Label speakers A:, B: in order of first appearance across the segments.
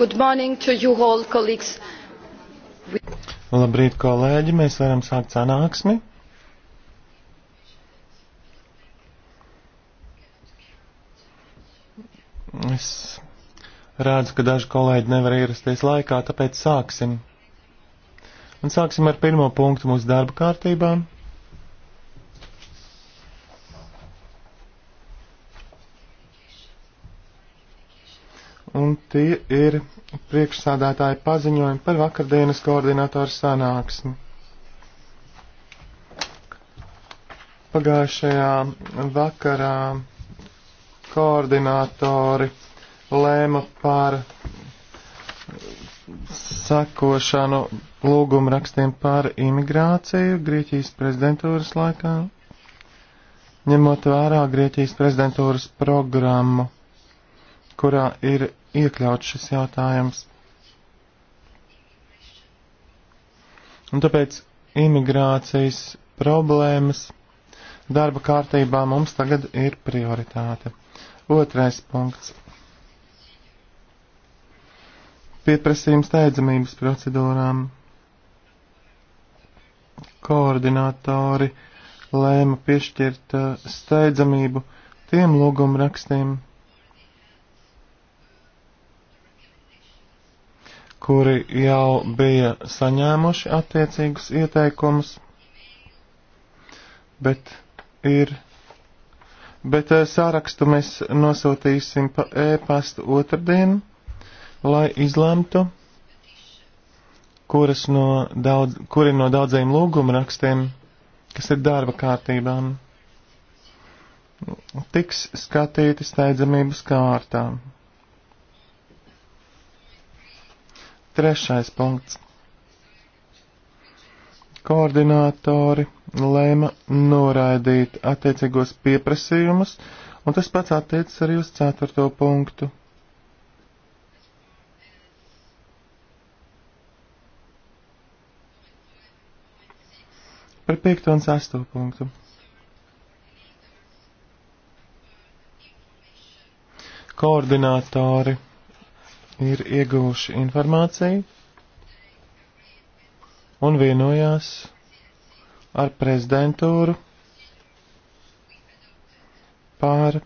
A: Good morning to you all, colleagues.
B: Labrīt, kolēģi, mēs varam sākt sanāksmi. Es redzu, ka daži kolēģi nevar ierasties laikā, tāpēc sāksim. Un sāksim ar pirmo punktu mūsu darba kārtībā. un tie ir priekšsādātāja paziņojumi par vakardienas koordinātoru sanāksmi. Pagājušajā vakarā koordinātori lēma par sakošanu lūgumu rakstiem par imigrāciju Grieķijas prezidentūras laikā, ņemot vērā Grieķijas prezidentūras programmu kurā ir iekļauts šis jautājums. Un tāpēc imigrācijas problēmas darba kārtībā mums tagad ir prioritāte. Otrais punkts. Pieprasījums steidzamības procedūrām. Koordinātori lēma piešķirt uh, steidzamību tiem lūgumrakstiem, kuri jau bija saņēmuši attiecīgus ieteikumus, bet ir. Bet eh, sārakstu mēs nosūtīsim pa e-pastu otrdien, lai izlemtu, kuras no daudz, kuri no daudziem lūgumrakstiem, kas ir darba kārtībām, tiks skatīti steidzamības kārtām. Trešais punkts. Koordinātori lēma noraidīt attiecīgos pieprasījumus, un tas pats attiecas arī uz ceturto punktu. Par piekto un sesto punktu. Koordinātori ir ieguvuši informāciju un vienojās ar prezidentūru pār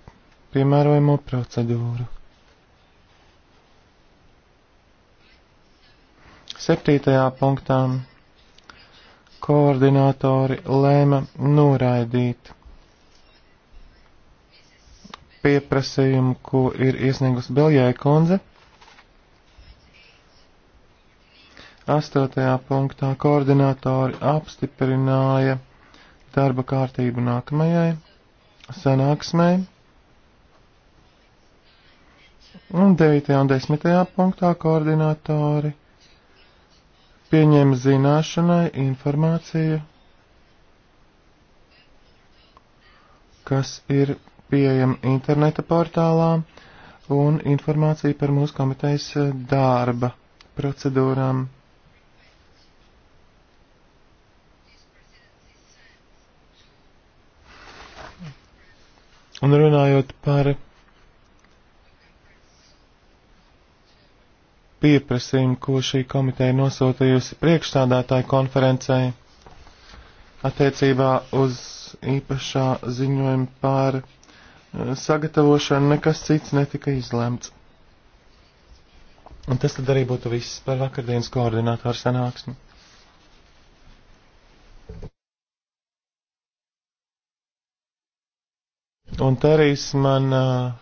B: piemērojamo procedūru. 7. punktā koordinātori lēma noraidīt pieprasījumu, ko ir iesniegus Beljai Konze Astotajā punktā koordinātori apstiprināja darba kārtību nākamajai sanāksmei. Un 9. un 10. punktā koordinātori pieņēma zināšanai informāciju, kas ir pieejama interneta portālā un informācija par mūsu komitejas darba procedūrām. Un runājot par pieprasījumu, ko šī komiteja nosūtījusi priekšstādātāju konferencē attiecībā uz īpašā ziņojuma par eh, sagatavošanu, nekas cits netika izlemts. Un tas tad arī būtu viss par vakardienas koordinātoru sanāksmi. Un Terijs man uh,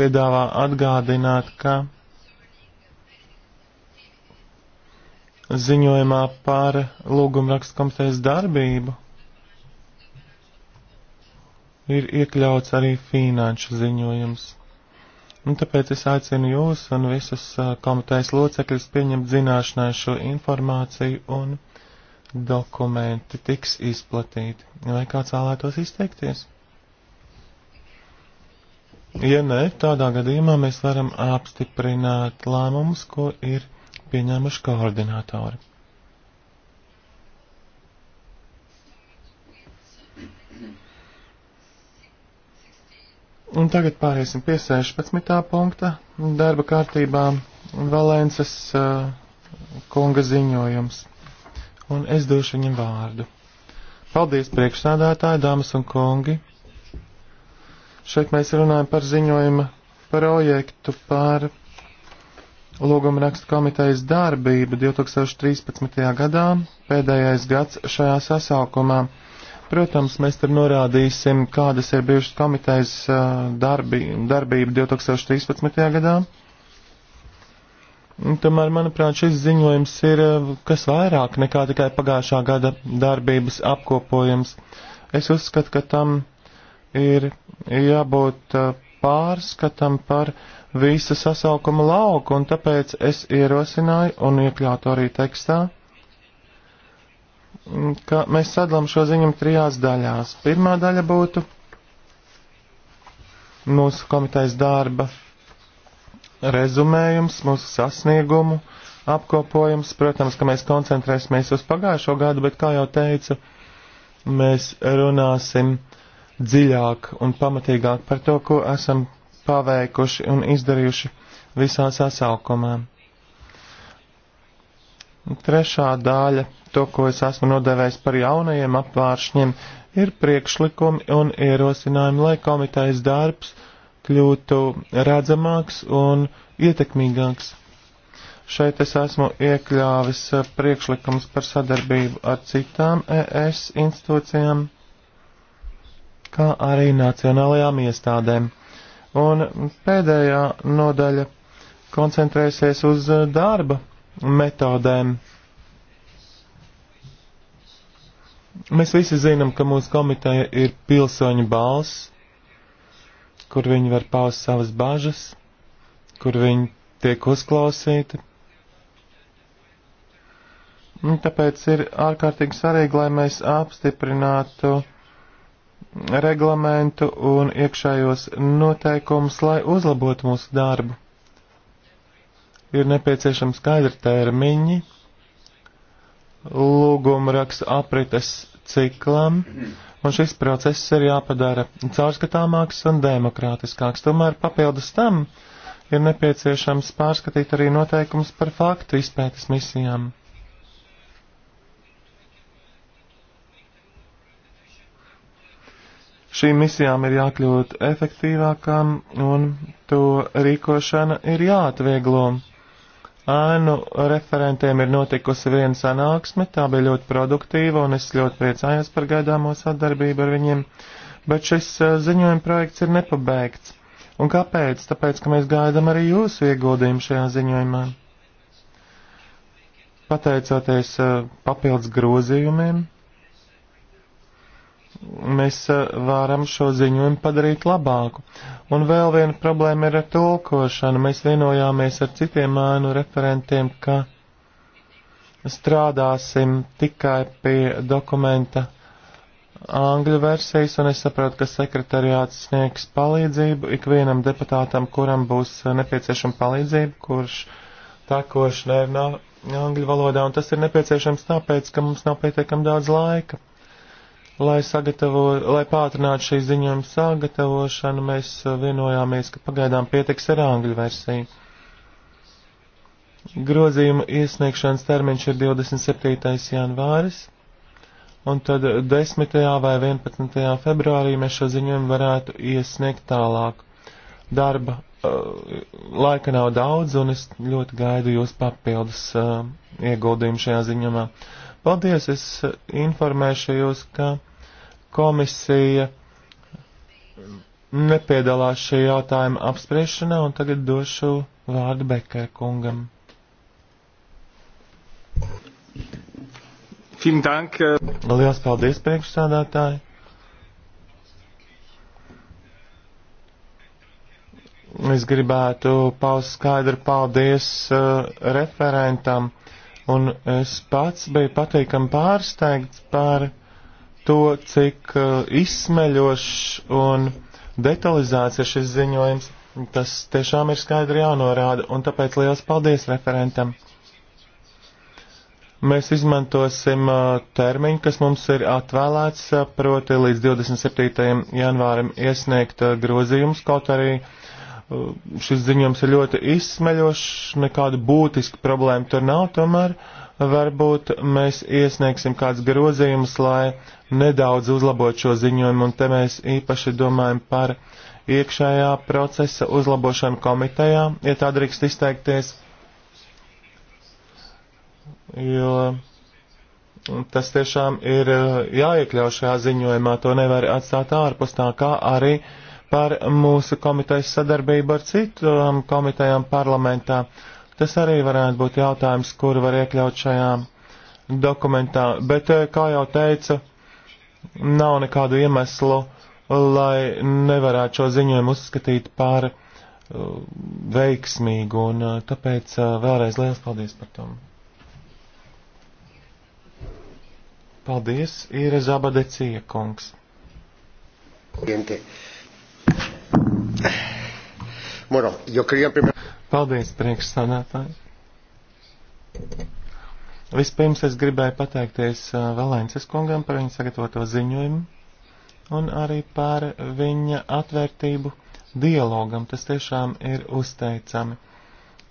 B: piedāvā atgādināt, ka ziņojumā par lūgumrakstu komitejas darbību ir iekļauts arī finanšu ziņojums. Un tāpēc es aicinu jūs un visus komitejas locekļus pieņemt zināšanai šo informāciju un dokumenti tiks izplatīti. Vai kāds vēlētos izteikties? Ja nē, tādā gadījumā mēs varam apstiprināt lēmumus, ko ir pieņēmuši koordinātori. Un tagad pāriesim pie 16. punkta darba kārtībā Valences uh, kunga ziņojums. Un es došu viņam vārdu. Paldies priekšsādātāji, dāmas un kungi! Šeit mēs runājam par ziņojuma projektu par lūguma rakstu komitejas darbību 2013. gadā, pēdējais gads šajā sasaukumā. Protams, mēs tur norādīsim, kādas ir bijušas komitejas darbi, darbība 2013. gadā. Tomēr, manuprāt, šis ziņojums ir kas vairāk nekā tikai pagājušā gada darbības apkopojums. Es uzskatu, ka tam ir jābūt pārskatam par visa sasaukuma lauku, un tāpēc es ierosināju un iekļautu arī tekstā, ka mēs sadalām šo ziņu trijās daļās. Pirmā daļa būtu mūsu komitejas darba rezumējums, mūsu sasniegumu, apkopojums. Protams, ka mēs koncentrēsimies uz pagājušo gadu, bet, kā jau teicu, mēs runāsim dziļāk un pamatīgāk par to, ko esam paveikuši un izdarījuši visā sasaukumā. Trešā daļa, to, ko es esmu nodevējis par jaunajiem apvāršņiem, ir priekšlikumi un ierosinājumi, lai komitejas darbs kļūtu redzamāks un ietekmīgāks. Šeit es esmu iekļāvis priekšlikums par sadarbību ar citām ES institūcijām kā arī nacionālajām iestādēm. Un pēdējā nodaļa koncentrēsies uz darba metodēm. Mēs visi zinām, ka mūsu komiteja ir pilsoņu balss, kur viņi var paust savas bažas, kur viņi tiek uzklausīti, Tāpēc ir ārkārtīgi svarīgi, lai mēs apstiprinātu reglamentu un iekšējos noteikumus, lai uzlabotu mūsu darbu. Ir nepieciešams skaidri termiņi lūguma raksta aprites ciklam, un šis process ir jāpadara caurskatāmāks un demokrātiskāks. Tomēr papildus tam ir nepieciešams pārskatīt arī noteikums par faktu izpētes misijām Šīm misijām ir jākļūt efektīvākām un to rīkošana ir jāatvieglo. Ēnu referentiem ir notikusi viena sanāksme, tā bija ļoti produktīva un es ļoti priecājos par gaidāmo sadarbību ar viņiem, bet šis ziņojuma projekts ir nepabeigts. Un kāpēc? Tāpēc, ka mēs gaidām arī jūsu ieguldījumu šajā ziņojumā. Pateicoties papildus grozījumiem, mēs eh, varam šo ziņojumu padarīt labāku. Un vēl viena problēma ir ar tulkošanu. Mēs vienojāmies ar citiem ēnu referentiem, ka strādāsim tikai pie dokumenta angļu versijas, un es saprotu, ka sekretariāts sniegs palīdzību ikvienam deputātam, kuram būs eh, nepieciešama palīdzība, kurš takoši nerunā angļu valodā, un tas ir nepieciešams tāpēc, ka mums nav pietiekam daudz laika. Lai, sagatavo, lai pātrinātu šī ziņojuma sagatavošanu, mēs uh, vienojāmies, ka pagaidām pietiks ar angļu versiju. Grozījuma iesniegšanas termiņš ir 27. janvāris, un tad 10. vai 11. februārī mēs šo ziņojumu varētu iesniegt tālāk. Darba uh, laika nav daudz, un es ļoti gaidu jūs papildus uh, ieguldījumu šajā ziņamā. Uh, Paldies, es informēšu jūs, ka komisija nepiedalās šī jautājuma apspriešanā, un tagad došu vārdu Bekai kungam. Dank. Äh, Lielas paldies, priekšsādātāji! Es gribētu paust skaidru paldies uh, referentam un es pats biju patīkami pārsteigts par to, cik uh, izsmeļošs un detalizēts ir šis ziņojums. Tas tiešām ir skaidri jānorāda, un tāpēc liels paldies referentam. Mēs izmantosim uh, termiņu, kas mums ir atvēlēts, uh, proti līdz 27. janvārim iesniegt uh, grozījumus, kaut arī uh, Uh, šis ziņojums ir ļoti izsmeļošs, nekādu būtisku problēmu tur nav, tomēr varbūt mēs iesniegsim kāds grozījums, lai nedaudz uzlabot šo ziņojumu, un te mēs īpaši domājam par iekšējā procesa uzlabošanu komitejā, ja tā drīkst izteikties, jo tas tiešām ir uh, jāiekļauj šajā ziņojumā, to nevar atstāt ārpus tā, kā arī uh, par mūsu komitejas sadarbību ar citām komitejām parlamentā. Tas arī varētu būt jautājums, kuru var iekļaut šajā dokumentā, bet, eh, kā jau teicu, nav nekādu iemeslu, lai nevarētu šo ziņojumu uzskatīt par eh, veiksmīgu, un eh, tāpēc vēlreiz liels paldies par to. Paldies, ir Zabadecija kungs.
C: Gente.
A: Bueno, yo quería primero...
B: Paldies, priekšsādātāji. Vispirms es gribēju pateikties uh, Valences kungam par viņa sagatavoto ziņojumu un arī par viņa atvērtību dialogam. Tas tiešām ir uzteicami.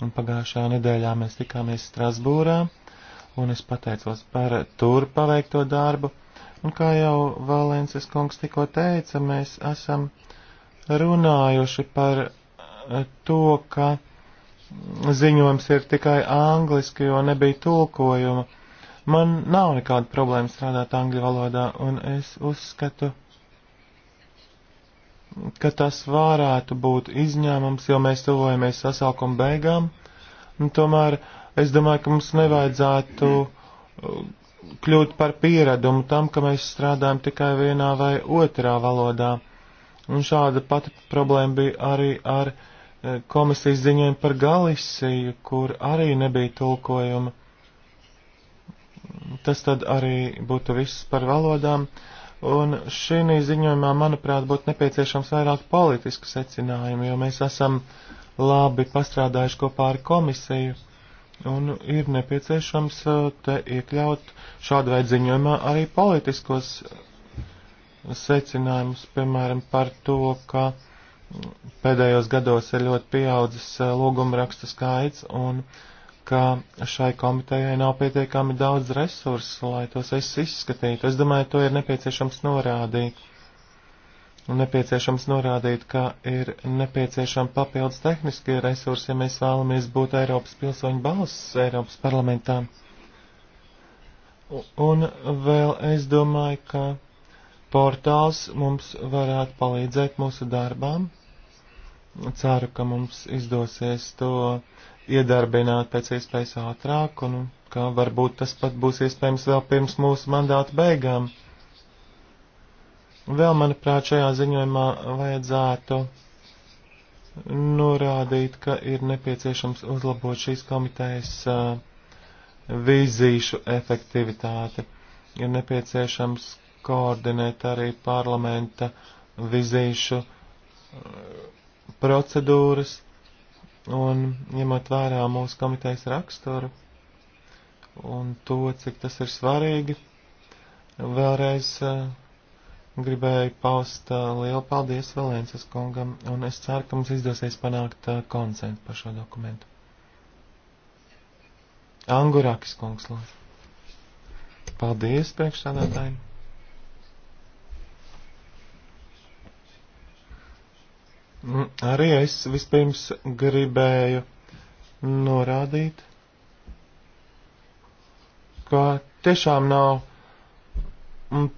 B: Un pagājušajā nedēļā mēs tikāmies Strasbūrā, un es pateicos par tur paveikto darbu. Un kā jau Valences kungs tikko teica, mēs esam runājuši par eh, to, ka ziņojums ir tikai angliski, jo nebija tulkojuma. Man nav nekāda problēma strādāt angļu valodā, un es uzskatu, ka tas varētu būt izņēmums, jo mēs tuvojamies sasaukuma beigām. Un tomēr es domāju, ka mums nevajadzētu eh, kļūt par pieredumu tam, ka mēs strādājam tikai vienā vai otrā valodā Un šāda pati problēma bija arī ar e, komisijas ziņojumu par Galisiju, kur arī nebija tulkojuma. Tas tad arī būtu viss par valodām. Un šī ziņojumā, manuprāt, būtu nepieciešams vairāk politisku secinājumu, jo mēs esam labi pastrādājuši kopā ar komisiju. Un ir nepieciešams e, te iekļaut šādu veidu ziņojumā arī politiskos secinājumus, piemēram, par to, ka pēdējos gados ir ļoti pieaudzis eh, lūgumrakstu skaits un ka šai komitejai nav pietiekami daudz resursu, lai tos es izskatītu. Es domāju, to ir nepieciešams norādīt. Un nepieciešams norādīt, ka ir nepieciešama papildus tehniskie resursi, ja mēs vēlamies būt Eiropas pilsoņu balss Eiropas parlamentā. Un vēl es domāju, ka portāls mums varētu palīdzēt mūsu darbām. Ceru, ka mums izdosies to iedarbināt pēc iespējas ātrāk un ka varbūt tas pat būs iespējams vēl pirms mūsu mandāta beigām. Vēl, manuprāt, šajā ziņojumā vajadzētu norādīt, ka ir nepieciešams uzlabot šīs komitejas uh, vizīšu efektivitāti. Ir nepieciešams koordinēt arī parlamenta vizīšu uh, procedūras un ņemot vērā mūsu komitejas raksturu un to, cik tas ir svarīgi, vēlreiz uh, gribēju paust uh, lielu paldies Valences kungam un es ceru, ka mums izdosies panākt konsensu par šo dokumentu. Angurakis kungs, lūdzu. Paldies priekšsādātājiem! Nu, arī es vispirms gribēju norādīt, ka tiešām nav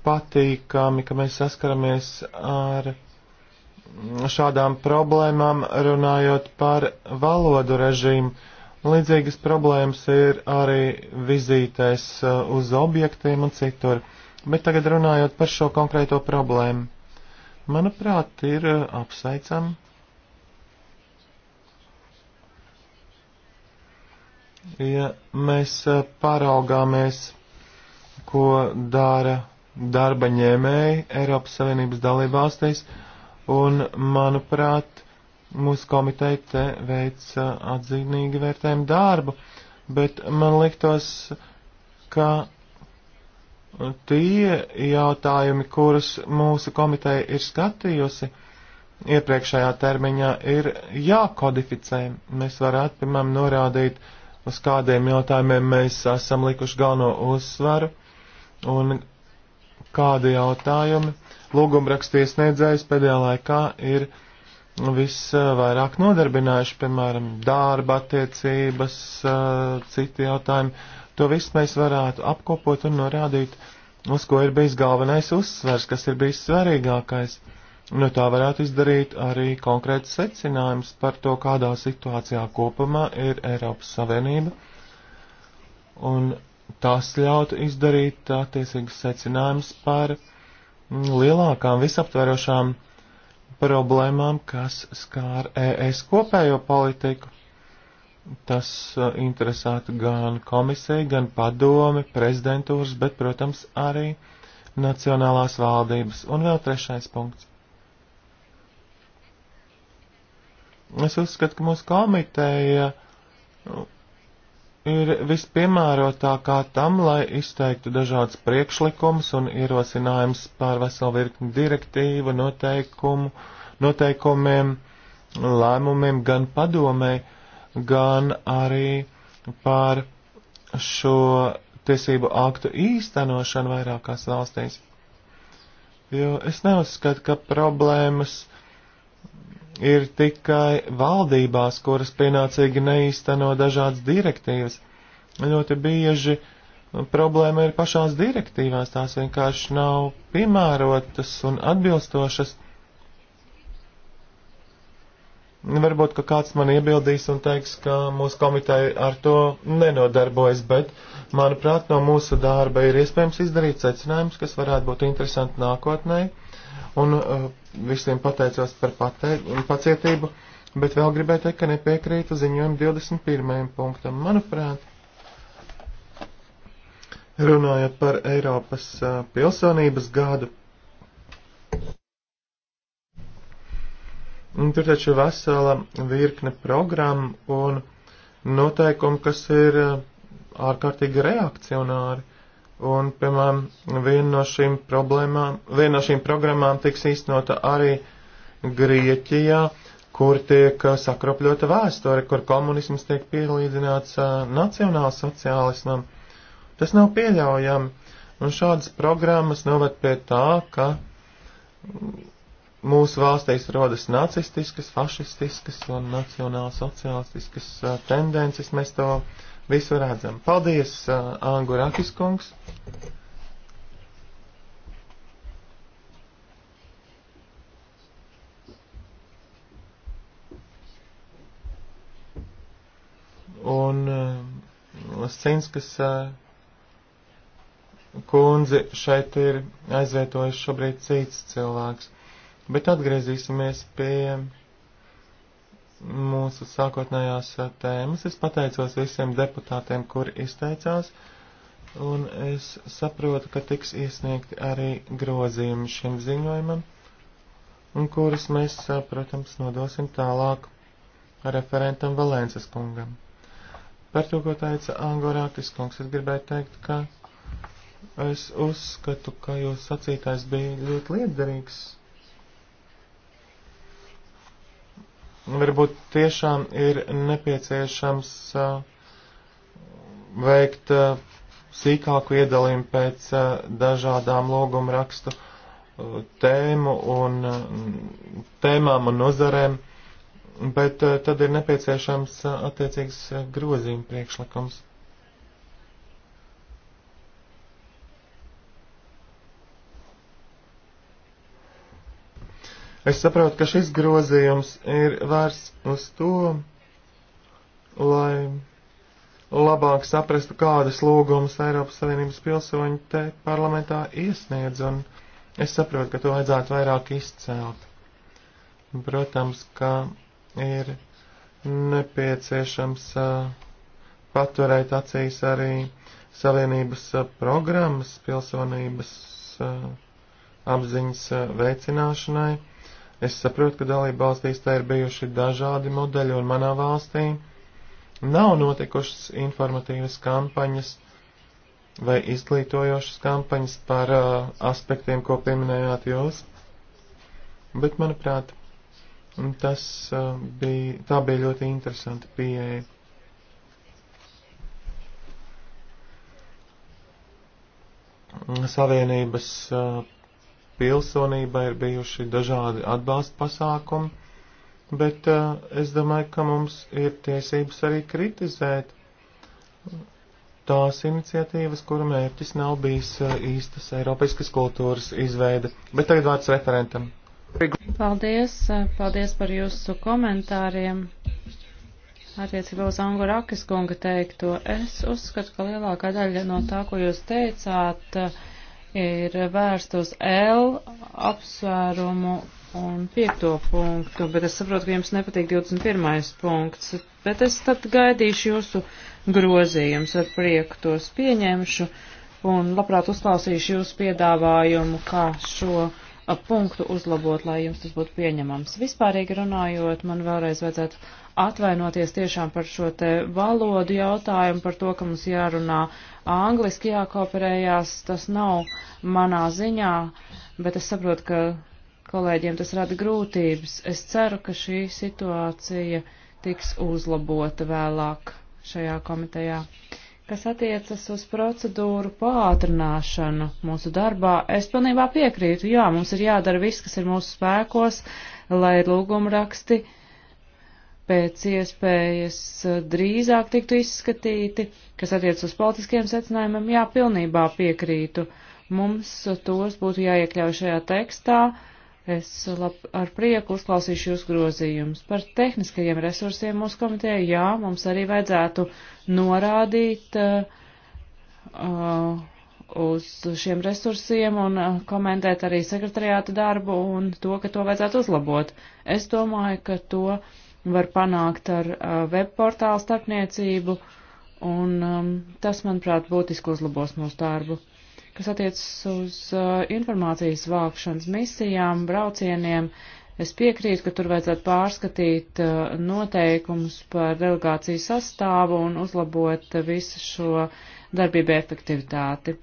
B: patīkami, ka mēs saskaramies ar šādām problēmām runājot par valodu režīmu. Līdzīgas problēmas ir arī vizītēs uh, uz objektiem un citur. Bet tagad runājot par šo konkrēto problēmu manuprāt, ir eh, apsveicam. Ja mēs eh, pāraugāmies, ko dara darba ņēmēji Eiropas Savienības dalībvalstīs, un, manuprāt, mūsu komiteja te veic eh, atzīmīgi vērtējumu darbu, bet man liktos, ka tie jautājumi, kurus mūsu komiteja ir skatījusi iepriekšējā termiņā, ir jākodificē. Mēs varētu, piemēram, norādīt, uz kādiem jautājumiem mēs esam likuši galveno uzsvaru un kādi jautājumi lūgumrakstu iesniedzējs pēdējā laikā ir visvairāk nodarbinājuši, piemēram, darba attiecības, eh, citi jautājumi To visu mēs varētu apkopot un norādīt, uz ko ir bijis galvenais uzsvers, kas ir bijis svarīgākais. No nu, tā varētu izdarīt arī konkrēts secinājums par to, kādā situācijā kopumā ir Eiropas Savienība, un tas ļautu izdarīt attiecīgus secinājumus par mm, lielākām, visaptverošām problēmām, kas skār ES kopējo politiku. Tas uh, interesētu gan komisiju, gan padomi, prezidentūras, bet, protams, arī nacionālās valdības. Un vēl trešais punkts. Es uzskatu, ka mūsu komiteja nu, ir vispiemērotākā tam, lai izteiktu dažādas priekšlikumus un ierosinājumus pār veselu virkni direktīvu, noteikumu, noteikumiem, lēmumiem gan padomēji, gan arī par šo tiesību aktu īstenošanu vairākās valstīs. Jo es neuzskatu, ka problēmas ir tikai valdībās, kuras pienācīgi neīsteno dažādas direktīvas. Ļoti bieži problēma ir pašās direktīvās, tās vienkārši nav piemērotas un atbilstošas. Varbūt, ka kāds man iebildīs un teiks, ka mūsu komiteja ar to nenodarbojas, bet, manuprāt, no mūsu darba ir iespējams izdarīt secinājumus, kas varētu būt interesanti nākotnē. Un uh, visiem pateicos par patei pacietību, bet vēl gribēju teikt, ka nepiekrītu ziņojumu 21. punktam. Manuprāt, runājot par Eiropas uh, pilsonības gadu, Un tur taču vesela virkne programmu un noteikumu, kas ir eh, ārkārtīgi reakcionāri. Un, piemēram, viena no šīm problēmām, viena no šīm programmām tiks īstenota arī Grieķijā, kur tiek eh, sakropļota vēsture, kur komunisms tiek pielīdzināts eh, nacionāls sociālismam. Tas nav pieļaujami. Un šādas programmas noved pie tā, ka mūsu valstīs rodas nacistiskas, fašistiskas un nacionālsociālistiskas uh, tendences. Mēs to visu redzam. Paldies, uh, Angu Rakis kungs! Un uh, Cinskas uh, kundzi šeit ir aizvietojis šobrīd cits cilvēks. Bet atgriezīsimies pie mūsu sākotnējās tēmas. Es pateicos visiem deputātiem, kuri izteicās, un es saprotu, ka tiks iesniegti arī grozījumi šim ziņojumam, un kurus mēs, protams, nodosim tālāk referentam Valēnces kungam. Par to, ko teica Angorākis kungs, es gribēju teikt, ka es uzskatu, ka jūs sacītājs bija ļoti liederīgs varbūt tiešām ir nepieciešams uh, veikt uh, sīkāku iedalījumu pēc uh, dažādām loguma rakstu tēmu un tēmām un nozarēm, bet tad ir nepieciešams attiecīgs grozījuma priekšlikums. Es saprotu, ka šis grozījums ir vērsts uz to, lai labāk saprastu, kādas lūgumas Eiropas Savienības pilsoņi te parlamentā iesniedz, un es saprotu, ka to vajadzētu vairāk izcelt. Protams, ka ir nepieciešams uh, paturēt acīs arī Savienības uh, programmas pilsonības uh, apziņas veicināšanai Es saprotu, ka dalība valstīs tā ir bijuši dažādi modeļi, un manā valstī nav notikušas informatīvas kampaņas vai izglītojošas kampaņas par uh, aspektiem, ko pieminējāt jūs. Bet, manuprāt, tas uh, bija, tā bija ļoti interesanta pieeja. Savienības uh, pilsonība ir bijuši dažādi atbalsta pasākumi, bet uh, es domāju, ka mums ir tiesības arī kritizēt tās iniciatīvas, kura mērķis nav bijis uh, īstas Eiropiskas kultūras izveide. Bet tagad vārds referentam.
D: Paldies, eh, paldies par jūsu komentāriem. Attiecībā uz Angurakis kunga teikto, es uzskatu, ka lielākā daļa no tā, ko jūs teicāt, uh, ir vērst uz L apsvērumu un piekto punktu, bet es saprotu, ka jums nepatīk 21. punkts, bet es tad gaidīšu jūsu grozījums ar prieku tos pieņemšu un labprāt uzklausīšu jūsu piedāvājumu, kā šo punktu uzlabot, lai jums tas būtu pieņemams. Vispārīgi runājot, man vēlreiz vajadzētu atvainoties tiešām par šo te valodu jautājumu, par to, ka mums jārunā angliski jākooperējās. Tas nav manā ziņā, bet es saprotu, ka kolēģiem tas rada grūtības. Es ceru, ka šī situācija tiks uzlabota vēlāk šajā komitejā. Uh, kas attiecas uz procedūru pātrināšanu mūsu darbā, es pilnībā piekrītu. Jā, mums ir jādara viss, kas ir mūsu spēkos, lai lūguma raksti pēc iespējas drīzāk tiktu izskatīti, kas attiecas uz politiskiem secinājumiem. Jā, pilnībā piekrītu. Mums tos būtu jāiekļauj šajā tekstā. Uh, Es lab, ar prieku uzklausīšu jūs grozījumus. Par tehniskajiem resursiem mūsu komitē, jā, mums arī vajadzētu norādīt uh, uh, uz šiem resursiem un uh, komentēt arī sekretariāta darbu un to, ka to vajadzētu uzlabot. Es domāju, ka to var panākt ar uh, webportālu starpniecību un um, tas, manuprāt, būtiski uzlabos mūsu darbu kas attiecas uz uh, informācijas vākšanas misijām, braucieniem. Es piekrītu, ka tur vajadzētu pārskatīt uh, noteikumus par delegāciju sastāvu un uzlabot uh, visu šo darbību efektivitāti.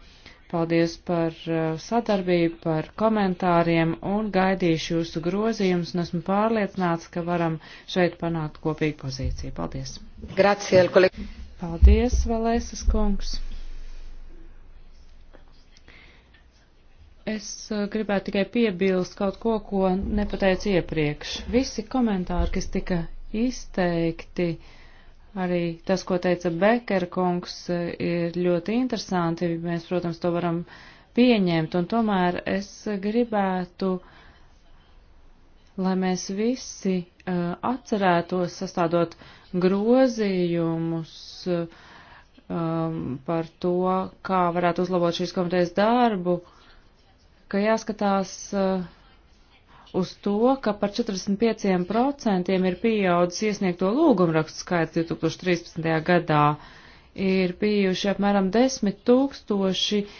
D: Paldies par uh, sadarbību, par komentāriem un gaidīšu jūsu grozījumus un esmu pārliecināts, ka varam šeit panākt kopīgu pozīciju. Paldies! Grazie, kolēģi! Paldies, Valēsas kungs! Es eh, gribētu tikai piebilst kaut ko, ko nepateicu iepriekš. Visi komentāri, kas tika izteikti, arī tas, ko teica Bekera kungs, eh, ir ļoti interesanti. Mēs, protams, to varam pieņemt, un tomēr es gribētu, lai mēs visi uh, atcerētos, sastādot grozījumus. Uh, um, par to, kā varētu uzlabot šīs komitejas darbu, uh, ka jāskatās eh, uz to, ka par 45% ir pieaudzis iesniegto lūgumrakstu skaits 2013. gadā. Ir bijuši apmēram 10 tūkstoši eh,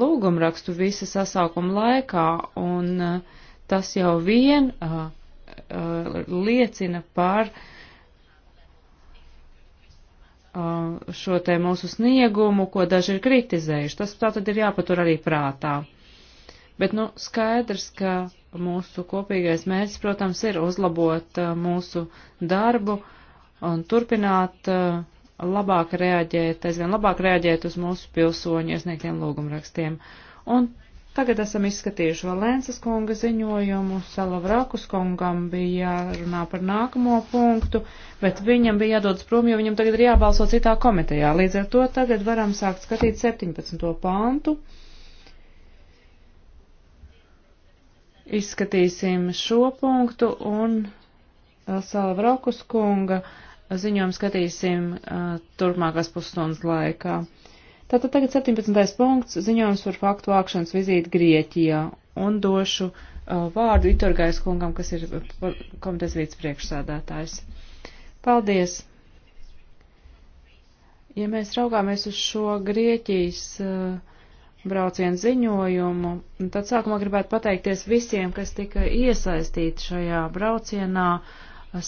D: lūgumrakstu visa sasaukuma laikā, un eh, tas jau vien liecina par šo te mūsu sniegumu, ko daži ir kritizējuši. Tas tā tad ir jāpatur arī prātā. Bet, nu, skaidrs, ka mūsu kopīgais mērķis, protams, ir uzlabot uh, mūsu darbu un turpināt uh, labāk reaģēt, aizvien labāk reaģēt uz mūsu pilsoņu iesniegtiem lūgumrakstiem. Un tagad esam izskatījuši Valences kunga ziņojumu, Salavrakus kungam bija jārunā par nākamo punktu, bet viņam bija jādodas prom, jo viņam tagad ir jābalso citā komitejā. Līdz ar to tagad varam sākt skatīt 17. pāntu. Izskatīsim šo punktu un uh, Salvrokus kunga ziņojumu skatīsim uh, turpmākās pusstundas laikā. Tātad tagad 17. punkts ziņojums par faktu vākšanas vizīti Grieķijā un došu uh, vārdu Itorgais kungam, kas ir uh, komitejas vicepriekšsādātājs. Paldies! Ja mēs raugāmies uz šo Grieķijas uh, braucienu ziņojumu. Un tad sākumā gribētu pateikties visiem, kas tika iesaistīti šajā braucienā,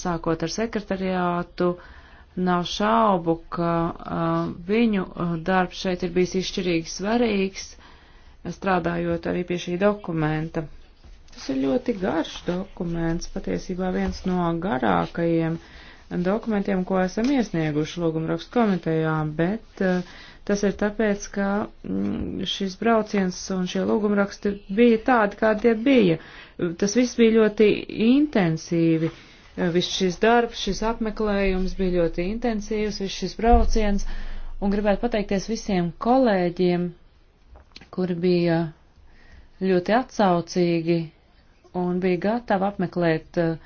D: sākot ar sekretariātu. Nav šaubu, ka uh, viņu darbs šeit ir bijis izšķirīgi svarīgs, strādājot arī pie šī dokumenta. Tas ir ļoti garš dokuments, patiesībā viens no garākajiem dokumentiem, ko esam iesnieguši lūgumrakstu komitejā, bet uh, Tas ir tāpēc, ka mm, šis brauciens un šie lūgumraksti bija tādi, kādi tie bija. Tas viss bija ļoti intensīvi. Viss šis darbs, šis apmeklējums bija ļoti intensīvs, viss šis brauciens. Un gribētu pateikties visiem kolēģiem, kuri bija ļoti atsaucīgi un bija gatavi apmeklēt uh,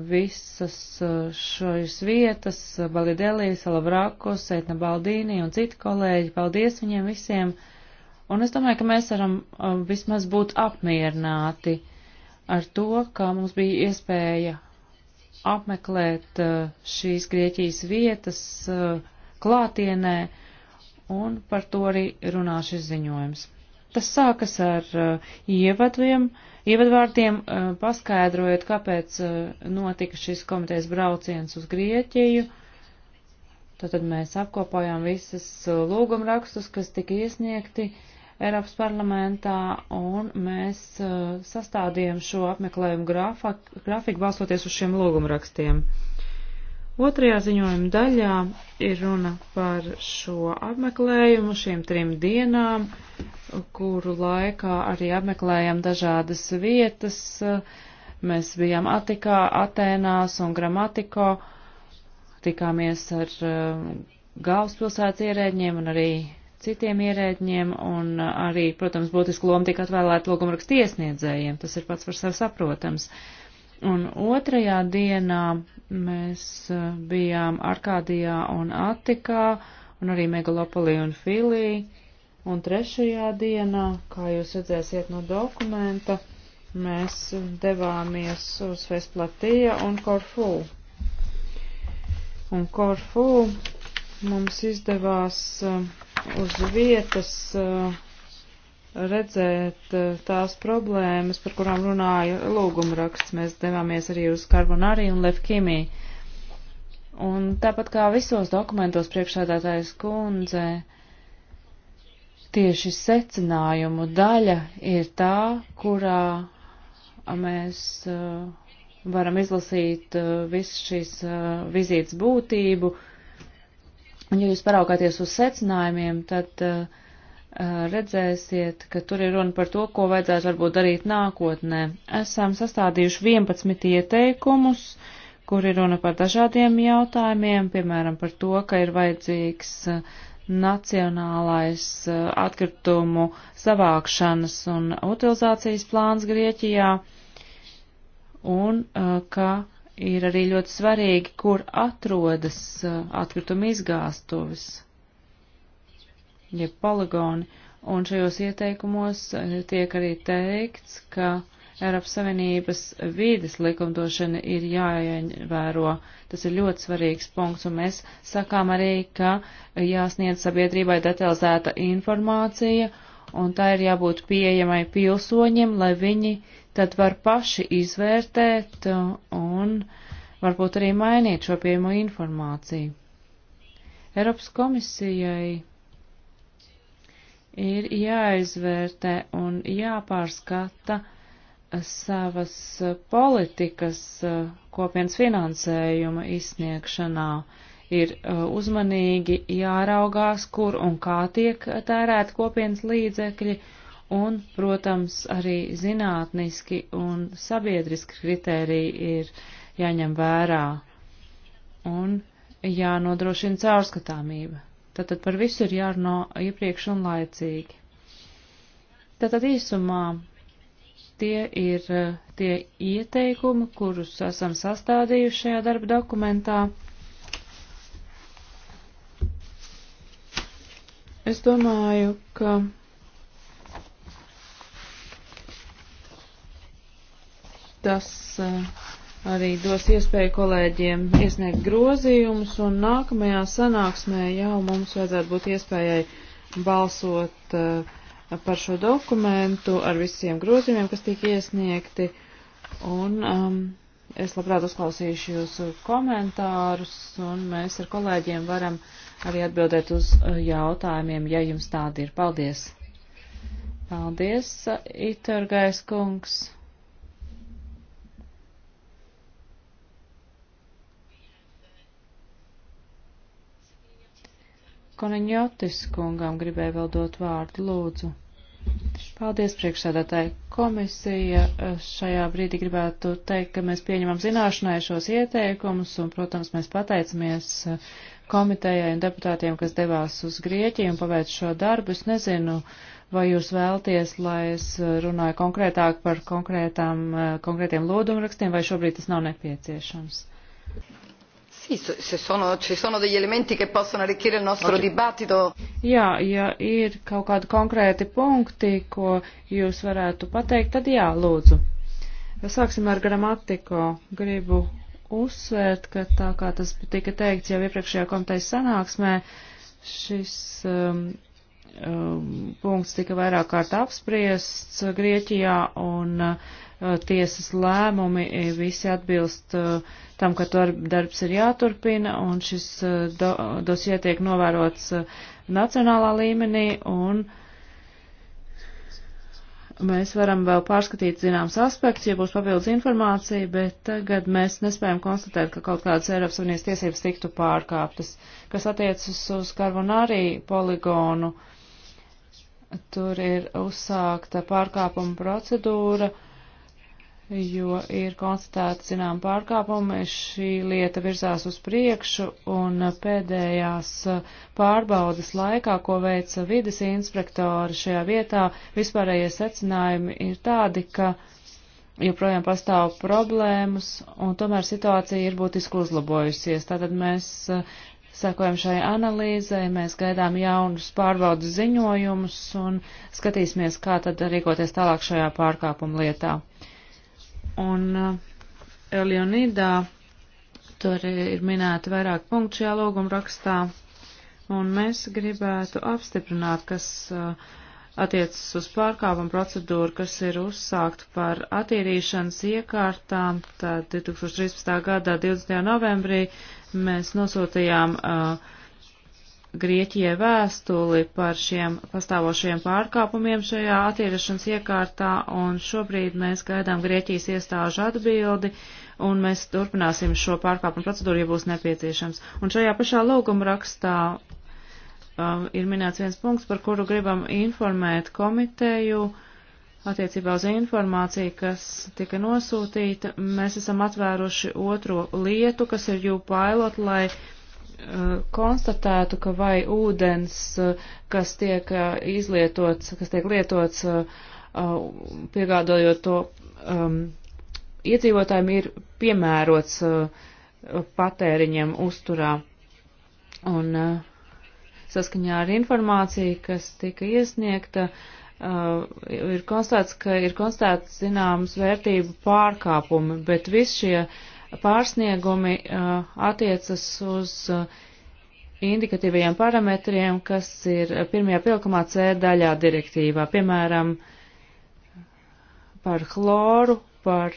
D: visas eh, šīs vietas, eh, Balidelī, Salavrakos, Eitna Baldīni un citi kolēģi. Paldies viņiem visiem! Un es domāju, ka mēs varam eh, vismaz būt apmierināti ar to, ka mums bija iespēja apmeklēt šīs Grieķijas vietas klātienē, un par to arī runā šis ziņojums. Tas sākas ar ievadviem. Uh, ievadvārtiem eh, paskaidrojot, kāpēc eh, notika šis komitejas brauciens uz Grieķiju. Tātad mēs apkopojām visas eh, lūgumrakstus, kas tika iesniegti Eiropas parlamentā, un mēs sastādījām šo apmeklējumu grafiku, grafiku balstoties uz šiem lūgumrakstiem. Otrajā ziņojuma daļā ir runa par šo apmeklējumu, šīm trim dienām, kuru laikā arī apmeklējām dažādas vietas. Mēs bijām Atikā, Atēnās un Gramatiko, tikāmies ar uh, galvaspilsētas ierēģiem un arī citiem ierēģiem, un uh, arī, protams, būtisku lomu tika atvēlēta logumrakstu iesniedzējiem. Tas ir pats par sevi saprotams. Un otrajā dienā mēs uh, bijām Arkādijā un Atikā, un arī Megalopolī un Filī. Un trešajā dienā, kā jūs redzēsiet no dokumenta, mēs devāmies uz Vesplatīja un Korfū. Un Korfū mums izdevās eh, uz vietas eh, redzēt eh, tās problēmas, par kurām runāja lūgumraksts. Mēs devāmies arī uz Karbonāriju un Levkimī. Un tāpat kā visos dokumentos priekšādātājs kundze, uh, tieši secinājumu daļa ir tā, kurā mēs uh, varam izlasīt uh, visu šīs uh, vizītes būtību. Un, ja jūs paraugāties uz secinājumiem, tad uh, redzēsiet, ka tur ir runa par to, ko vajadzētu varbūt darīt nākotnē. Esam sastādījuši 11 ieteikumus, kur ir runa par dažādiem jautājumiem, piemēram, par to, ka ir vajadzīgs nacionālais eh, atkritumu savākšanas un utilizācijas plāns Grieķijā, un eh, ka ir arī ļoti svarīgi, kur atrodas eh, atkrituma izgāstuvis, jeb ja poligoni, un šajos ieteikumos tiek arī teikts, ka uh, Eiropas Savienības vīdes likumdošana ir jāievēro. Tas ir ļoti svarīgs punkts, un mēs sakām arī, ka jāsniedz sabiedrībai detalizēta informācija, un tā ir jābūt pieejamai pilsoņiem, lai viņi tad var paši izvērtēt un varbūt arī mainīt šo pieejamo informāciju. Eiropas komisijai ir jāizvērtē un jāpārskata, savas eh, politikas eh, kopienas finansējuma izsniegšanā ir eh, uzmanīgi jāraugās, kur un kā tiek tērēt kopienas līdzekļi, un, protams, arī zinātniski un sabiedriski kritēriji ir jāņem vērā un jānodrošina caurskatāmība. Tātad par visu ir jārunā iepriekš un laicīgi. Tātad īsumā Tie ir eh, tie ieteikumi, kurus esam sastādījuši šajā darba dokumentā. Es domāju, ka tas eh, arī dos iespēju kolēģiem iesniegt grozījumus, un nākamajā sanāksmē jau mums vajadzētu būt iespējai balsot uh, par šo dokumentu ar visiem grozījumiem, kas tika iesniegti. Un um, es labprāt uzklausīšu jūsu komentārus, un mēs ar kolēģiem varam arī atbildēt uz uh, jautājumiem, ja jums tādi ir. Paldies! Paldies, Itorgais kungs! Koneņotis kungam gribēja vēl dot vārdu, lūdzu. Paldies, priekšsēdētāji. Komisija eh, šajā brīdī gribētu teikt, ka mēs pieņemam zināšanai šos ieteikumus un, protams, mēs pateicamies eh, komitejai un deputātiem, kas devās uz Grieķiju un paveic šo darbu. Es nezinu, vai jūs vēlties, lai es eh, runāju konkrētāk par konkrētām, konkrētiem lūdumrakstiem, vai šobrīd tas nav nepieciešams.
C: Sì, se sono, ci sono degli elementi che possono arricchire il nostro okay.
E: dibattito.
D: Jā, ja ir kaut kādi konkrēti punkti, ko jūs varētu pateikt, tad jā, lūdzu. Sāksim ar gramatiko. Gribu uzsvērt, ka tā kā tas tika teikts jau iepriekšējā komitejas sanāksmē, šis um, um, punkts tika vairāk kārt apspriests Grieķijā un uh, Eh, tiesas lēmumi eh, visi atbilst eh, tam, ka darbs ir jāturpina, un šis do, dosie tiek novērots nacionālā līmenī, un mēs varam vēl pārskatīt zināms aspekts, ja būs papildus informācija, bet tagad mēs nespējam konstatēt, ka kaut kādas Eiropas Savienības tiesības tiktu pārkāptas, kas attiecas uz Karvonārī poligonu. Tur ir uzsākta pārkāpuma procedūra. Uh, jo ir konstatēta zinām pārkāpumi, šī lieta virzās uz priekšu un pēdējās pārbaudas laikā, ko veica vides inspektori šajā vietā, vispārējie secinājumi ir tādi, ka joprojām pastāv problēmas un tomēr situācija ir būtiski uzlabojusies. Tātad mēs eh, sekojam šai analīzai, mēs gaidām jaunus pārbaudas ziņojumus un skatīsimies, kā tad rīkoties tālāk šajā pārkāpuma lietā. Un eh, Leonidā tur ir minēti vairāk punktu šajā lūguma rakstā, un mēs gribētu apstiprināt, kas eh, attiecas uz pārkāpumu procedūru, kas ir uzsākt par attīrīšanas iekārtām. Tad 2013. gadā 20. novembrī mēs nosūtījām uh, Grieķijai vēstuli par šiem pastāvošajiem pārkāpumiem šajā attīrīšanas iekārtā, un šobrīd mēs gaidām Grieķijas iestāžu atbildi, un mēs turpināsim šo pārkāpumu procedūru, ja būs nepieciešams. Un šajā pašā lūguma rakstā um, ir minēts viens punkts, par kuru gribam informēt komiteju attiecībā uz informāciju, kas tika nosūtīta. Mēs esam atvēruši otro lietu, kas ir jūpilot, lai konstatētu, ka vai ūdens, kas tiek uh, izlietots, kas tiek lietots, uh, uh, piegādājot to um, iedzīvotājiem, ir piemērots uh, patēriņiem uzturā. Un uh, saskaņā ar informāciju, kas tika iesniegta, uh, ir konstatēts, ka ir konstatēts zināmas vērtību pārkāpumi, bet visi šie uh, pārsniegumi attiecas uz indikatīvajiem parametriem, kas ir pirmajā pilkumā C daļā direktīvā, piemēram, par chloru, par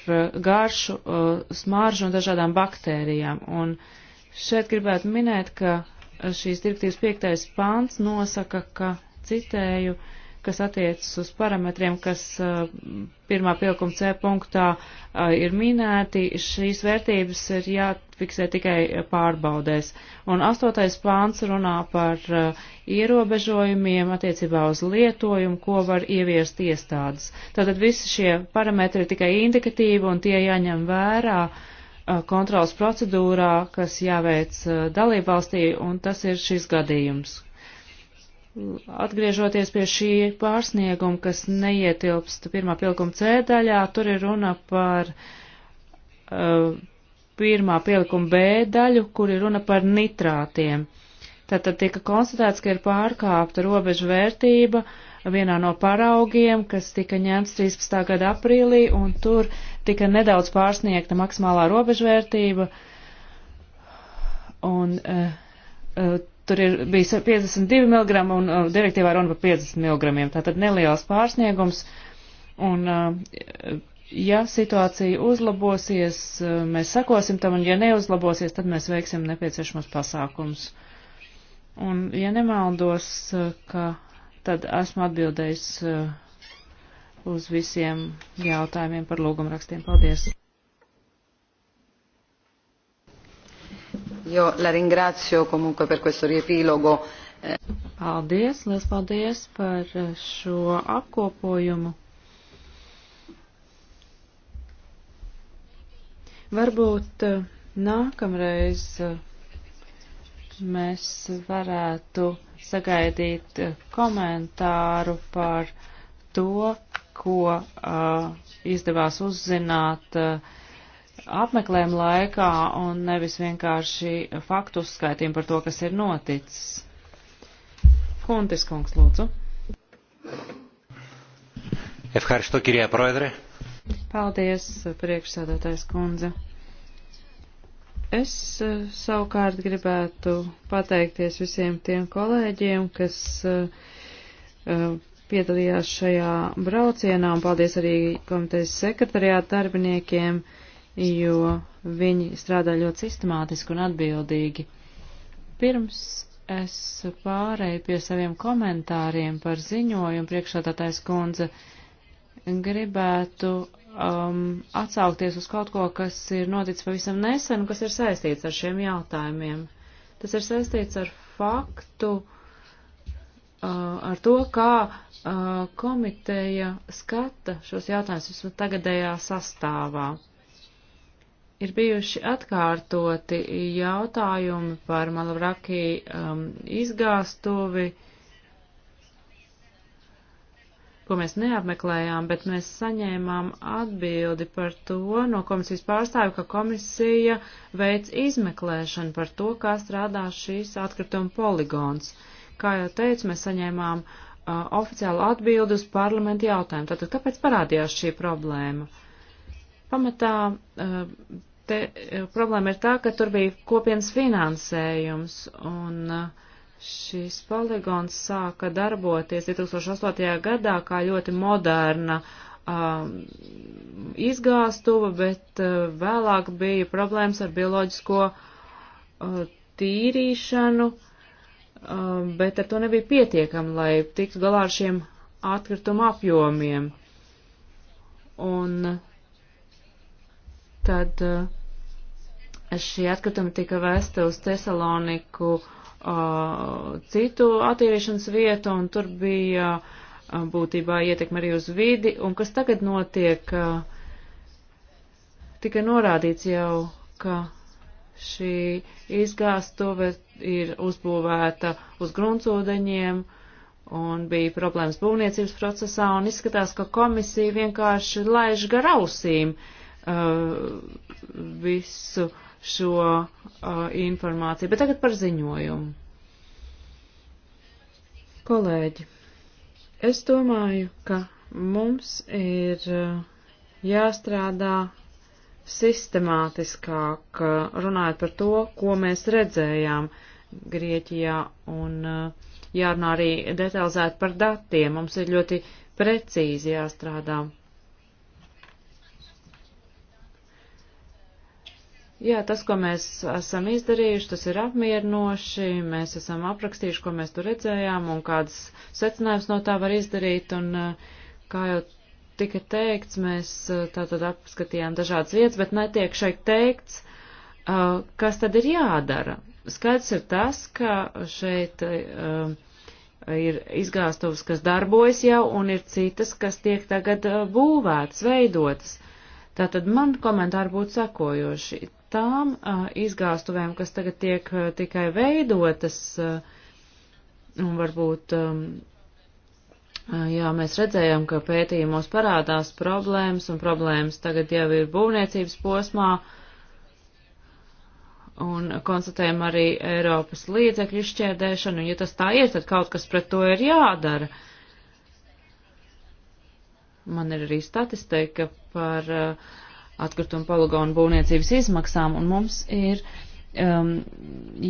D: garšu, smaržu un dažādām baktērijām. Un šeit gribētu minēt, ka šīs direktīvas piektais pāns nosaka, ka, citēju, uh, kas attiecas uz parametriem, kas eh, pirmā pielikuma C punktā eh, ir minēti, šīs vērtības ir jāfiksē tikai pārbaudēs. Un astotais pāns runā par eh, ierobežojumiem attiecībā uz lietojumu, ko var ieviest iestādes. Tātad visi šie parametri ir tikai indikatīvi un tie jāņem vērā kontrolas procedūrā, kas jāveic dalībvalstī, un tas ir šis gadījums, Atgriežoties pie šī pārsnieguma, kas neietilpst pirmā pielikuma C daļā, tur ir runa par uh, pirmā pielikuma B daļu, kur ir runa par nitrātiem. Tātad tika konstatēts, ka ir pārkāpta robežu vērtība vienā no paraugiem, kas tika ņemts 13. gada aprīlī, un tur tika nedaudz pārsniegta maksimālā robežvērtība. Un, uh, uh, tur ir bijis 52 mg un uh, direktīvā runa par 50 mg. Tātad neliels pārsniegums. Un, uh, ja situācija uzlabosies, uh, mēs sekosim tam, un ja neuzlabosies, tad mēs veiksim nepieciešamos pasākums. Un, ja nemaldos, uh, ka tad esmu atbildējis uh, uz visiem jautājumiem par lūgumrakstiem. Paldies!
A: Jo la ringrazio comunque per questo riepilogo.
D: Paldies, liels paldies par eh, šo apkopojumu. Varbūt eh, nākamreiz eh, mēs varētu sagaidīt komentāru par to, ko uh, izdevās uzzināt uh, apmeklējuma laikā un nevis vienkārši faktu uzskaitījumu par to, kas ir noticis. Kuntis kungs, lūdzu.
F: Efhārstu, kirjā proedre.
D: Paldies, priekšsēdētājs kundze. Es eh, savukārt gribētu pateikties visiem tiem kolēģiem, kas uh, piedalījās šajā braucienā, un paldies arī komitejas sekretariāta darbiniekiem. Uh, jo viņi strādā ļoti sistemātiski un atbildīgi. Pirms es pārēju pie saviem komentāriem par ziņojumu priekšādātais kundze, gribētu um, atsaukties uz kaut ko, kas ir noticis pavisam nesen, kas ir saistīts ar šiem jautājumiem. Tas ir saistīts ar faktu, uh, ar to, kā uh, komiteja skata šos jautājumus vismaz tagadējā sastāvā ir bijuši atkārtoti jautājumi par Malavrakī um, izgāstuvi, ko mēs neapmeklējām, bet mēs saņēmām atbildi par to no komisijas pārstāvja, ka komisija veic izmeklēšanu par to, kā strādā šīs atkrituma poligons. Kā jau teicu, mēs saņēmām uh, oficiālu atbildi uz parlamentu jautājumu. Tātad, kāpēc parādījās šī problēma? Pamatā uh, te eh, problēma ir tā, ka tur bija kopienas finansējums, un eh, šis poligons sāka darboties 2008. gadā kā ļoti moderna um, izgāstuva, bet uh, vēlāk bija problēmas ar bioloģisko uh, tīrīšanu, uh, bet ar to nebija pietiekami, lai tiktu galā ar šiem atkrituma apjomiem. Un tad uh, šie atkritumi tika vēsti uz Tesaloniku uh, citu attīrīšanas vietu, un tur bija uh, būtībā ietekme arī uz vidi, un kas tagad notiek, uh, tika norādīts jau, ka šī izgāstuve ir uzbūvēta uz gruntsūdeņiem, un bija problēmas būvniecības procesā, un izskatās, ka komisija vienkārši laiž garausīm uh, visu uh, šo uh, informāciju. Bet tagad par ziņojumu. Kolēģi, es domāju, ka mums ir uh, jāstrādā sistemātiskāk, uh, runājot par to, ko mēs redzējām Grieķijā, un uh, jārunā arī detalizēt par datiem. Mums ir ļoti precīzi jāstrādā. Jā, tas, ko mēs esam izdarījuši, tas ir apmierinoši. Mēs esam aprakstījuši, ko mēs tur redzējām un kādas secinājums no tā var izdarīt. Un, eh, kā jau tika teikts, mēs eh, tātad apskatījām dažādas vietas, bet netiek šeit teikts, eh, kas tad ir jādara. Skaidrs ir tas, ka šeit ir izgāstuvas, kas darbojas jau, un ir citas, kas tiek tagad būvētas, veidotas. Tātad man komentāri būtu sakojoši tām izgāstuvēm, kas tagad tiek tikai veidotas, un varbūt, jā, mēs redzējām, ka pētījumos parādās problēmas, un problēmas tagad jau ir būvniecības posmā, un konstatējam arī Eiropas līdzekļu šķērdēšanu, un ja tas tā ir, tad kaut kas pret to ir jādara. Man ir arī statistika par uh, atkrituma poligonu būvniecības izmaksām, un mums ir um,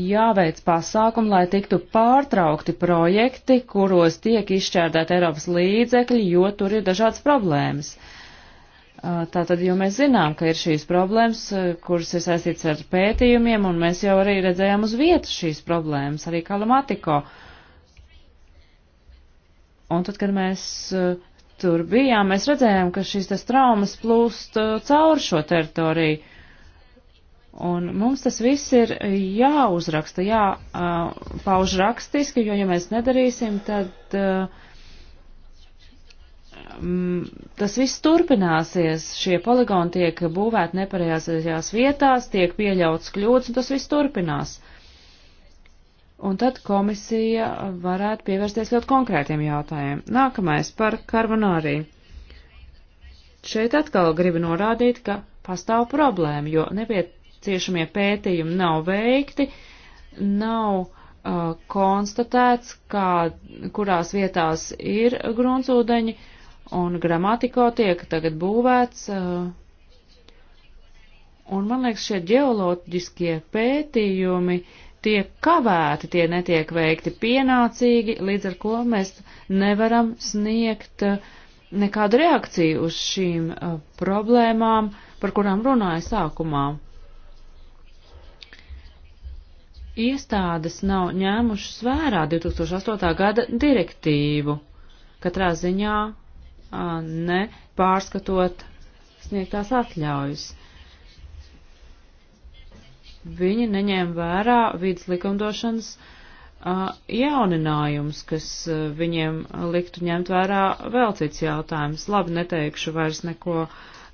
D: jāveic pasākumi, lai tiktu pārtraukti projekti, kuros tiek izšķērdēt Eiropas līdzekļi, jo tur ir dažādas problēmas. Uh, Tātad, jo mēs zinām, ka ir šīs problēmas, uh, kuras ir saistīts ar pētījumiem, un mēs jau arī redzējām uz vietas šīs problēmas, arī Kalamatiko. Un tad, kad mēs uh, tur bijām, mēs redzējām, ka šīs tas traumas plūst uh, caur šo teritoriju. Un mums tas viss ir jāuzraksta, jāpauž uh, rakstiski, jo ja mēs nedarīsim, tad uh, m, mm, tas viss turpināsies. Šie poligoni tiek būvēti nepareizajās vietās, tiek pieļauts kļūdas, un tas viss turpinās un tad komisija varētu pievērsties ļoti konkrētiem jautājumiem. Nākamais par karbonārī. Šeit atkal gribu norādīt, ka pastāv problēma, jo nepieciešamie pētījumi nav veikti, nav uh, konstatēts, kā, kurās vietās ir gruntsūdeņi, un gramatiko tiek tagad būvēts. Uh, un man liekas, šie ģeoloģiskie pētījumi uh, tiek kavēti, tie netiek veikti pienācīgi, līdz ar ko mēs nevaram sniegt eh, nekādu reakciju uz šīm eh, problēmām, par kurām runāju sākumā. Iestādes nav ņēmušas vērā 2008. gada direktīvu, katrā ziņā eh, ne pārskatot sniegtās atļaujas viņi neņēma vērā vidas likumdošanas uh, jauninājums, kas uh, viņiem liktu ņemt vērā vēl cits jautājums. Labi, neteikšu vairs neko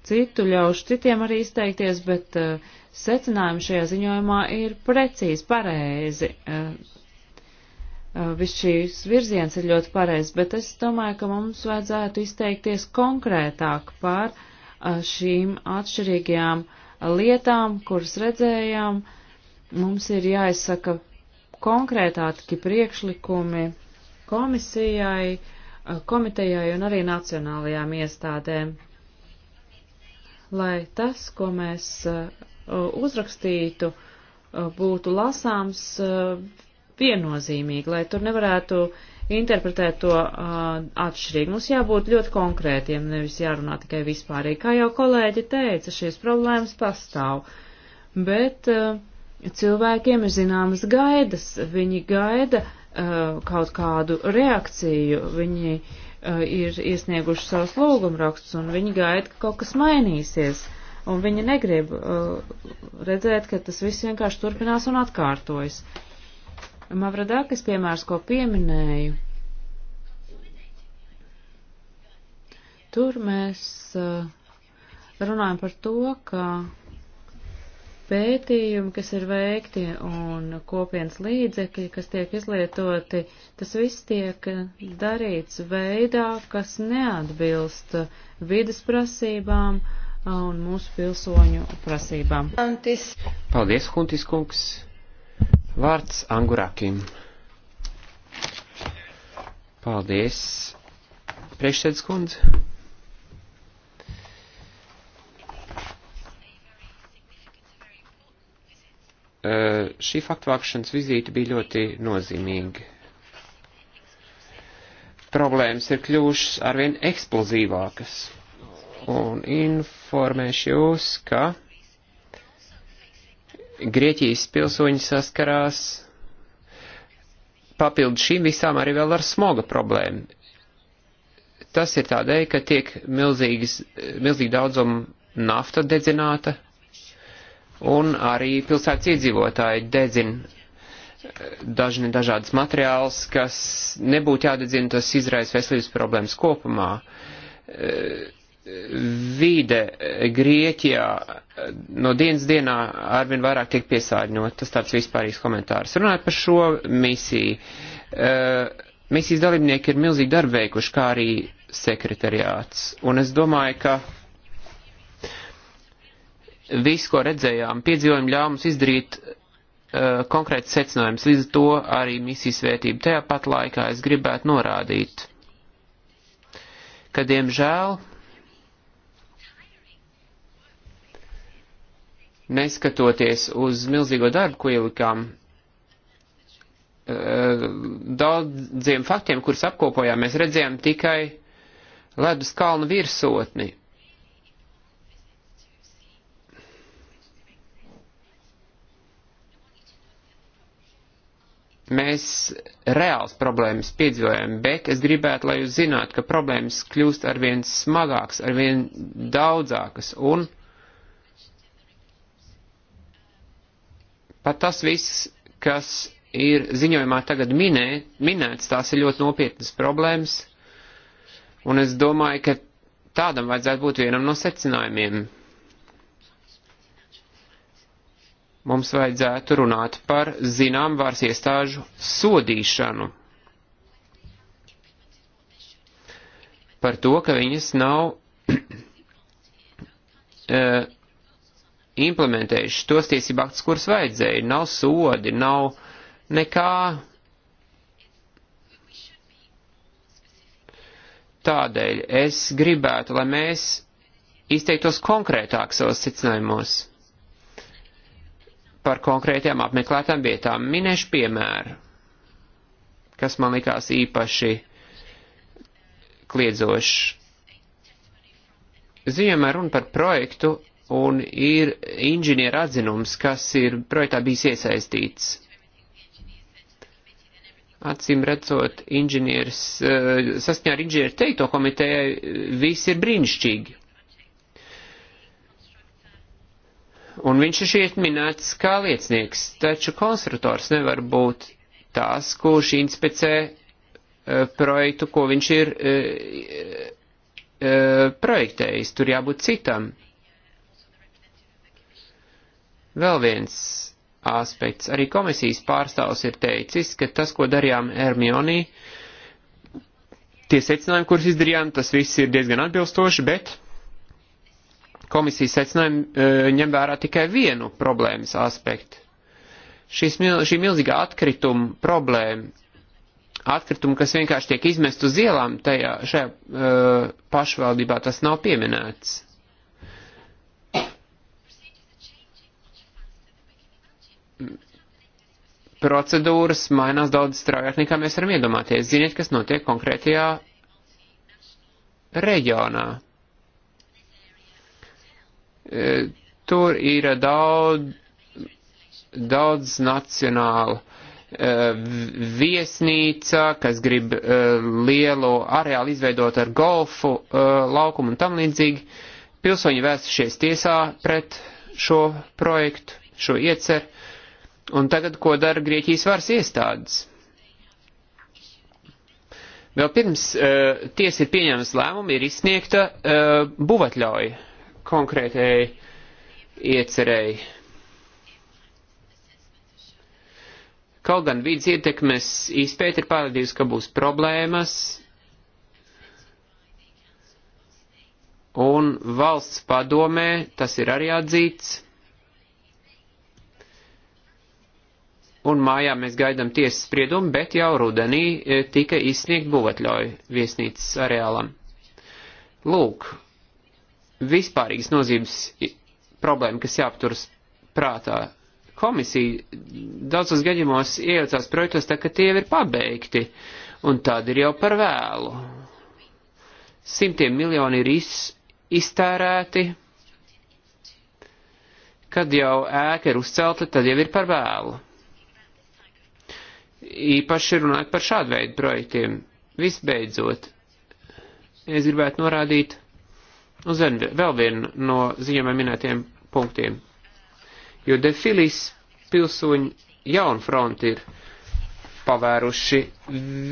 D: citu, ļaušu citiem arī izteikties, bet uh, secinājumi šajā ziņojumā ir precīzi, pareizi. Viss šīs virziens ir ļoti pareizs, bet es domāju, ka mums vajadzētu izteikties konkrētāk par šīm atšķirīgajām uh, lietām, kuras redzējām, mums ir jāizsaka konkrētāki priekšlikumi komisijai, komitejai un arī nacionālajām iestādēm, lai tas, ko mēs uzrakstītu, būtu lasāms viennozīmīgi, lai tur nevarētu uh, interpretēt to uh, atšķirīgi. Mums jābūt ļoti konkrētiem, nevis jārunā tikai vispārīgi. Kā jau kolēģi teica, šīs problēmas pastāv, bet uh, cilvēkiem ir zināmas gaidas, viņi gaida uh, kaut kādu reakciju, viņi uh, ir iesnieguši savus lūgumrakstus un viņi gaida, ka kaut kas mainīsies. Un viņi negrib uh, redzēt, ka tas viss vienkārši turpinās un atkārtojas. Uh, Mavradākas piemērs, ko pieminēju, tur mēs uh, runājam par to, ka pētījumi, kas ir veikti un kopienas līdzekļi, kas tiek izlietoti, tas viss tiek darīts veidā, kas neatbilst vidas prasībām un mūsu pilsoņu prasībām. Paldies,
G: Huntis kungs! Vārds Angurakim. Paldies, priekšsēdz kundze. Šī faktvākšanas vizīte bija ļoti nozīmīga. Problēmas ir kļuvušas arvien eksplozīvākas. Un informēšu jūs, ka Grieķijas pilsoņi saskarās papildu šīm visām arī vēl ar smoga problēmu. Tas ir tādēļ, ka tiek milzīgas, milzīgi daudzuma nafta dedzināta un arī pilsētas iedzīvotāji dedzina eh, dažni dažādas materiāls, kas nebūtu jādedzina, tas izraisa veselības problēmas kopumā. Uh, vīde Grieķijā no dienas dienā arvien vairāk tiek piesārņot. Tas tāds vispārīgs komentārs. Runājot par šo misiju. Eh, misijas dalībnieki ir milzīgi darbu veikuši, kā arī sekretariāts. Un es domāju, ka viss, ko redzējām, piedzīvojumi ļāva mums izdarīt uh, konkrēts secinājums, līdz to arī misijas vērtība. Tajā pat laikā es gribētu norādīt, ka diemžēl neskatoties uz milzīgo darbu, ko ielikām eh, daudziem faktiem, kurus apkopojām, mēs redzējām tikai ledus kalnu virsotni. Mēs reāls problēmas piedzīvojam, bet es gribētu, lai jūs zinātu, ka problēmas kļūst arvien smagākas, arvien daudzākas, un uh, Pat tas viss, kas ir ziņojumā tagad minē, minēts, tās ir ļoti nopietnas problēmas, un es domāju, ka tādam vajadzētu būt vienam no secinājumiem. Mums vajadzētu runāt par zinām vārs iestāžu sodīšanu. Par to, ka viņas nav eh, implementējuši tos tiesību aktus, kurus vajadzēja. Nav sodi, nav nekā tādēļ. Es gribētu, lai mēs izteiktos konkrētāk savos secinājumos par konkrētām apmeklētām vietām. Minēšu piemēru, kas man likās īpaši kliedzošs. Ziņojumā runa par projektu un ir inženieru atzinums, kas ir projektā bijis iesaistīts. Acīm redzot, inženieris, eh, saskaņā ar inženieru teikto komitejai, eh, viss ir brīnišķīgi. Un viņš ir šeit minēts kā liecinieks, taču konstruktors nevar būt tās, kurš inspicē eh, projektu, ko viņš ir projektējis. Tur jābūt citam. Vēl viens aspekts. Arī komisijas pārstāvs ir teicis, ka tas, ko darījām Hermionī, tie secinājumi, kurus izdarījām, tas viss ir diezgan atbilstoši, bet komisijas secinājumi e, ņem vērā tikai vienu problēmas aspektu. Šis, šī milzīgā atkrituma problēma, atkrituma, kas vienkārši tiek izmest uz ielām, tajā, šajā uh, pašvaldībā tas nav pieminēts. procedūras mainās daudz straujāk nekā mēs varam iedomāties. Ziniet, kas notiek konkrētajā reģionā. E, tur ir daudz, daudz nacionālu e, viesnīca, kas grib e, lielu areālu izveidot ar golfu laukumu un tam līdzīgi. Pilsoņi vēstušies tiesā pret šo projektu, šo ieceru Un tagad, ko dara Grieķijas varas iestādes? Vēl pirms uh, tiesa ir pieņēmusi lēmumu, ir izsniegta uh, buvatļauja konkrētai iecerēji. Kaut gan vidas ietekmes izpēta ir parādījusi, ka būs problēmas, un valsts padomē tas ir arī atzīts. un mājā mēs gaidām tiesas spriedumu, bet jau rudenī e, tika izsniegt būvatļauju viesnīcas areālam. Lūk, vispārīgas nozīmes problēma, kas jāapturas prātā. Komisija daudzos gadījumos iejaucās projektos tā, ka tie ir pabeigti, un tad ir jau par vēlu. Simtiem miljoni ir iz, iztērēti, kad jau ēka ir uzcelta, tad jau ir par vēlu īpaši runāt par šādu veidu projektiem. Visbeidzot, es gribētu norādīt uz vēl vienu no ziņojumā minētiem punktiem, jo defilis pilsoņu jaunu fronti ir pavēruši.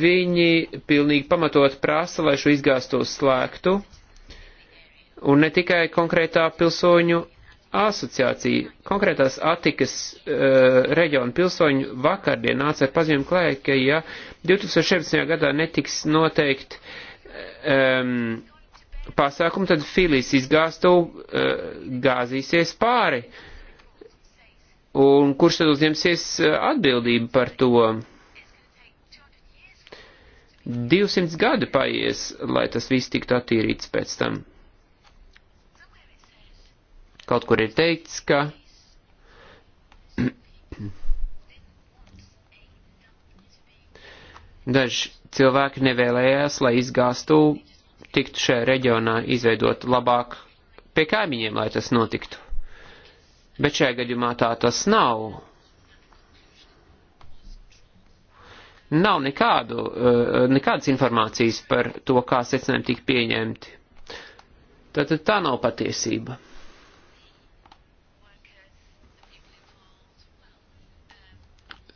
G: Viņi pilnīgi pamatot prasa, lai šo izgāstos slēgtu, un ne tikai konkrētā pilsoņu asociācija konkrētās Atikas uh, reģiona pilsoņu vakardien nāca ar paziņojumu klāja, ka ja 2017. gadā netiks noteikt um, pasākumu, tad filijas izgāstu uh, gāzīsies pāri. Un kurš tad uzņemsies eh, atbildību par to? 200 gadi paies, lai tas viss tiktu attīrīts pēc tam. Kaut kur ir teikts, ka daži cilvēki nevēlējās, lai izgāstu, tiktu šajā reģionā izveidot labāk pie kaimiņiem, lai tas notiktu. Bet šajā gadījumā tā tas nav. Nav nekādu, eh, nekādas informācijas par to, kā secinājumi tika pieņemti. Tātad tā nav patiesība.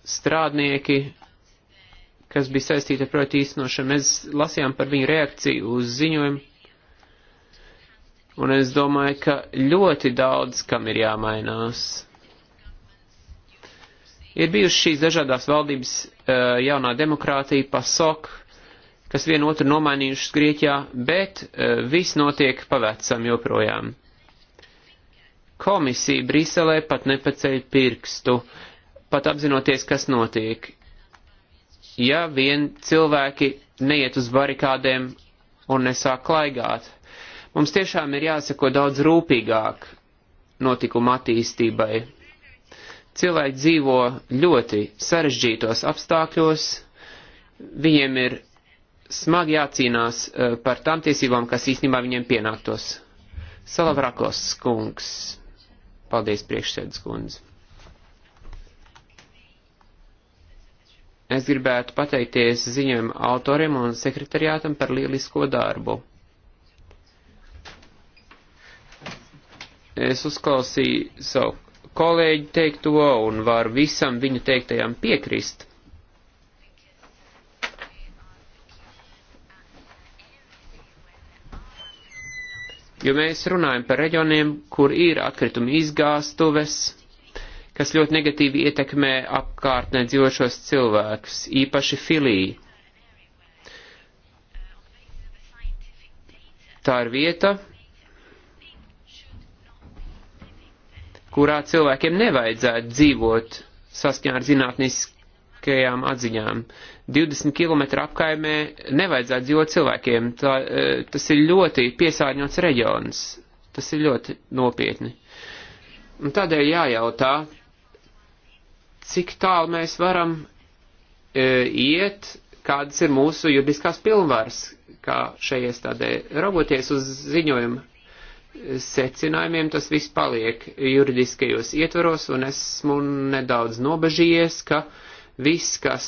G: strādnieki, kas bija saistīti ar projektu īstenošanu. Mēs lasījām par viņu reakciju uz ziņojumu, un es domāju, ka ļoti daudz kam ir jāmainās. Ir bijušas šīs dažādās valdības eh, jaunā demokrātija, PASOK, kas vienotru nomainījušas Grieķijā, bet eh, viss notiek pavecam joprojām. Komisija Briselē pat nepaceļ pirkstu pat apzinoties, kas notiek. Ja vien cilvēki neiet uz barikādēm un nesāk klaigāt, mums tiešām ir jāsako daudz rūpīgāk notikuma attīstībai. Cilvēki dzīvo ļoti sarežģītos apstākļos, viņiem ir smagi jācīnās eh, par tām tiesībām, kas īstenībā viņiem pienāktos. Salavrakos kungs. Paldies, priekšsēdus kundze. Es gribētu pateikties ziņojuma autoriem un sekretariātam par lielisko darbu. Es uzklausīju savu kolēģi teikto un varu visam viņa teiktajam piekrist. Jo mēs runājam par reģioniem, kur ir atkrituma izgāstuves, kas ļoti negatīvi ietekmē apkārtnē dzīvošos cilvēkus, īpaši Filiju. Tā ir vieta, kurā cilvēkiem nevajadzētu dzīvot saskaņā ar zinātniskajām atziņām. 20 km apkaimē nevajadzētu dzīvot cilvēkiem. Tā, e, tas ir ļoti piesārņots reģions. Tas ir ļoti nopietni. Un tādēļ jājautā, cik tālu mēs varam e, iet, kādas ir mūsu juridiskās pilnvaras, kā šai iestādē. Raugoties uz ziņojumu secinājumiem, tas viss paliek juridiskajos ietvaros, un esmu nedaudz nobežījies, ka viss, kas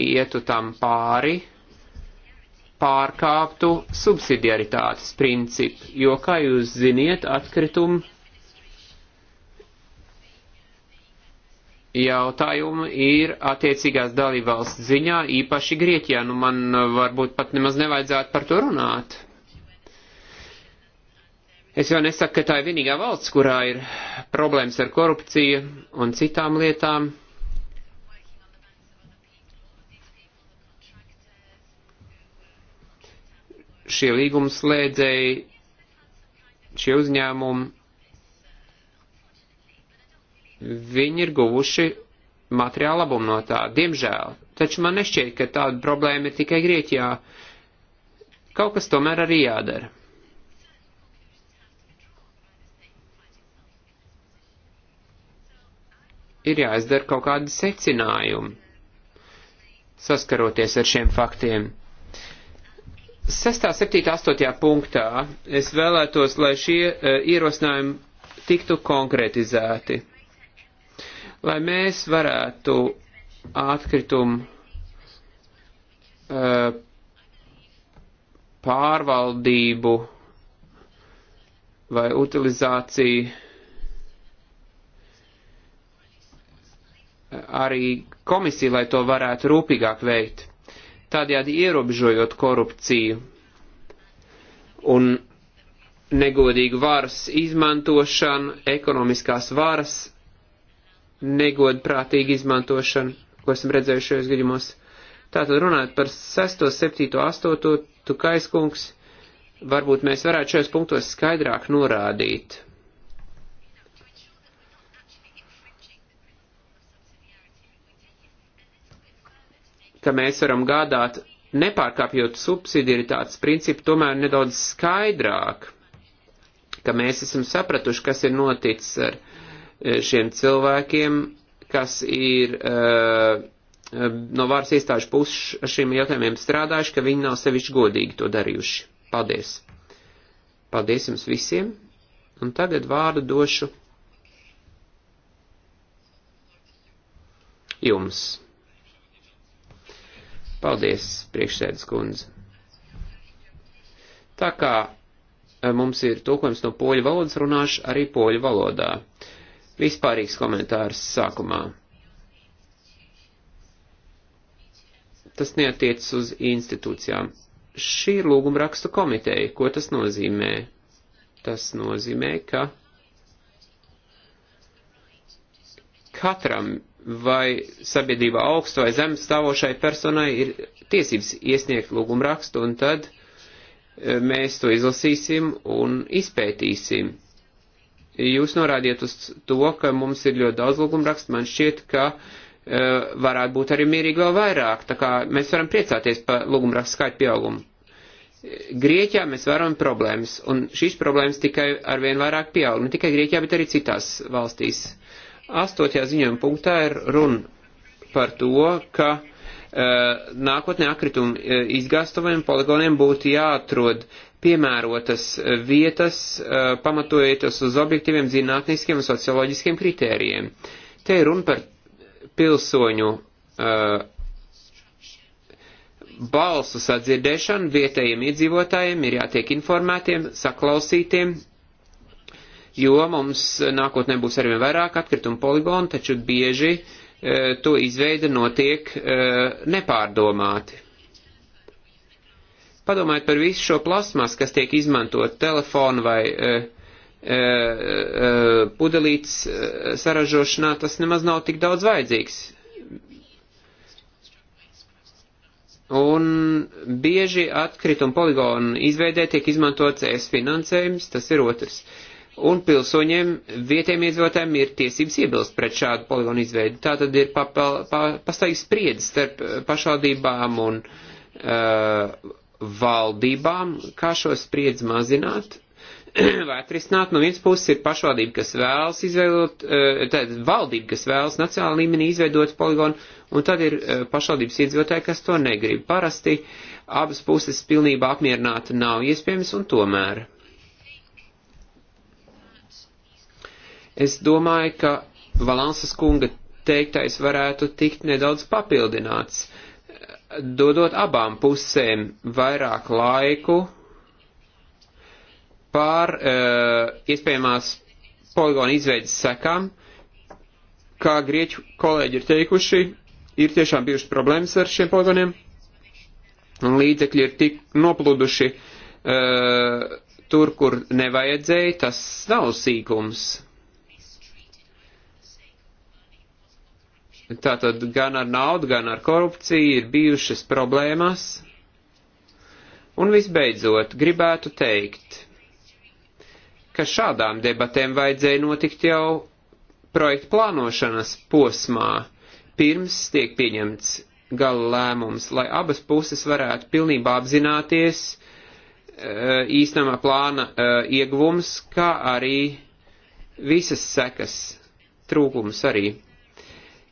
G: ietu tam pāri, pārkāptu subsidiaritātes principu, jo, kā jūs ziniet, atkritumi jautājumu ir attiecīgās dalībvalsts ziņā, īpaši Grieķijā. Nu, man uh, varbūt pat nemaz nevajadzētu par to runāt. Es jau nesaku, ka tā ir vienīgā valsts, kurā ir problēmas ar korupciju un citām lietām. Šie līgumslēdzēji, šie uzņēmumi Viņi ir guvuši materiālu labumu no tā, diemžēl. Taču man nešķiet, ka tāda problēma ir tikai Grieķijā. Kaut kas tomēr arī jādara. Ir jāizdara kaut kādi secinājumi, saskaroties ar šiem faktiem. 6., 7., 8. punktā es vēlētos, lai šie uh, ierosinājumi tiktu konkretizēti lai mēs varētu atkritumu uh, pārvaldību vai utilizāciju arī komisija, lai to varētu rūpīgāk veikt, tādējādi ierobežojot korupciju un negodīgu varas izmantošanu, ekonomiskās varas negodprātīgu izmantošanu, ko esam redzējuši šajos gadījumos. Tātad runājot par 6, 7, 8, tukais kungs, varbūt mēs varētu šajos punktos skaidrāk norādīt. ka mēs varam gādāt, nepārkāpjot subsidiaritātes principu, tomēr nedaudz skaidrāk, ka mēs esam sapratuši, kas ir noticis ar uh, Eh, šiem cilvēkiem, kas ir uh, no varas iestāžu puses ar šiem jautājumiem strādājuši, ka viņi nav sevišķi godīgi to darījuši. Paldies! Paldies jums visiem! Un tagad vārdu došu jums. Paldies, priekšsēdus kundze. Tā kā eh, mums ir tulkojums no poļu valodas, runāšu arī poļu valodā. Vispārīgs komentārs sākumā. Tas neatiec uz institūcijām. Šī ir lūguma rakstu komiteja. Ko tas nozīmē? Tas nozīmē, ka katram vai sabiedrībā augstu vai zem stāvošai personai ir tiesības iesniegt lūgumu rakstu, un tad e, mēs to izlasīsim un izpētīsim. Jūs norādījat uz to, ka mums ir ļoti daudz lūgumrakstu. Man šķiet, ka uh, varētu būt arī mierīgi vēl vairāk. Tā kā mēs varam priecāties par lūgumrakstu skaitu pieaugumu. Grieķijā mēs varam problēmas, un šīs problēmas tikai arvien vairāk pieaug, ne tikai Grieķijā, bet arī citās valstīs. Astotajā ziņojuma punktā ir runa par to, ka uh, nākotnē akritumu uh, e, izgāstaviem poligoniem būtu jāatrod piemērotas vietas, eh, pamatojoties uz objektīviem zinātniskiem un socioloģiskiem kritērijiem. Te ir runa par pilsoņu eh, balsu sadzirdēšanu, vietējiem iedzīvotājiem ir jātiek informētiem, saklausītiem, jo mums nākotnē būs arvien vairāk atkritumu poligonu, taču bieži eh, to izveida notiek nepārdomāti. Padomājiet par visu šo plasmas, kas tiek izmantot telefonu vai uh, uh, pudelītes uh, saražošanā, tas nemaz nav tik daudz vajadzīgs. Un bieži atkrituma poligonu izveidē tiek izmantots es finansējums, tas ir otrs. Un pilsoņiem, vietējiem iedzīvotājiem ir tiesības iebilst pret šādu poligonu izveidi. Tā tad ir pa, pa, pa, pastāvīgs spriedzi starp pašvaldībām un uh, valdībām, kā šo spriedzi mazināt, vai atrisināt. No vienas puses ir pašvaldība, kas vēlas izveidot, eh, tad valdība, kas vēlas nacionālā līmenī izveidot poligonu, un tad ir eh, pašvaldības iedzīvotāji, kas to negrib. Parasti abas puses pilnībā apmierināta nav iespējams, un tomēr. Es domāju, ka Valansas kunga teiktais varētu tikt nedaudz papildināts. Uh, dodot abām pusēm vairāk laiku pār uh, iespējamās poligona izveidas sekām, kā grieķu kolēģi ir teikuši, ir tiešām bijušas problēmas ar šiem poligoniem, un līdzekļi ir tik noplūduši uh, eh, tur, kur nevajadzēja, tas nav sīkums. Tātad gan ar naudu, gan ar korupciju ir bijušas problēmas. Un visbeidzot, gribētu teikt, ka šādām debatēm vajadzēja notikt jau projekta plānošanas posmā, pirms tiek pieņemts gala lēmums, lai abas puses varētu pilnībā apzināties e, īstenamā plāna e, ieguvums, kā arī visas sekas, trūkums arī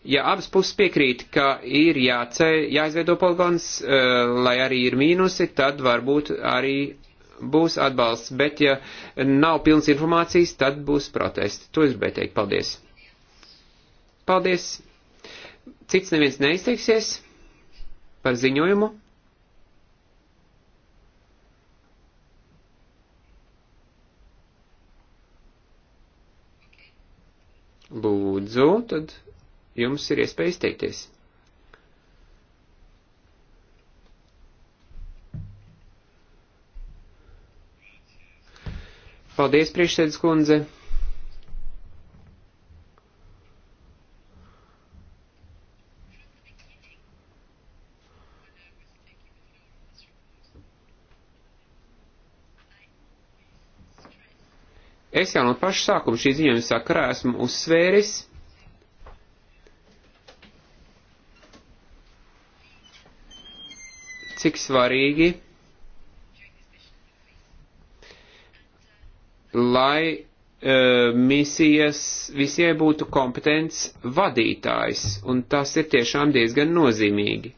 G: ja abas puses piekrīt, ka ir jāce, jāizveido poligons, eh, lai arī ir mīnusi, tad varbūt arī būs atbalsts, bet ja nav pilns informācijas, tad būs protesti. To es gribēju teikt. Paldies. Paldies. Cits neviens neizteiksies par ziņojumu. Lūdzu, tad Jums ir iespēja izteikties. Paldies, priekšsēdus kundze. Es jau no paša sākuma šī ziņojuma sakarā esmu uzsvēris, cik svarīgi, lai uh, misijas visiem būtu kompetents vadītājs, un tas ir tiešām diezgan nozīmīgi.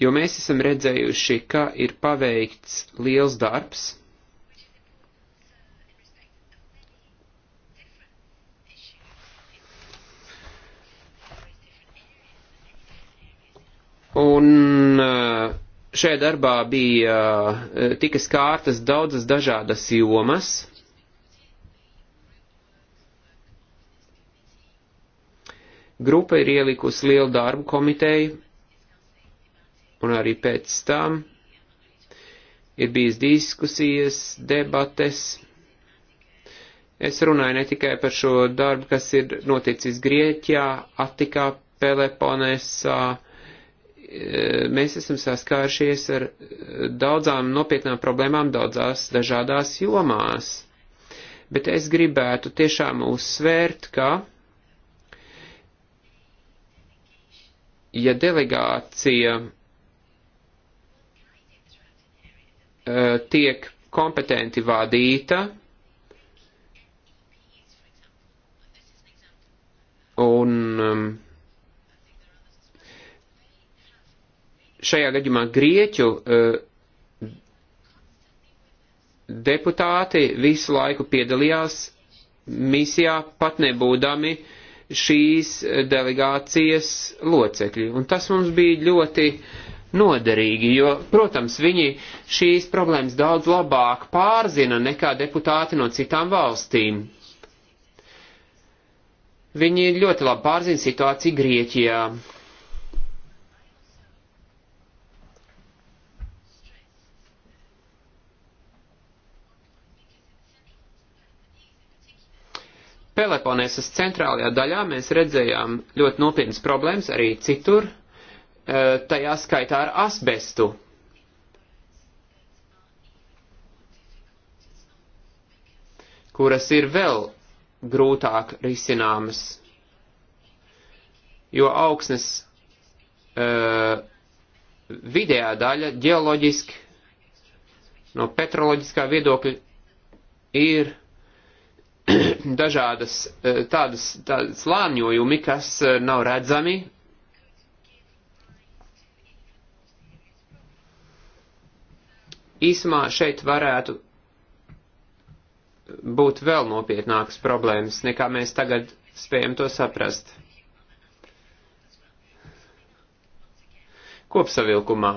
G: Jo mēs esam redzējuši, ka ir paveikts liels darbs, Un eh, šajā darbā bija eh, tika skārtas daudzas dažādas jomas. Grupa ir ielikusi lielu darbu komiteju, un arī pēc tam ir bijis diskusijas, debates. Es runāju ne tikai par šo darbu, kas ir noticis Grieķijā, Atikā, Peloponesā, uh, mēs esam saskāršies ar eh, daudzām nopietnām problēmām daudzās dažādās jomās. Bet es gribētu tiešām uzsvērt, ka ja delegācija eh, tiek kompetenti vadīta, un um, šajā gadījumā Grieķu uh, deputāti visu laiku piedalījās misijā, pat nebūdami šīs delegācijas locekļi. Un tas mums bija ļoti noderīgi, jo, protams, viņi šīs problēmas daudz labāk pārzina nekā deputāti no citām valstīm. Viņi ļoti labi pārzina situāciju Grieķijā. Peloponesas centrālajā daļā mēs redzējām ļoti nopietnas problēmas arī citur, eh, tajā skaitā ar asbestu. kuras ir vēl grūtāk risināmas, jo augsnes uh, vidējā daļa ģeoloģiski no petroloģiskā viedokļa ir dažādas eh, tādas, tādas lāņojumi, kas eh, nav redzami. Īsumā šeit varētu būt vēl nopietnākas problēmas, nekā mēs tagad spējam to saprast. Kopsavilkumā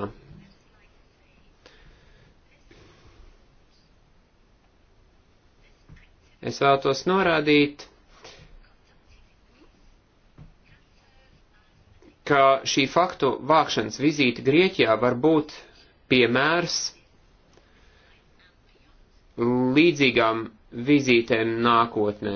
G: Es vēlētos norādīt, ka šī faktu vākšanas vizīte Grieķijā var būt piemērs līdzīgām vizītēm nākotnē.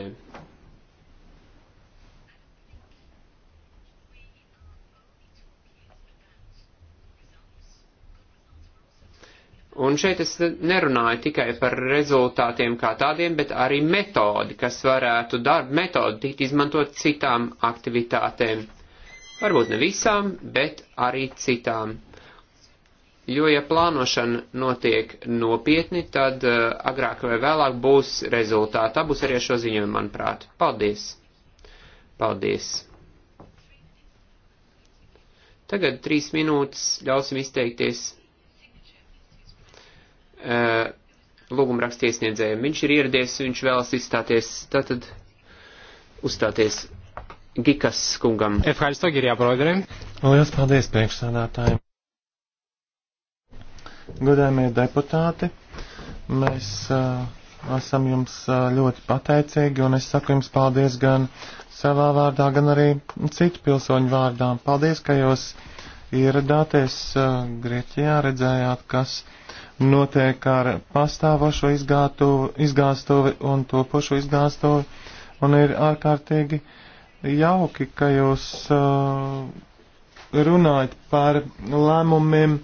G: Un šeit es nerunāju tikai par rezultātiem kā tādiem, bet arī metodi, kas varētu darba metodi tikt izmantot citām aktivitātēm. Varbūt ne visām, bet arī citām. Jo, ja plānošana notiek nopietni, tad uh, agrāk vai vēlāk būs rezultāti. Tā būs arī ar šo ziņojumu, manuprāt. Paldies! Paldies! Tagad trīs minūtes ļausim izteikties Eh, lūgumraksta iesniedzējiem. Viņš ir ieradies, viņš vēlas izstāties, tātad uzstāties Gikas kungam. Efraļs Togirijā, prodirē.
B: Lielas paldies priekšsādātājiem. Godājumie deputāti, mēs uh, esam jums uh, ļoti pateicīgi un es saku jums paldies gan savā vārdā, gan arī citu pilsoņu vārdā. Paldies, ka jūs ieradāties uh, Grieķijā, redzējāt, kas uh, notiek ar pastāvošo izgāstuvi un topošo izgāstuvi, un ir ārkārtīgi jauki, ka jūs uh, runājat par lēmumiem,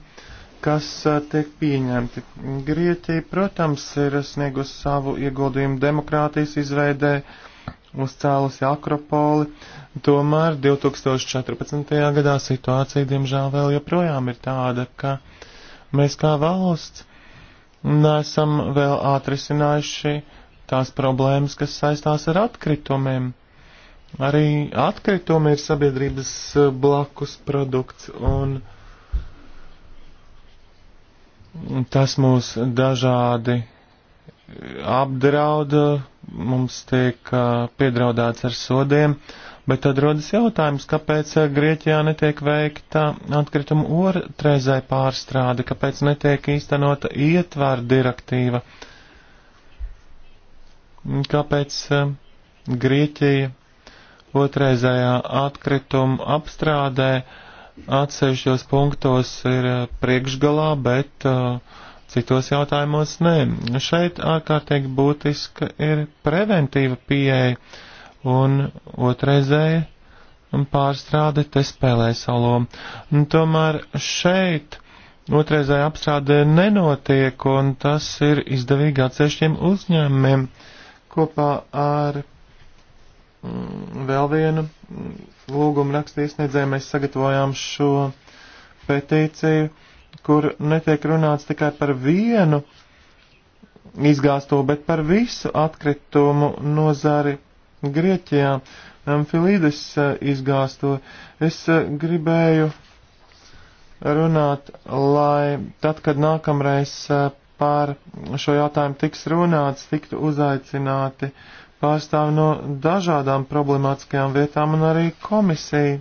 B: kas uh, tiek pieņemti. Grieķija, protams, ir sniegusi savu ieguldījumu demokrātijas izveidē, uzcēlusi Akropoli, tomēr 2014. gadā situācija, diemžēl, vēl joprojām ir tāda, ka uh, Mēs kā valsts nesam vēl atrisinājuši tās problēmas, kas saistās ar atkritumiem. Arī atkritumi ir sabiedrības blakus produkts, un tas mūs dažādi apdrauda, mums tiek piedraudāts ar sodiem, Bet tad rodas jautājums, kāpēc eh, Grieķijā netiek veikta atkrituma otrreizē pārstrāde, kāpēc netiek īstenota ietvēra direktīva, kāpēc eh, Grieķija otrreizējā atkrituma apstrādē atsevišķos punktos ir eh, priekšgalā, bet uh, citos jautājumos nē. Šeit ārkārtīgi būtiska ir preventīva pieeja un otraizēja pārstrāde te spēlē savu lomu. Tomēr šeit otraizēja apstrāde nenotiek, un tas ir izdevīgi atsevišķiem uzņēmumiem kopā ar mm, vēl vienu mm, lūgumu rakstu iesniedzēju. Mēs sagatavojām šo petīciju, kur netiek runāts tikai par vienu izgāsto, bet par visu atkritumu nozari Grieķijā Amfilīdes eh, izgāsto. Es eh, gribēju runāt, lai tad, kad nākamreiz eh, par šo jautājumu tiks runāts, tiktu uzaicināti pārstāvi no dažādām problemātiskajām vietām un arī komisija.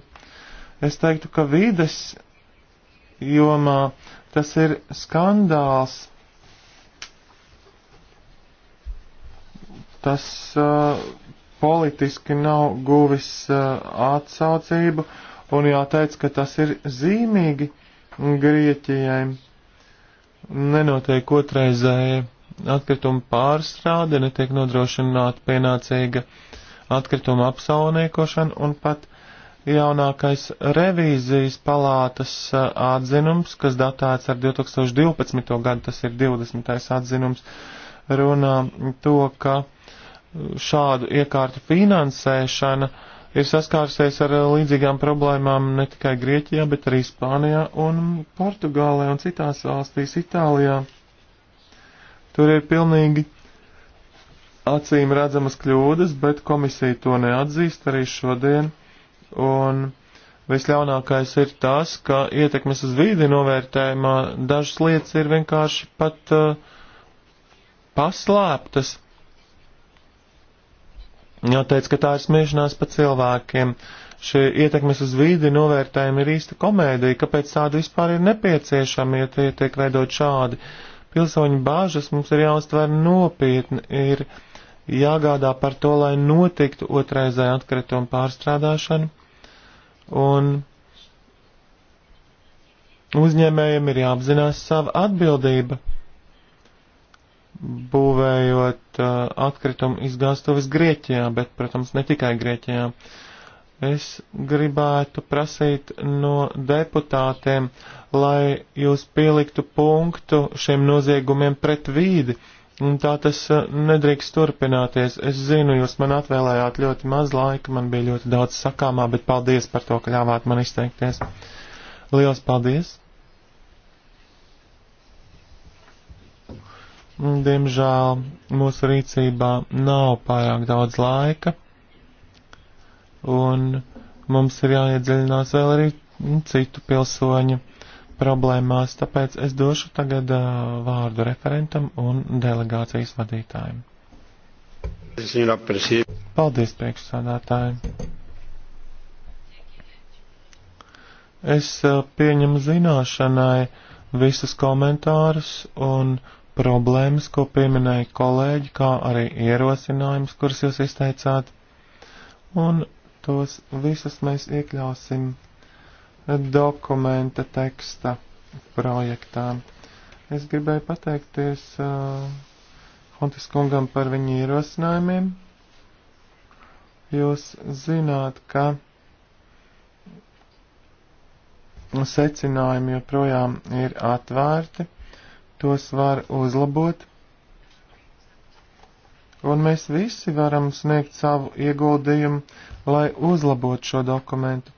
B: Es teiktu, ka vides jomā tas ir skandāls. Tas uh, politiski nav guvis eh, atsaucību, un jāteic, ka tas ir zīmīgi Grieķijai. Nenotiek otraizēja atkrituma pārstrāde, netiek nodrošināta pienācīga atkrituma apsaunīkošana, un pat jaunākais revīzijas palātas eh, atzinums, kas datēts ar 2012. gadu, tas ir 20. atzinums, runā to, ka šādu iekārtu finansēšana ir saskārsies ar līdzīgām problēmām ne tikai Grieķijā, bet arī Spānijā un Portugālē un citās valstīs Itālijā. Tur ir pilnīgi acīm redzamas kļūdas, bet komisija to neatzīst arī šodien. Un visļaunākais ir tas, ka ietekmes uz vīdi novērtējumā dažas lietas ir vienkārši pat uh, paslēptas jo teica, ka tā ir smiešanās pa cilvēkiem. Šie ietekmes uz vīdi novērtējumi ir īsta komēdija, kāpēc tāda vispār ir nepieciešama, ja tie tiek veidot šādi. Pilsoņu bāžas mums ir jāuztver nopietni, ir jāgādā par to, lai notiktu otraizēja atkrituma pārstrādāšana. Un uzņēmējiem ir jāapzinās sava atbildība būvējot uh, atkritumu izgāstuvis Grieķijā, bet, protams, ne tikai Grieķijā. Es gribētu prasīt no deputātiem, lai jūs pieliktu punktu šiem noziegumiem pret vīdi, un tā tas uh, nedrīkst turpināties. Es zinu, jūs man atvēlējāt ļoti maz laika, man bija ļoti daudz sakāmā, bet paldies par to, ka ļāvāt man izteikties. Lielas paldies! Diemžēl mūsu rīcībā nav pārāk daudz laika, un mums ir jāiedziļinās vēl arī citu pilsoņu problēmās, tāpēc es došu tagad vārdu referentam un delegācijas vadītājiem. Paldies, priekšsādātāji! Es pieņemu zināšanai visus komentārus un problēmas, ko pieminēja kolēģi, kā arī ierosinājums, kurus jūs izteicāt, un tos visus mēs iekļausim dokumenta teksta projektā. Es gribēju pateikties uh, Hontis kungam par viņu ierosinājumiem. Jūs zināt, ka secinājumi joprojām ir atvērti tos var uzlabot, un mēs visi varam sniegt savu ieguldījumu, lai uzlabotu šo dokumentu.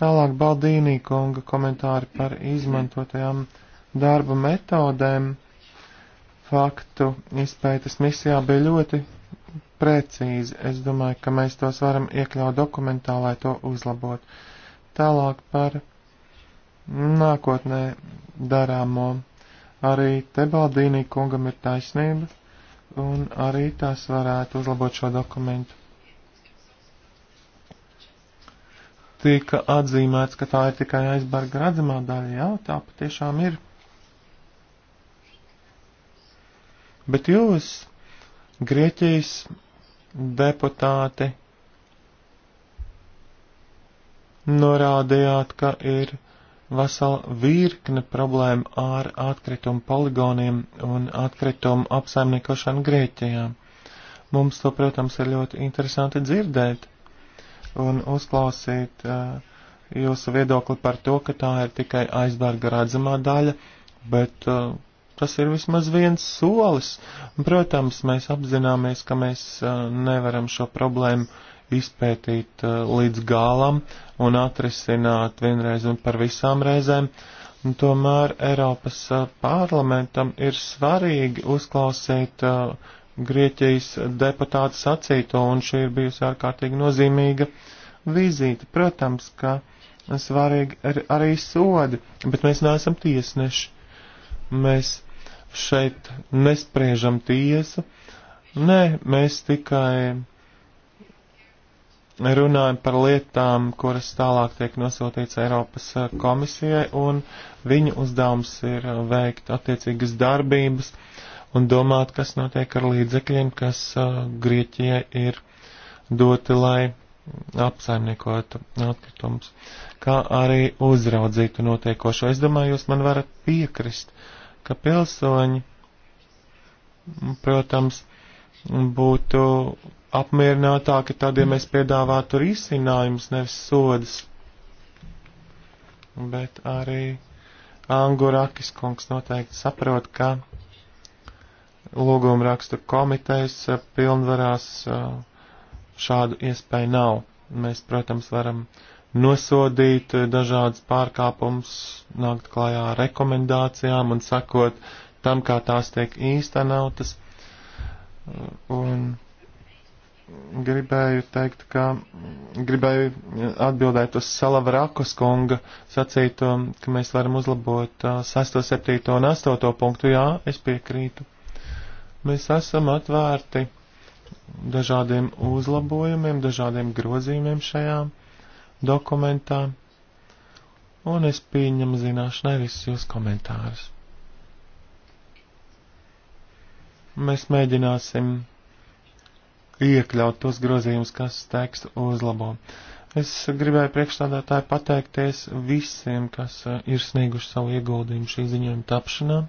B: Tālāk Baldīnī konga komentāri par izmantotajām darba metodēm faktu izpētes misijā bija ļoti precīzi. Es domāju, ka mēs tos varam iekļaut dokumentā, lai to uzlabot. Tālāk par nākotnē darāmo. Arī Tebaldīnī kungam ir taisnība, un arī tās varētu uzlabot šo dokumentu. Tika atzīmēts, ka tā ir tikai aizbarga redzamā daļa, jā, tā patiešām ir. Bet jūs, Grieķijas deputāti, norādījāt, ka ir vesela virkne problēma ar atkritumu poligoniem un atkritumu apsaimniekošanu Grieķijā. Mums to, protams, ir ļoti interesanti dzirdēt un uzklausīt uh, jūsu viedokli par to, ka tā ir tikai aizbērga redzamā daļa, bet uh, tas ir vismaz viens solis. Protams, mēs apzināmies, ka mēs uh, nevaram šo problēmu izpētīt eh, līdz galam un atrisināt vienreiz un par visām reizēm. Un tomēr Eiropas eh, parlamentam ir svarīgi uzklausīt eh, Grieķijas deputātu sacīto, un šī ir bijusi ārkārtīgi nozīmīga vizīte. Protams, ka svarīgi ir arī sodi, bet mēs neesam tiesneši. Mēs šeit nespriežam tiesu. Nē, mēs tikai runājam par lietām, kuras tālāk tiek nosūtīts Eiropas eh, komisijai, un viņu uzdevums ir eh, veikt attiecīgas darbības un domāt, kas notiek ar līdzekļiem, kas uh, Grieķijai ir doti, lai apsaimniekotu atkritumus, kā arī uzraudzītu notiekošo. Es domāju, jūs man varat piekrist, ka pilsoņi, protams, būtu apmierinātāki tad, ja mēs piedāvātu risinājumus, nevis sodas. Bet arī Angurakis kungs noteikti saprot, ka lūguma rakstu komitejas uh, pilnvarās uh, šādu iespēju nav. Mēs, protams, varam nosodīt uh, dažādas pārkāpumus, nākt klājā ar rekomendācijām un sakot tam, kā tās tiek īstenotas. Un gribēju teikt, ka mm, gribēju mm, atbildēt uz Salavrakos kunga sacīto, ka mēs varam uzlabot 6, 7 un 8 punktu. Jā, es piekrītu. Mēs esam atvērti dažādiem uzlabojumiem, dažādiem grozījumiem šajā dokumentā, un es pieņemu zināšanai visus jūs komentārus. Mēs mēģināsim iekļaut tos grozījumus, kas tekstu uzlabo. Es gribēju priekšstādātāji pateikties visiem, kas eh, ir snieguši savu ieguldījumu šī ziņojuma tapšanā.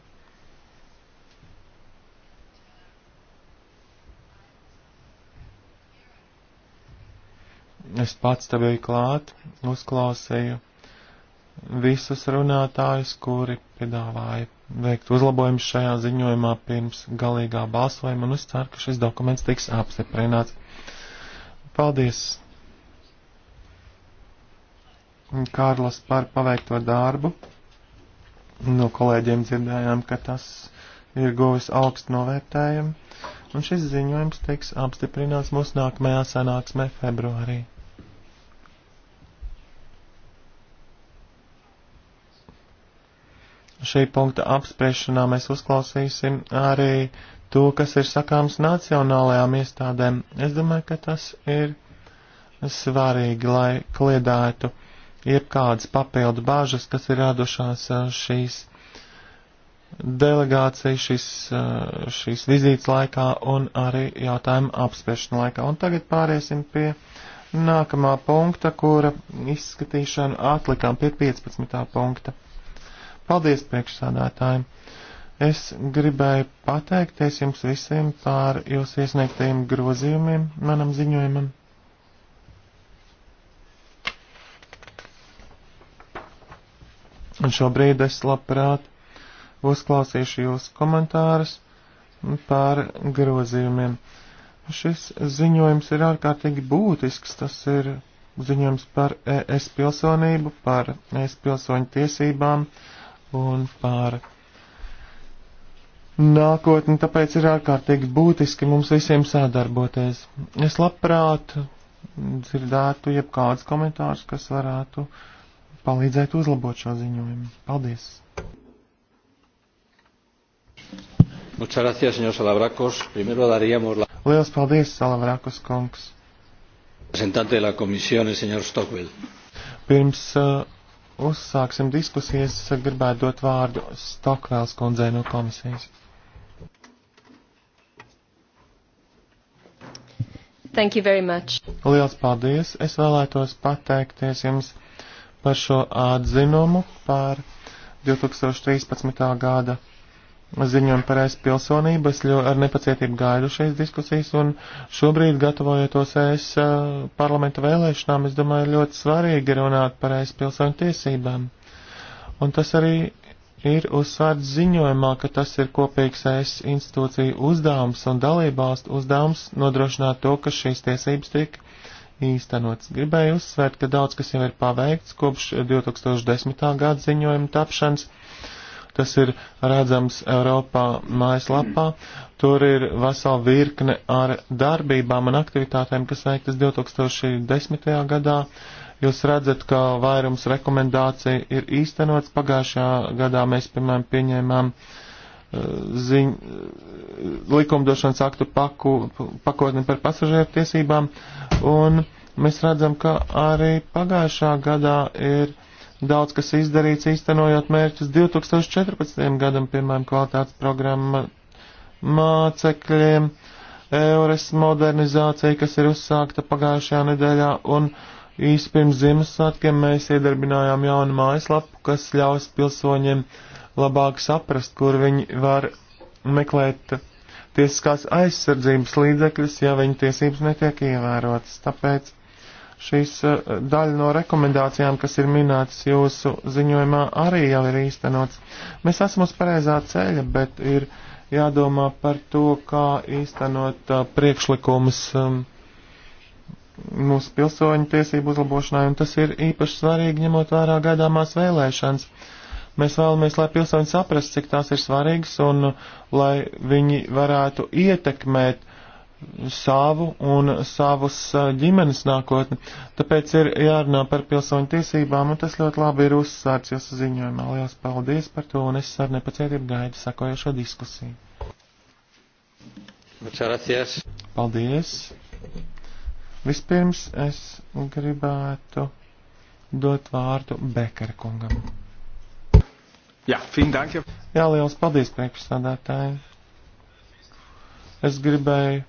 B: Es pats te biju klāt, uzklausīju visus runātājus, kuri piedāvāja veikt uzlabojumus šajā ziņojumā pirms galīgā balsojuma, un es ceru, ka šis dokuments tiks apstiprināts. Paldies, Kārlis, par paveikto darbu. No kolēģiem dzirdējām, ka tas ir guvis augstu novērtējumu, un šis ziņojums tiks apstiprināts mūsu nākamajā sanāksmē februārī. šī punkta apspriešanā mēs uzklausīsim arī to, kas ir sakāms nacionālajām iestādēm. Es domāju, ka tas ir svarīgi, lai kliedētu jebkādas papildu bāžas, kas ir radušās šīs delegācijas, šīs, šīs vizītes laikā un arī jautājuma apspriešana laikā. Un tagad pāriesim pie nākamā punkta, kura izskatīšanu atlikām pie 15. punkta. Paldies priekšsādātājiem! Es gribēju pateikties jums visiem par jūsu iesniegtajiem grozījumiem manam ziņojumam. Un šobrīd es labprāt uzklausīšu jūsu komentārus par grozījumiem. Šis ziņojums ir ārkārtīgi būtisks. Tas ir ziņojums par ES pilsonību, par ES pilsoņu tiesībām. Uh, un par nākotni, tāpēc ir ārkārtīgi būtiski mums visiem sadarboties. Es labprāt dzirdētu jebkādus komentārus, kas varētu palīdzēt uzlabot šo ziņojumu. Paldies!
F: Muchas gracias, señor Salavrakos. Primero daríamos la.
B: Lielas paldies, Salavrakos kungs.
F: Representante de la comisión, el señor Stockwell.
B: Pirms uh, uzsāksim diskusijas, es gribētu dot vārdu Stokvēls kundzei no komisijas.
D: Thank you very much.
B: Liels paldies. Es vēlētos pateikties jums par šo atzinumu par 2013. gada ziņojumu par es pilsonību. Es ļoti ar nepacietību gaidu šīs diskusijas un šobrīd gatavojotos es parlamenta vēlēšanām, es domāju, ir ļoti svarīgi runāt par es pilsoņu tiesībām. Un tas arī ir uzsvērts ziņojumā, ka tas ir kopīgs es institūciju uzdevums un dalībvalstu uzdevums nodrošināt to, ka šīs tiesības tiek īstenots. Gribēju uzsvērt, ka daudz kas jau ir paveikts kopš 2010. gada ziņojuma tapšanas Tas ir redzams Eiropā mājaslapā. Tur ir vesela virkne ar darbībām un aktivitātēm, kas veiktas 2010. gadā. Jūs redzat, ka vairums rekomendāciju ir īstenots. Pagājušajā gadā mēs, piemēram, pieņēmām uh, ziņ, uh, likumdošanas aktu paku, pakotni par pasažieru tiesībām. Un mēs redzam, ka arī pagājušā gadā ir daudz kas izdarīts īstenojot mērķus 2014. gadam, piemēram, kvalitātes programma mācekļiem, eures modernizācija, kas ir uzsākta pagājušajā nedēļā, un īsi pirms Ziemassvētkiem mēs iedarbinājām jaunu mājaslapu, kas ļaus pilsoņiem labāk saprast, kur viņi var meklēt tiesiskās aizsardzības līdzekļus, ja viņu tiesības netiek ievērotas. Tāpēc Šīs e, daļa no rekomendācijām, kas ir minētas jūsu ziņojumā, arī jau ir īstenots. Mēs esam uz pareizā ceļa, bet ir jādomā par to, kā īstenot e, priekšlikumus e, mūsu pilsoņu tiesību uzlabošanai, un tas ir īpaši svarīgi ņemot vērā gaidāmās vēlēšanas. Mēs vēlamies, lai pilsoņi saprast, cik tās ir svarīgas, un lai viņi varētu ietekmēt savu un savus eh, ģimenes nākotni. Tāpēc ir jārunā par pilsoņu tiesībām, un tas ļoti labi ir uzsvērts jūsu ziņojumā. Lielas paldies par to, un es ar nepacietību gaidu sakojošo diskusiju. Paldies! Vispirms es gribētu dot vārdu Bekara kungam. Jā, Jā liels paldies priekšstādātājiem! Es gribēju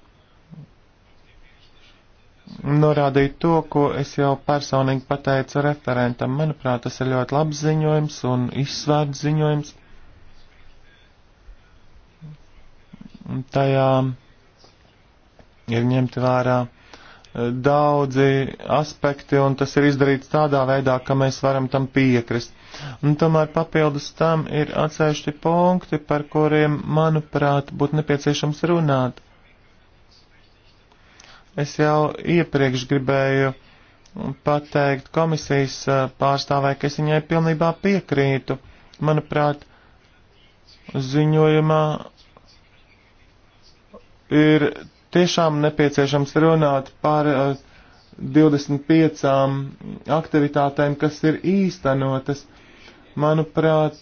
B: norādīt to, ko es jau personīgi pateicu referentam. Manuprāt, tas ir ļoti labs ziņojums un izsvērts ziņojums. Tajā ir ņemti vērā e, daudzi aspekti, un tas ir izdarīts tādā veidā, ka mēs varam tam piekrist. Un tomēr papildus tam ir atsevišķi punkti, par kuriem, manuprāt, būtu nepieciešams runāt. Es jau iepriekš gribēju pateikt komisijas eh, pārstāvē, ka es viņai pilnībā piekrītu. Manuprāt, ziņojumā ir tiešām nepieciešams runāt par 25 eh, aktivitātēm, kas ir īstenotas. Manuprāt,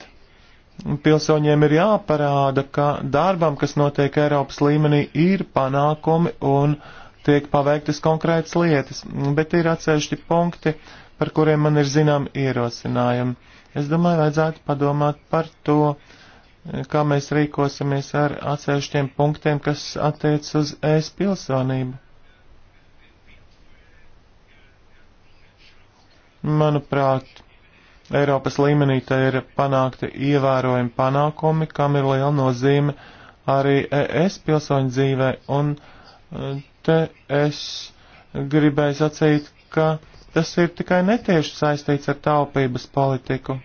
B: pilsoņiem ir jāparāda, ka darbam, kas notiek Eiropas līmenī, ir panākumi un uh, tiek paveiktas konkrētas lietas, bet ir atsevišķi punkti, par kuriem man ir zinām ierosinājumi. Es domāju, vajadzētu padomāt par to, kā mēs rīkosimies ar atsevišķiem punktiem, kas attiec uz ēs pilsonību. Manuprāt, Eiropas līmenī te ir panākti ievērojami panākumi, kam ir liela nozīme arī ES pilsoņu dzīvē, un eh, te es gribēju sacīt, ka tas ir tikai netieši saistīts ar taupības politiku.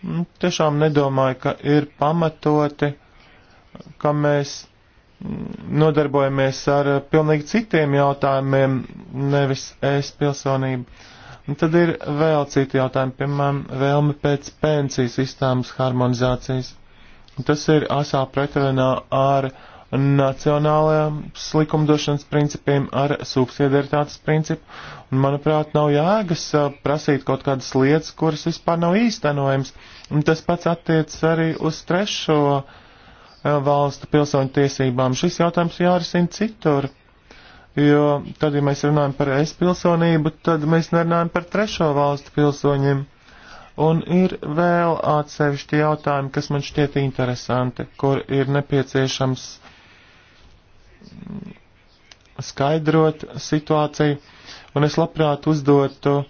B: Mm, tiešām nedomāju, ka ir pamatoti, ka mēs mm, nodarbojamies ar eh, pilnīgi citiem jautājumiem, nevis es pilsonību. Un tad ir vēl citi jautājumi, piemēram, vēlme pēc pensiju sistēmas harmonizācijas. Tas ir asā pretrunā ar uh, nacionālajām likumdošanas principiem ar subsidiaritātes principu. Un, manuprāt, nav jēgas uh, prasīt kaut kādas lietas, kuras vispār nav īstenojams. Un tas pats attiec arī uz trešo uh, valstu pilsoņu tiesībām. Šis jautājums jārisina citur. Jo tad, ja mēs runājam par es pilsonību, tad mēs nerunājam par trešo valstu pilsoņiem. Un ir vēl atsevišķi jautājumi, kas man šķiet interesanti, kur ir nepieciešams skaidrot situāciju, un es labprāt uzdotu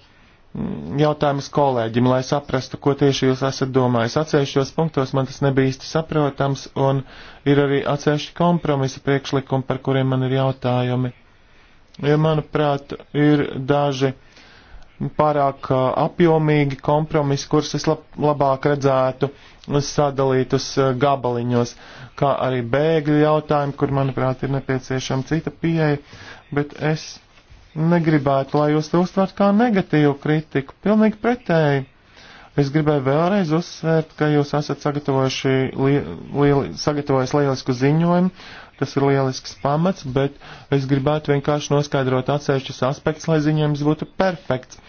B: jautājumus kolēģim, lai saprastu, ko tieši jūs esat domājis. Atsevišķos punktos man tas nebija īsti saprotams, un ir arī atsevišķi kompromisa priekšlikumi, par kuriem man ir jautājumi. Ja manuprāt, ir daži pārāk apjomīgi kompromisi, kurus es lab labāk redzētu sadalīt uz gabaliņos. Uh, kā arī bēgļu jautājumu, kur, manuprāt, ir nepieciešama cita pieeja, bet es negribētu, lai jūs to uztvert kā negatīvu kritiku, pilnīgi pretēji. Es gribēju vēlreiz uzsvērt, ka jūs esat sagatavojuši li lieli, sagatavojis lielisku ziņojumu, tas ir lielisks pamats, bet es gribētu vienkārši noskaidrot atsevišķus aspektus, lai ziņojums būtu perfekts.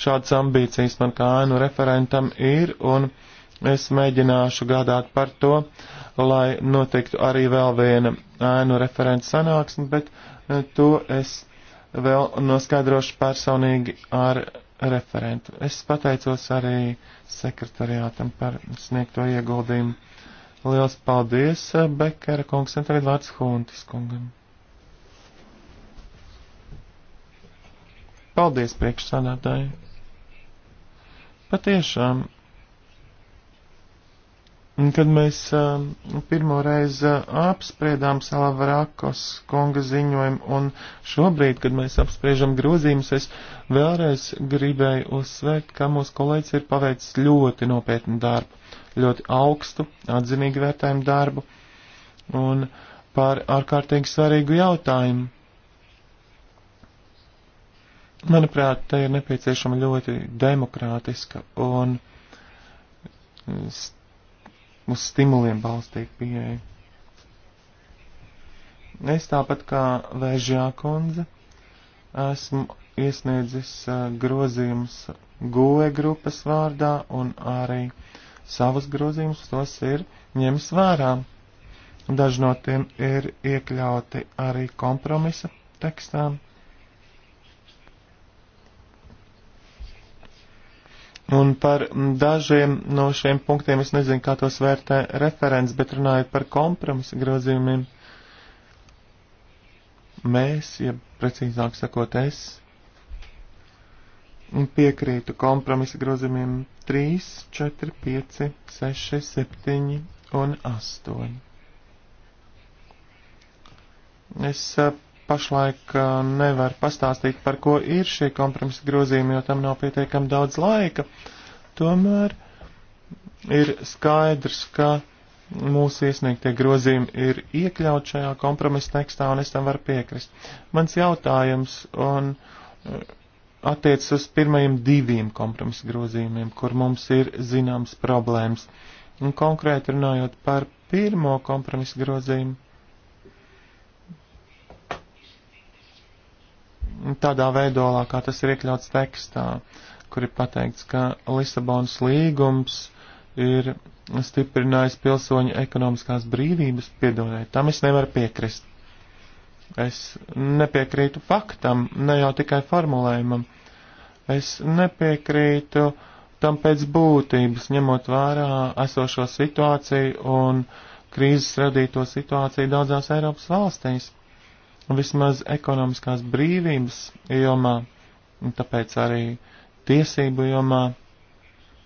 B: Šādas ambīcijas man kā ainu referentam ir, un es mēģināšu gādāt par to, uh, lai notiktu arī vēl viena ēnu referents sanāksme, bet e, to es vēl noskaidrošu personīgi ar referentu. Es pateicos arī sekretariātam par sniegto ieguldījumu. Liels paldies, e, Bekera kungs, un tagad vārds Huntis kungam. Paldies priekšsādātāji. Patiešām Un, kad mēs uh, pirmo reizi uh, apspriedām Salavarakos konga ziņojumu un šobrīd, kad mēs apspriežam grozījumus, es vēlreiz gribēju uzsvērt, ka mūsu kolēģis ir paveicis ļoti nopietnu darbu, ļoti augstu, atzinīgi vērtējumu darbu un par ārkārtīgi svarīgu jautājumu. Manuprāt, te ir nepieciešama ļoti demokrātiska un uz stimuliem balstīt pieeja. Es tāpat kā Vēžjā kundze esmu iesniedzis grozījums GUE grupas vārdā un arī savus grozījumus tos ir ņems vērā. Daži no tiem ir iekļauti arī kompromisa tekstām. Un par dažiem no šiem punktiem es nezinu, kā tos vērtē referents, bet runājot par kompromisa grozījumiem, mēs, ja precīzāk sakot, es piekrītu kompromisa grozījumiem 3, 4, 5, 6, 7 un 8. Es pašlaik uh, nevar pastāstīt, par ko ir šie kompromisa grozījumi, jo tam nav pietiekami daudz laika. Tomēr ir skaidrs, ka mūsu iesniegtie grozījumi ir iekļaut šajā kompromisa tekstā, un es tam varu piekrist. Mans jautājums un uh, attiecas uz pirmajiem diviem kompromisa grozījumiem, kur mums ir zināms problēmas. Un konkrēti runājot par pirmo kompromisa grozījumu, tādā veidolā, kā tas ir iekļauts tekstā, kur ir pateikts, ka Lisabonas līgums ir stiprinājis pilsoņu ekonomiskās brīvības, piedodiet, tam es nevaru piekrist. Es nepiekrītu faktam, ne jau tikai formulējumam. Es nepiekrītu tam pēc būtības, ņemot vērā esošo situāciju un krīzes radīto situāciju daudzās Eiropas valstīs vismaz ekonomiskās brīvības jomā, un tāpēc arī tiesību jomā,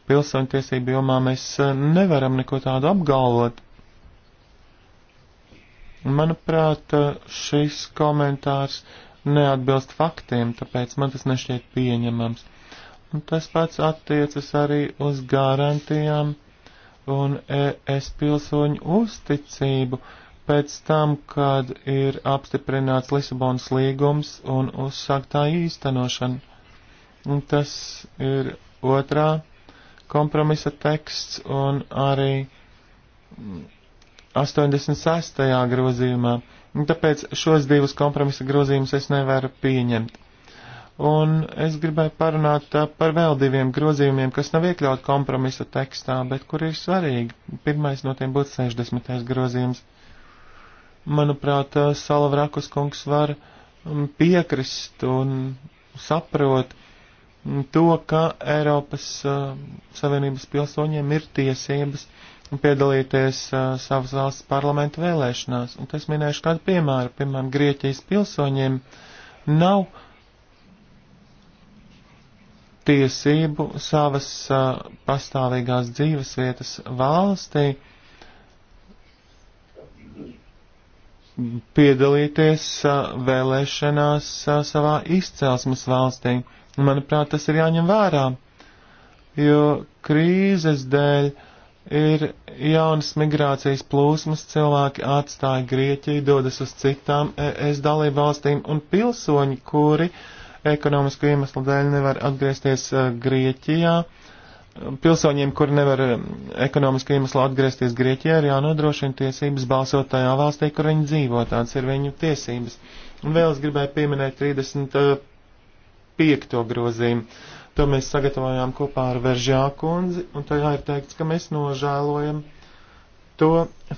B: pilsoņu tiesību jomā mēs eh, nevaram neko tādu apgalvot. Manuprāt, eh, šis komentārs neatbilst faktiem, tāpēc man tas nešķiet pieņemams. Un tas pats attiecas arī uz garantijām un es pilsoņu uzticību, uh, pēc tam, kad ir apstiprināts Lisabonas līgums un uzsāktā īstenošana. Un tas ir otrā kompromisa teksts un arī 86. grozījumā. Un tāpēc šos divus kompromisa grozījumus es nevaru pieņemt. Un es gribēju parunāt uh, par vēl diviem grozījumiem, kas nav iekļaut kompromisa tekstā, bet kur ir svarīgi. Pirmais no tiem būtu 60. grozījums manuprāt, Salavrakus kungs var piekrist un saprot to, ka Eiropas uh, Savienības pilsoņiem ir tiesības piedalīties uh, savas valsts parlamentu vēlēšanās. Un es minēšu kādu piemēru, piemēram, Grieķijas pilsoņiem nav tiesību savas uh, pastāvīgās dzīves vietas valstī uh, piedalīties vēlēšanās savā izcelsmes valstī. Manuprāt, tas ir jāņem vērā, jo krīzes dēļ ir jaunas migrācijas plūsmas, cilvēki atstāja Grieķiju, dodas uz citām ES dalību valstīm un pilsoņi, kuri ekonomisku iemeslu dēļ nevar atgriezties Grieķijā, uh, Pilsoņiem, kuri nevar um, ekonomiski iemeslu atgriezties Grieķijā, ir jānodrošina tiesības balsot tajā valstī, kur viņi dzīvo. Tāds ir viņu tiesības. Un vēl es gribēju pieminēt 35. grozījumu. To mēs sagatavojām kopā ar Veržā kundzi, un tajā ir teikts, ka mēs nožēlojam to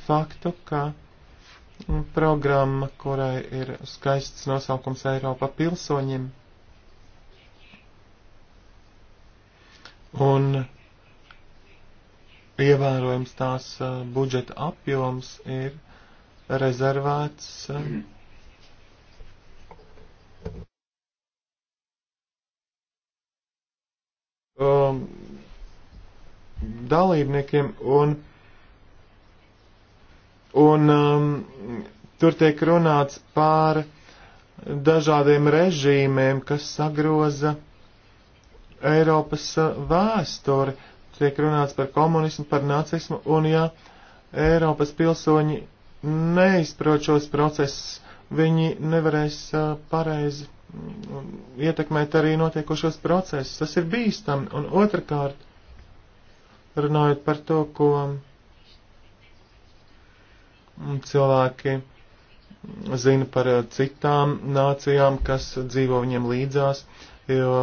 B: faktu, ka mm, programma, kurai ir skaists nosaukums Eiropa pilsoņiem, un ievērojams tās uh, budžeta apjoms ir rezervēts uh, um, dalībniekiem un, un um, tur tiek runāts par dažādiem režīmiem, kas sagroza Eiropas vēsturi, tiek runāts par komunismu, par nacismu, un ja Eiropas pilsoņi neizprot šos procesus, viņi nevarēs pareizi ietekmēt arī notiekošos procesus. Tas ir bīstami. Un otrkārt, runājot par to, ko cilvēki zina par citām nācijām, kas dzīvo viņiem līdzās, jo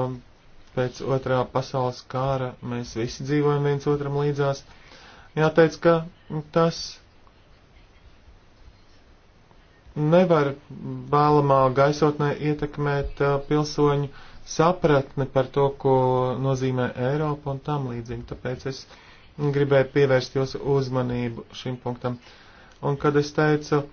B: Pēc otrā pasaules kāra mēs visi dzīvojam viens otram līdzās. Jāteic, ka tas nevar vēlamā gaisotnē ietekmēt uh, pilsoņu sapratni par to, ko nozīmē Eiropa un tam līdzīgi. Tāpēc es gribēju pievērst jūsu uzmanību šim punktam. Un kad es teicu,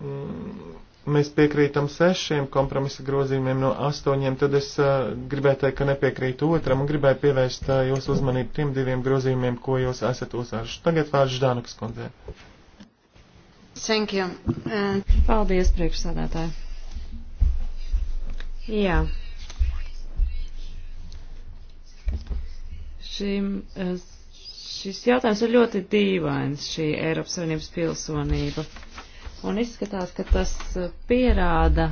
B: mm, mēs piekrītam sešiem kompromisa grozījumiem no astoņiem, tad es uh, gribēju teikt, ka nepiekrītu otram un gribēju pievērst uh, jūsu uzmanību tiem diviem grozījumiem, ko jūs esat uzsāruši. Tagad vārds Ždānukas kundzē.
D: Thank you. Uh... Paldies, priekšsādātāji. Jā. Šim, šis jautājums ir ļoti dīvains, šī Eiropas Savienības pilsonība. Un izskatās, ka tas eh, pierāda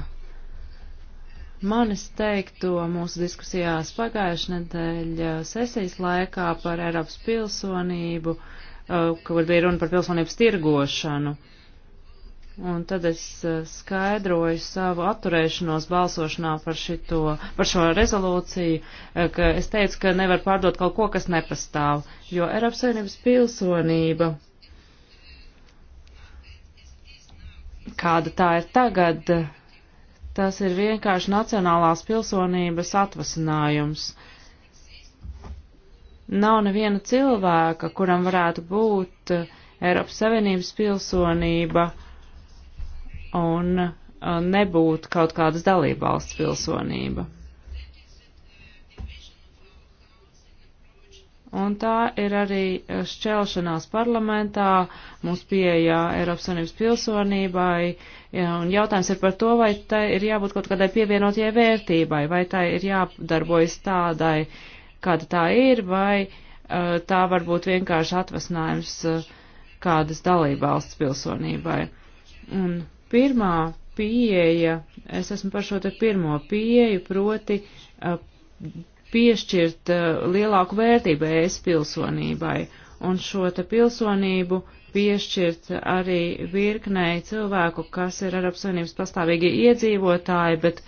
D: manis teikto mūsu diskusijās pagājušajā nedēļā eh, sesijas laikā par Eiropas pilsonību, eh, kur bija runa par pilsonības tirgošanu. Un tad es skaidroju savu atturēšanos balsošanā par, šito, par šo rezolūciju, ka es teicu, ka nevar pārdot kaut ko, kas nepastāv, jo Eiropas Savienības pilsonība kāda tā ir tagad, tas ir vienkārši nacionālās pilsonības atvasinājums. Nav neviena cilvēka, kuram varētu būt eh, Eiropas Savienības pilsonība un eh, nebūt kaut kādas dalībvalsts pilsonība. un tā ir arī eh, šķelšanās parlamentā, mums pieejā Eiropas Savienības pilsonībai, un jautājums ir par to, vai tai ir jābūt kaut kādai pievienotie vērtībai, vai tai ir jādarbojas tādai, kāda tā ir, vai eh, tā var būt vienkārši atvasinājums eh, kādas dalībvalsts pilsonībai. Un pirmā pieeja, es esmu par šo te pirmo pieeju, proti piešķirt uh, lielāku vērtību ES pilsonībai un šo te pilsonību piešķirt arī virknei cilvēku, kas ir Eiropas Savienības pastāvīgi iedzīvotāji, bet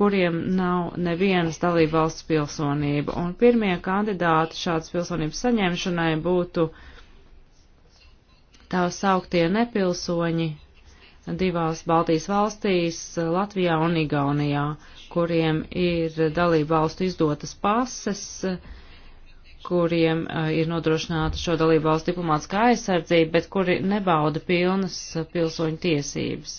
D: kuriem nav nevienas dalība valsts pilsonība. Un pirmie kandidāti šādas pilsonības saņemšanai būtu tā sauktie nepilsoņi divās Baltijas valstīs, Latvijā un Igaunijā kuriem ir dalību valstu izdotas pases, kuriem ir nodrošināta šo dalību valstu diplomātiskā aizsardzība, bet kuri nebauda pilnas pilsoņu tiesības.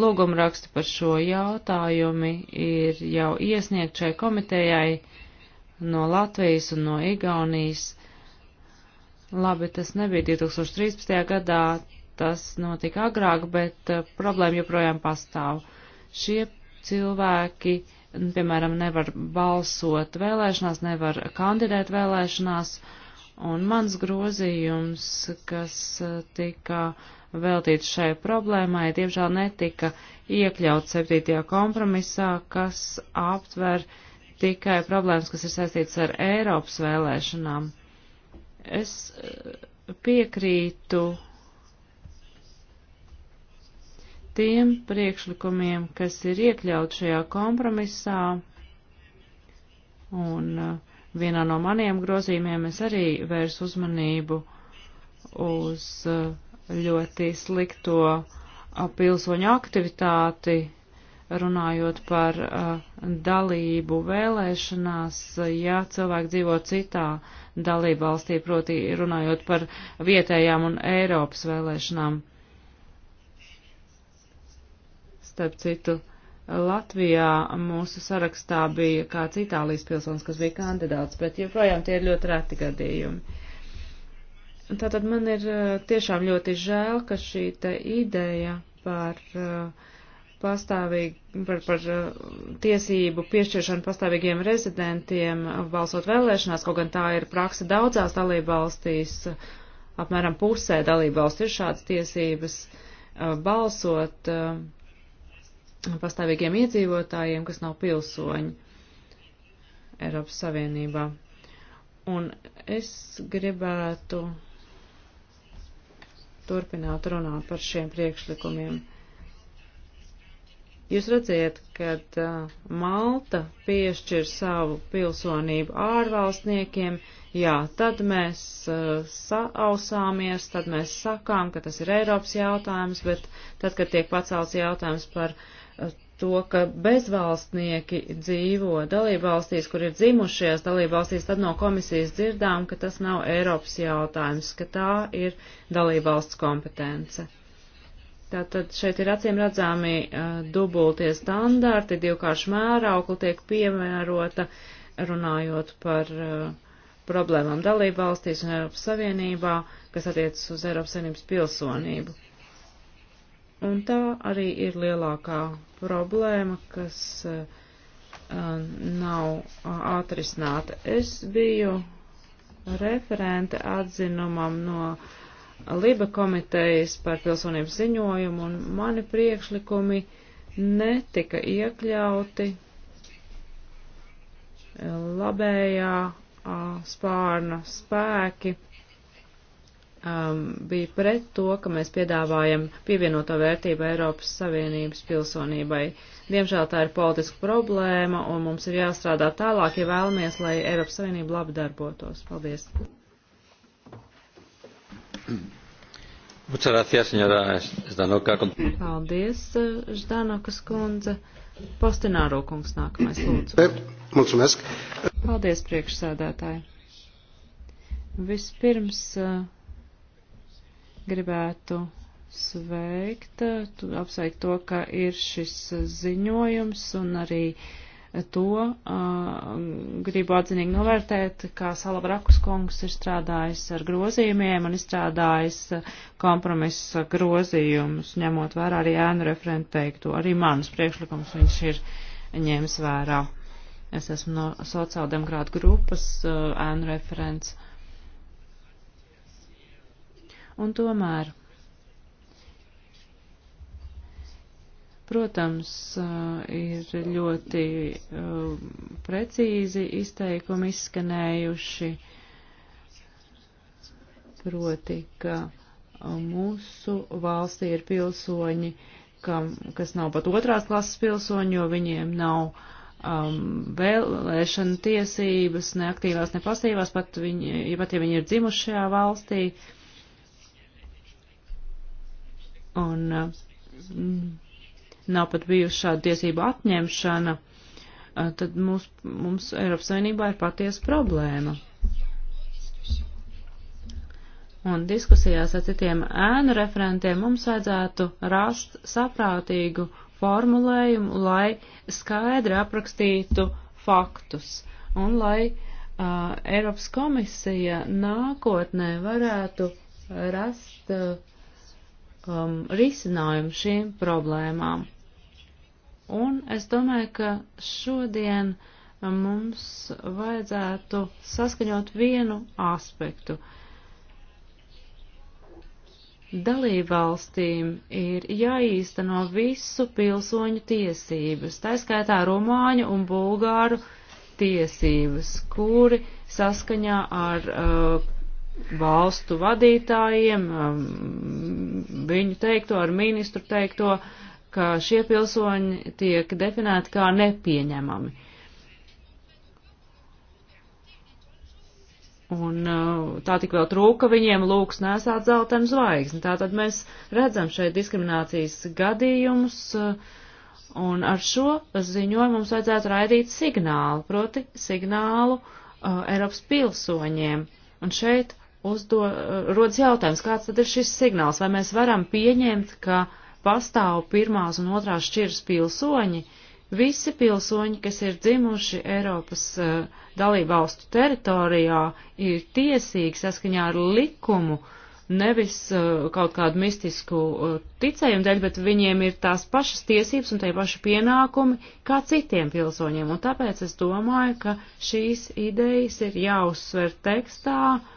D: Lūgumraksti par šo jautājumi ir jau iesniegt šai komitejai no Latvijas un no Igaunijas. Labi, tas nebija 2013. gadā, tas notika agrāk, bet uh, problēma joprojām pastāv. Šie cilvēki, nu, piemēram, nevar balsot vēlēšanās, nevar kandidēt vēlēšanās, un mans grozījums, kas eh, tika veltīts šai problēmai, diemžēl netika iekļauts 7. kompromisā, kas aptver tikai problēmas, kas ir saistītas ar Eiropas vēlēšanām. Es eh, piekrītu tiem priekšlikumiem, kas ir iekļaut šajā kompromisā, un uh, vienā no maniem grozījumiem es arī vērsu uzmanību uz uh, ļoti slikto uh, pilsoņu aktivitāti, runājot par dalību vēlēšanās, ja cilvēki dzīvo citā dalību valstī, proti runājot par vietējām un Eiropas vēlēšanām. Starp citu, Latvijā mūsu sarakstā bija kāds Itālijas pilsonis, kas bija kandidāts, bet joprojām tie ir ļoti reti gadījumi. Tātad man ir eh, tiešām ļoti žēl, ka šī te ideja par uh, eh, pastāvīgi par, par eh, tiesību piešķiršanu pastāvīgiem rezidentiem balsot vēlēšanās, kaut gan tā ir praksa daudzās dalībvalstīs, apmēram pusē dalībvalstu ir šādas tiesības balsot, pastāvīgiem iedzīvotājiem, kas nav pilsoņi Eiropas Savienībā. Un es gribētu turpināt runāt par šiem priekšlikumiem. Jūs redziet, kad uh, Malta piešķir savu pilsonību ārvalstniekiem, jā, tad mēs uh, saausāmies, tad mēs sakām, ka tas ir Eiropas jautājums, bet tad, kad tiek pacelts jautājums par to, ka bezvalstnieki dzīvo dalībvalstīs, kur ir dzimušies dalībvalstīs, tad no komisijas dzirdām, ka tas nav Eiropas jautājums, ka tā ir dalībvalsts kompetence. Tātad šeit ir acīm redzami uh, dubultie standarti, divkārši mēraukli tiek piemērota, runājot par uh, problēmām dalībvalstīs un Eiropas Savienībā, kas attiecas uz Eiropas Savienības pilsonību Un tā arī ir lielākā problēma, kas uh, nav uh, atrisināta. Es biju referente atzinumam no Liba komitejas par pilsonības ziņojumu, un mani priekšlikumi netika iekļauti labējā uh, spārna spēki um, bija pret to, ka mēs piedāvājam pievienoto vērtību Eiropas Savienības pilsonībai. Diemžēl tā ir politiska problēma, un mums ir jāstrādā tālāk, ja vēlamies, lai Eiropas Savienība labi darbotos. Paldies!
F: Muchas gracias, señora Zdanoka.
D: Paldies, Ždanokas kundze. Postināro kungs nākamais lūdzu. Eh, mulțumesc. Paldies, priekšsēdētāji. Vispirms. Uh, gribētu sveikt, apsveikt to, ka ir šis ziņojums un arī to uh, gribu atzinīgi novērtēt, kā Salavrakus kungs ir strādājis ar grozījumiem un izstrādājis kompromisa grozījumus, ņemot vērā arī ēnu referentu teikto. Arī manus priekšlikumus viņš ir ņēmis vērā. Es esmu no sociāldemokrāta grupas uh, ēnu referents. Uh, Un tomēr, protams, ir ļoti precīzi izteikumi izskanējuši, proti, ka mūsu valstī ir pilsoņi, kam, kas nav pat otrās klases pilsoņi, jo viņiem nav um, vēlēšana tiesības, ne aktīvās, ne pasīvās, pat, viņi, pat ja viņi ir dzimuši šajā valstī. Uh, un mm, nav pat bijusi šāda tiesība atņemšana, tad mums, mums Eiropas Savienībā ir patiesa problēma. Un diskusijās ar citiem ēnu referentiem mums vajadzētu rast saprātīgu formulējumu, lai skaidri aprakstītu faktus un lai uh, Eiropas komisija nākotnē varētu rast uh, um, risinājumu šīm problēmām. Un es domāju, ka šodien um, mums vajadzētu saskaņot vienu aspektu. Dalībvalstīm ir jāīsteno visu pilsoņu tiesības, tā skaitā romāņu un bulgāru tiesības, kuri saskaņā ar uh, valstu vadītājiem, um, viņu teikto, ar ministru teikto, ka šie pilsoņi tiek definēti kā nepieņemami. Un uh, tā tik vēl trūka viņiem lūks nesāt zeltenu zvaigzni. Tātad mēs redzam šeit diskriminācijas gadījumus, uh, un ar šo ziņojumu mums vajadzētu raidīt signālu, proti signālu uh, Eiropas pilsoņiem. Un šeit uzdo, rodas jautājums, kāds tad ir šis signāls, vai mēs varam pieņemt, ka pastāv pirmās un otrās šķiras pilsoņi, visi pilsoņi, kas ir dzimuši Eiropas uh, eh, dalībvalstu teritorijā, ir tiesīgi saskaņā ar likumu, nevis uh, kaut kādu mistisku uh, ticējumu dēļ, bet viņiem ir tās pašas tiesības un tie paši pienākumi kā citiem pilsoņiem. Un tāpēc es domāju, ka šīs idejas ir jāuzsver tekstā, uh,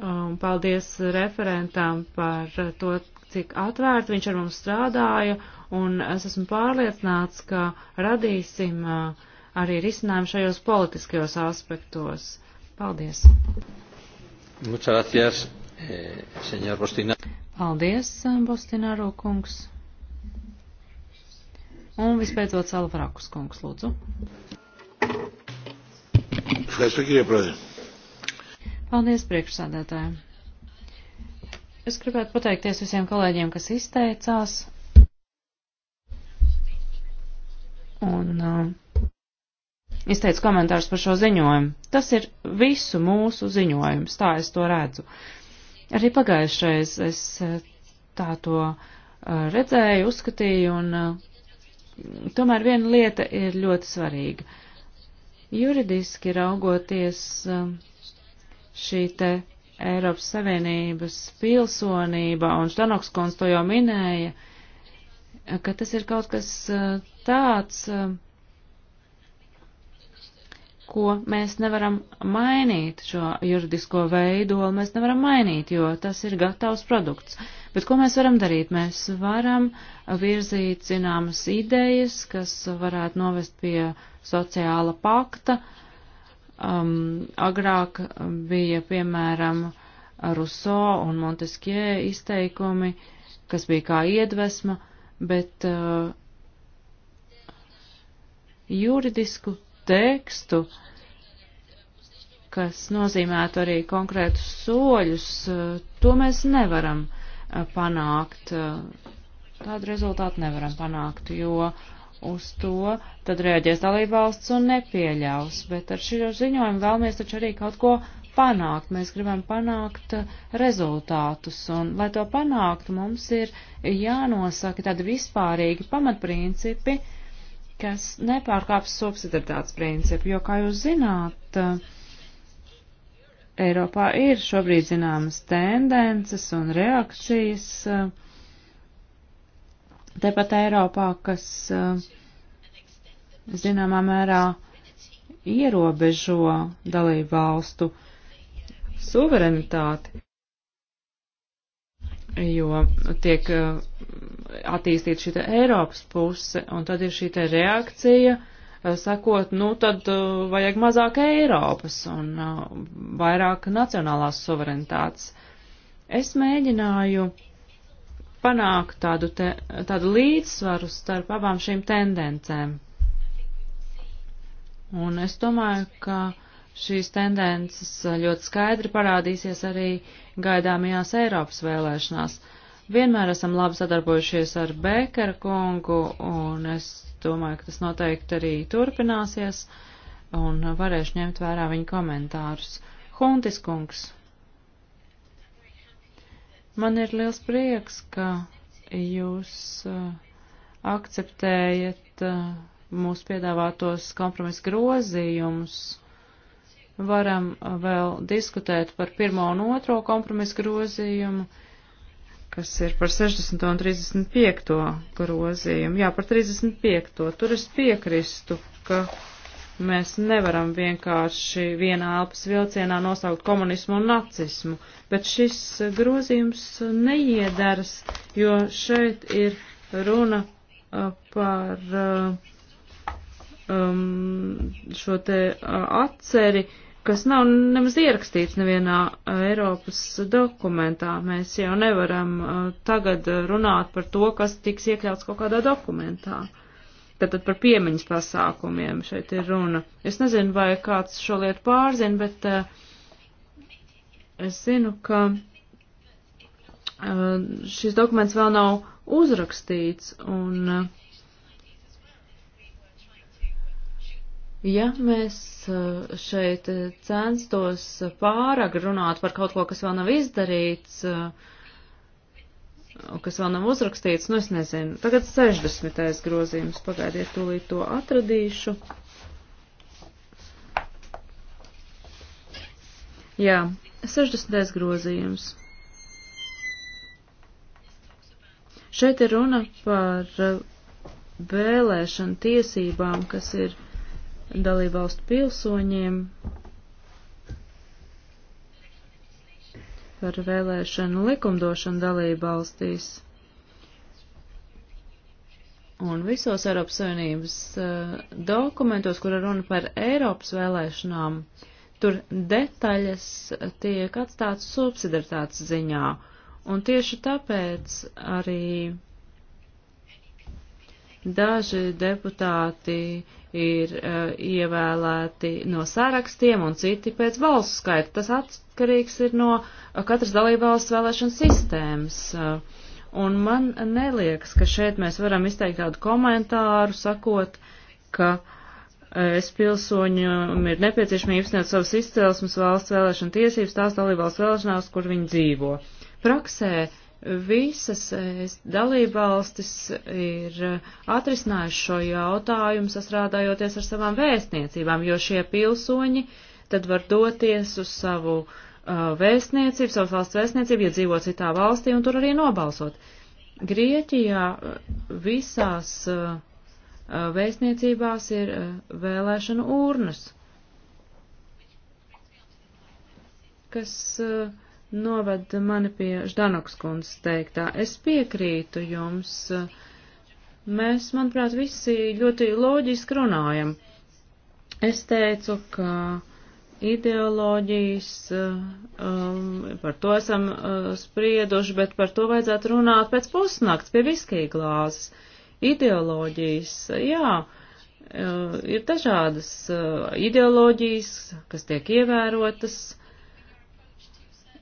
D: Un paldies referentam par to, cik atvērti viņš ar mums strādāja, un es esmu pārliecināts, ka radīsim uh, arī risinājumu šajos politiskajos aspektos. Paldies!
F: Muchas gracias, eh, señor Bostināru.
D: Paldies, eh, Bostināru kungs. Un vispēcot Salvarakus kungs, lūdzu.
E: Ευχαριστώ κύριε Πρόεδρε.
D: Paldies priekšsādātājiem. Es gribētu pateikties visiem kolēģiem, kas izteicās. Un uh, izteica komentārus par šo ziņojumu. Tas ir visu mūsu ziņojums, tā es to redzu. Arī pagājušreiz es uh, tā to uh, redzēju, uzskatīju, un uh, tomēr viena lieta ir ļoti svarīga. Juridiski raugoties. Uh, šī te Eiropas Savienības pilsonība, un Štanoks kundze to jau minēja, ka tas ir kaut kas tāds, ko mēs nevaram mainīt, šo juridisko veidolu mēs nevaram mainīt, jo tas ir gatavs produkts. Bet ko mēs varam darīt? Mēs varam virzīt zināmas idejas, kas varētu novest pie sociāla pakta, uh, Um, agrāk um, bija, piemēram, Rousseau un Montesquieu izteikumi, kas bija kā iedvesma, bet uh, juridisku tekstu, kas nozīmētu arī konkrētus soļus, uh, to mēs nevaram uh, panākt. Uh, tādu rezultātu nevaram panākt, jo uh, uz to, tad reaģēs dalībvalsts un nepieļaus. Bet ar šo ziņojumu vēlamies taču arī kaut ko panākt. Mēs gribam panākt uh, rezultātus, un lai to panāktu, mums ir jānosaka tādi vispārīgi pamatprincipi, kas nepārkāps subsidiaritātes principu, jo, kā jūs zināt, uh, Eiropā ir šobrīd zināmas tendences un reakcijas, uh, tepat Eiropā, kas eh, zināmā mērā ierobežo dalību valstu suverenitāti, jo tiek eh, attīstīta šī Eiropas puse, un tad ir šī reakcija, eh, sakot, nu tad vajag mazāk Eiropas un vairāk nacionālās suverenitātes. Es mēģināju uh, panākt tādu, te, tādu līdzsvaru starp abām šīm tendencēm. Un es domāju, ka šīs tendences ļoti skaidri parādīsies arī gaidāmajās Eiropas vēlēšanās. Vienmēr esam labi sadarbojušies ar Bekara kungu, un es domāju, ka tas noteikti arī turpināsies, un varēšu ņemt vērā viņa komentārus. Huntis kungs. Man ir liels prieks, ka jūs uh, akceptējat uh, mūsu piedāvātos kompromisu grozījumus. Varam uh, vēl diskutēt par pirmo un otro kompromisu grozījumu, kas ir par 60. un 35. grozījumu. Jā, par 35. Tur es piekrīstu, ka Mēs nevaram vienkārši vienā elpas vilcienā nosaukt komunismu un nacismu, bet šis grozījums neiedaras, jo šeit ir runa uh, par uh, um, šo te uh, atceri, kas nav nemaz ierakstīts nevienā Eiropas dokumentā. Mēs jau nevaram tagad runāt par to, kas tiks iekļauts kaut kādā dokumentā. Tātad par piemiņas pasākumiem šeit ir runa. Es nezinu, vai kāds šo lietu pārzina, bet uh, es zinu, ka uh, šis dokuments vēl nav uzrakstīts. Un, uh, ja mēs uh, šeit censtos pārāk runāt par kaut ko, kas vēl nav izdarīts, uh, kas vēl nav uzrakstīts, nu es nezinu. Tagad 60. grozījums, pagaidiet, tūlīt to atradīšu. Jā, 60. grozījums. Šeit ir runa par uh, vēlēšanu tiesībām, kas ir dalībvalstu pilsoņiem. par vēlēšanu likumdošanu dalību valstīs. Un visos Eiropas Savienības uh, dokumentos, kur runa par Eiropas vēlēšanām, tur detaļas tiek atstātas subsidaritātes ziņā. Un tieši tāpēc arī Daži deputāti ir uh, ievēlēti no sarakstiem un citi pēc balsu skaita. Tas atkarīgs ir no uh, katras dalībvalsts vēlēšana sistēmas. Uh, un man neliekas, ka šeit mēs varam izteikt tādu komentāru, sakot, ka uh, es pilsoņiem ir nepieciešami īstenot savas izcelsmes valsts vēlēšana tiesības tās dalībvalsts vēlēšanās, kur viņi dzīvo. Praksē visas eh, dalībvalstis ir eh, atrisinājuši šo jautājumu, sasrādājoties ar savām vēstniecībām, jo šie pilsoņi tad var doties uz savu uh, vēstniecību, savas valsts vēstniecību, ja dzīvo citā valstī un tur arī nobalsot. Grieķijā visās uh, vēstniecībās ir uh, vēlēšanu urnas, kas uh, novada mani pie Ždanoks kundzes teiktā. Es piekrītu jums. Mēs, manuprāt, visi ļoti loģiski runājam. Es teicu, ka ideoloģijas, um, par to esam uh, sprieduši, bet par to vajadzētu runāt pēc pusnakts pie viskija glāzes. Ideoloģijas, jā, uh, ir dažādas uh, ideoloģijas, kas tiek ievērotas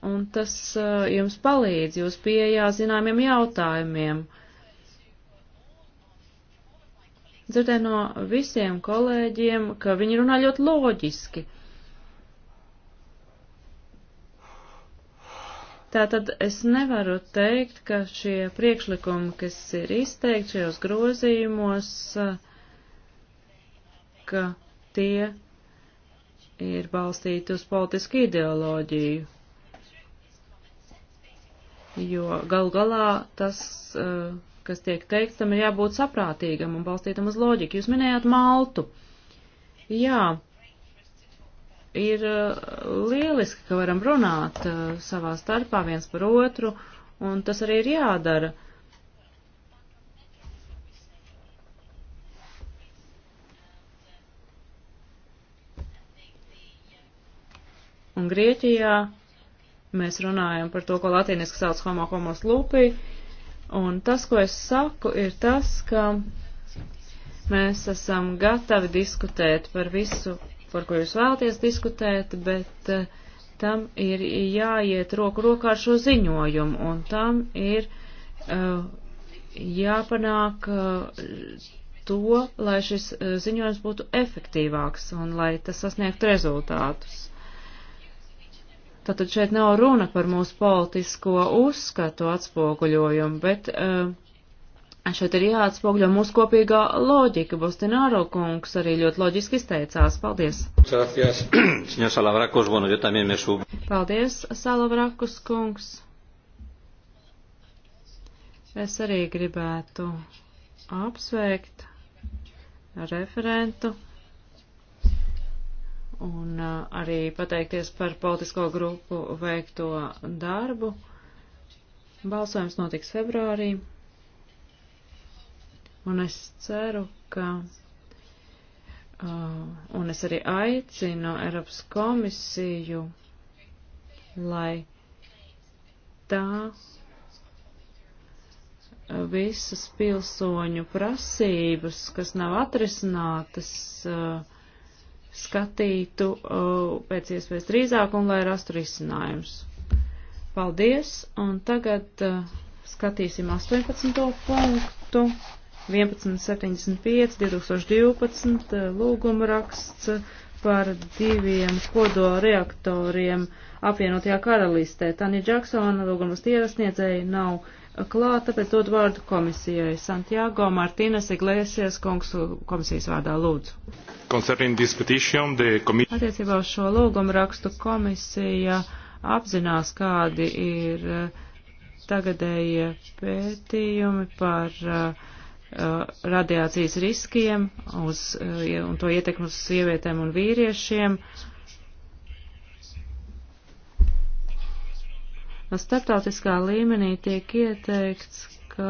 D: un tas uh, jums palīdz, jūs pieejā zināmiem jautājumiem. Dzirdēju no visiem kolēģiem, ka viņi runā ļoti loģiski. Tātad es nevaru teikt, ka šie priekšlikumi, kas ir izteikti šajos grozījumos, uh, ka tie ir balstīti uz politisku ideoloģiju jo gal galā tas, eh, kas tiek teikts, tam ir jābūt saprātīgam un balstītam uz loģiku. Jūs minējāt Maltu. Jā, ir eh, lieliski, ka varam runāt eh, savā starpā viens par otru, un tas arī ir jādara. Un Grieķijā Mēs runājam par to, ko latīniski sauc homo homos lupī. Un tas, ko es saku, ir tas, ka mēs esam gatavi diskutēt par visu, par ko jūs vēlaties diskutēt, bet uh, tam ir jāiet roku rokā ar šo ziņojumu, un tam ir uh, jāpanāk uh, to, lai šis uh, ziņojums būtu efektīvāks un lai tas sasniegtu rezultātus. Tātad šeit nav runa par mūsu politisko uzskatu atspoguļojumu, bet uh, šeit ir jāatspoguļo mūsu kopīgā loģika. Bostināro kungs arī ļoti loģiski izteicās. Paldies! Paldies, Salavrakus kungs! Es arī gribētu apsveikt referentu un uh, arī pateikties par politisko grupu veikto darbu. Balsojums notiks februārī, un es ceru, ka Uh, un es arī aicinu Eiropas komisiju, lai tā visas pilsoņu prasības, kas nav atrisinātas, uh, skatītu uh, pēc iespējas drīzāk un lai rastu risinājums. Paldies, un tagad uh, skatīsim 18. punktu, 1175, 2012, uh, lūguma raksts uh, par diviem kodolreaktoriem apvienotajā karalistē. Tani Džaksona lūgumas ierasniedzēji nav klāt, tāpēc dod vārdu komisijai. Santiago Martīnas Iglesias kungs komisijas vārdā lūdzu. Attiecībā uz šo lūgumu rakstu komisija apzinās, kādi ir eh, tagadējie pētījumi par uh, radiācijas riskiem uz, uh, un to ietekmu uz sievietēm un vīriešiem. Uh, starptautiskā līmenī tiek ieteikts, ka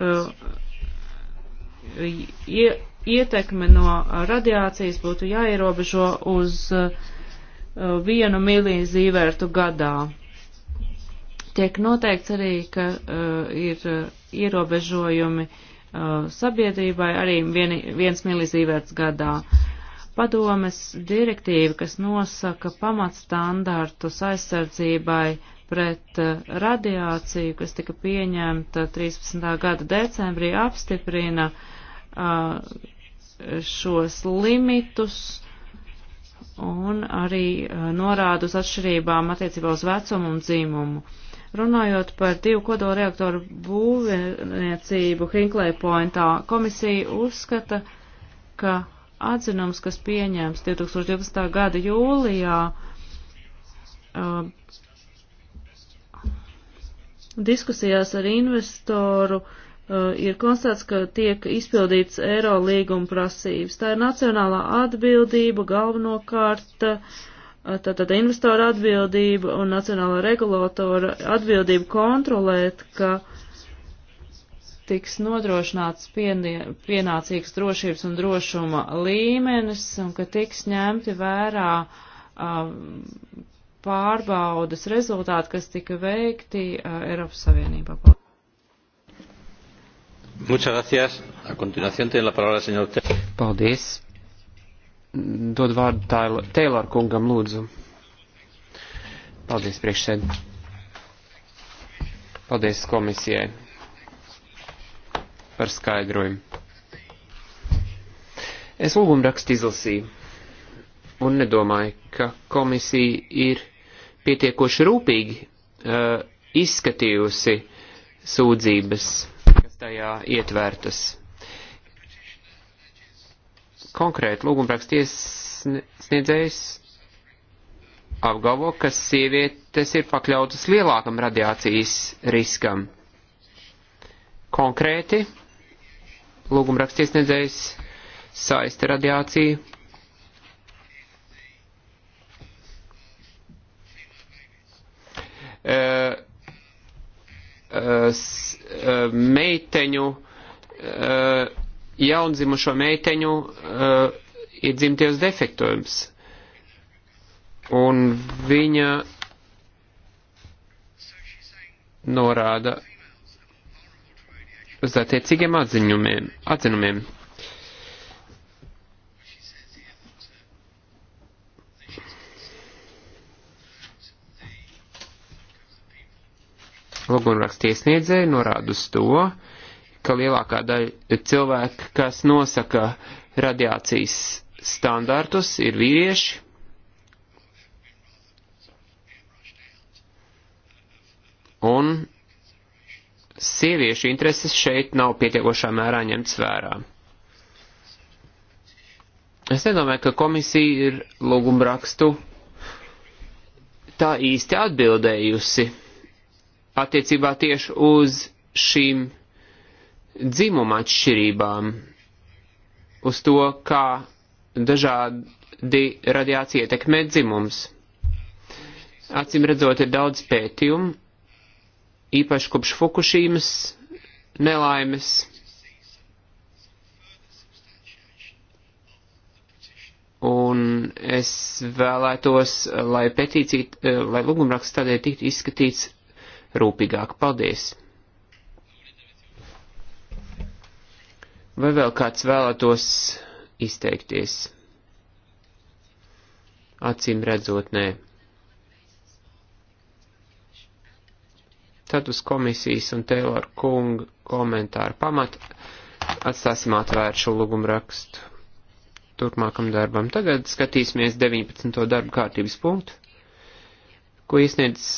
D: uh, ie, ietekme no radiācijas būtu jāierobežo uz uh, vienu miliju zīvērtu gadā. Tiek noteikts arī, ka uh, ir uh, ierobežojumi uh, sabiedrībai arī vieni, viens milizīvērts gadā. Uh, Padomes direktīva, kas nosaka pamatstandārtus aizsardzībai pret uh, radiāciju, kas tika pieņemta 13. gada decembrī, apstiprina uh, šos limitus un arī uh, norāda uz atšķirībām attiecībā uz vecumu un dzīmumu. Runājot par divu kodolreaktoru būvniecību Hinkley Pointā, komisija uzskata, ka atzinums, kas pieņēms 2012. gada jūlijā, uh, diskusijās ar investoru uh, ir konstatēts, ka tiek izpildīts eiro līguma prasības. Tā ir nacionālā atbildība galvenokārt. Uh, tātad investora atbildība un nacionālā regulātora atbildība kontrolēt, ka uh, tiks nodrošināts pienie, pienācīgs drošības un drošuma līmenis un ka tiks ņemti vērā uh, pārbaudas rezultāti, kas tika veikti uh, Eiropas Savienībā.
F: Muchas gracias. A continuación tiene la palabra el señor Taylor. Paldies.
G: Dod vārdu Taylor, Taylor kungam lūdzu. Paldies priekšsēd. Paldies komisijai par skaidrojumu. Es lūgumrakstu izlasīju un nedomāju, ka komisija ir pietiekoši rūpīgi uh, izskatījusi sūdzības, kas tajā ietvērtas. Konkrēti lūgumraksts sniedzējs apgalvo, ka sievietes ir pakļautas lielākam radiācijas riskam. Konkrēti lūguma rakstiesniedzējs saista radiāciju. Uh, uh, meiteņu, uh, jaundzimušo meiteņu uh, ir dzimties defektojums. Un viņa norāda uz attiecīgiem atziņumiem, atzinumiem. Lūgumraksts iesniedzēji norāda uz to, ka lielākā daļa cilvēku, kas nosaka radiācijas standartus, ir vīrieši. Un sieviešu intereses šeit nav pietiekošā mērā ņemts vērā. Es nedomāju, ka komisija ir lūgumu rakstu tā īsti atbildējusi attiecībā tieši uz šīm dzimuma atšķirībām, uz to, kā dažādi radiācija ietekmē dzimums. Acim redzot, ir daudz pētījumu, īpaši kopš Fukušīmas nelaimes. Un es vēlētos, lai petīcija, lai lūgumraksts tādēļ tiktu izskatīts rūpīgāk. Paldies! Vai vēl kāds vēlētos izteikties? Acīm redzot, nē. tad uz komisijas un Taylor kunga komentāru pamatu atstāsim atvērtu šo lūgumu rakstu turpmākam darbam. Tagad skatīsimies 19. darba kārtības punktu, ko iesniedz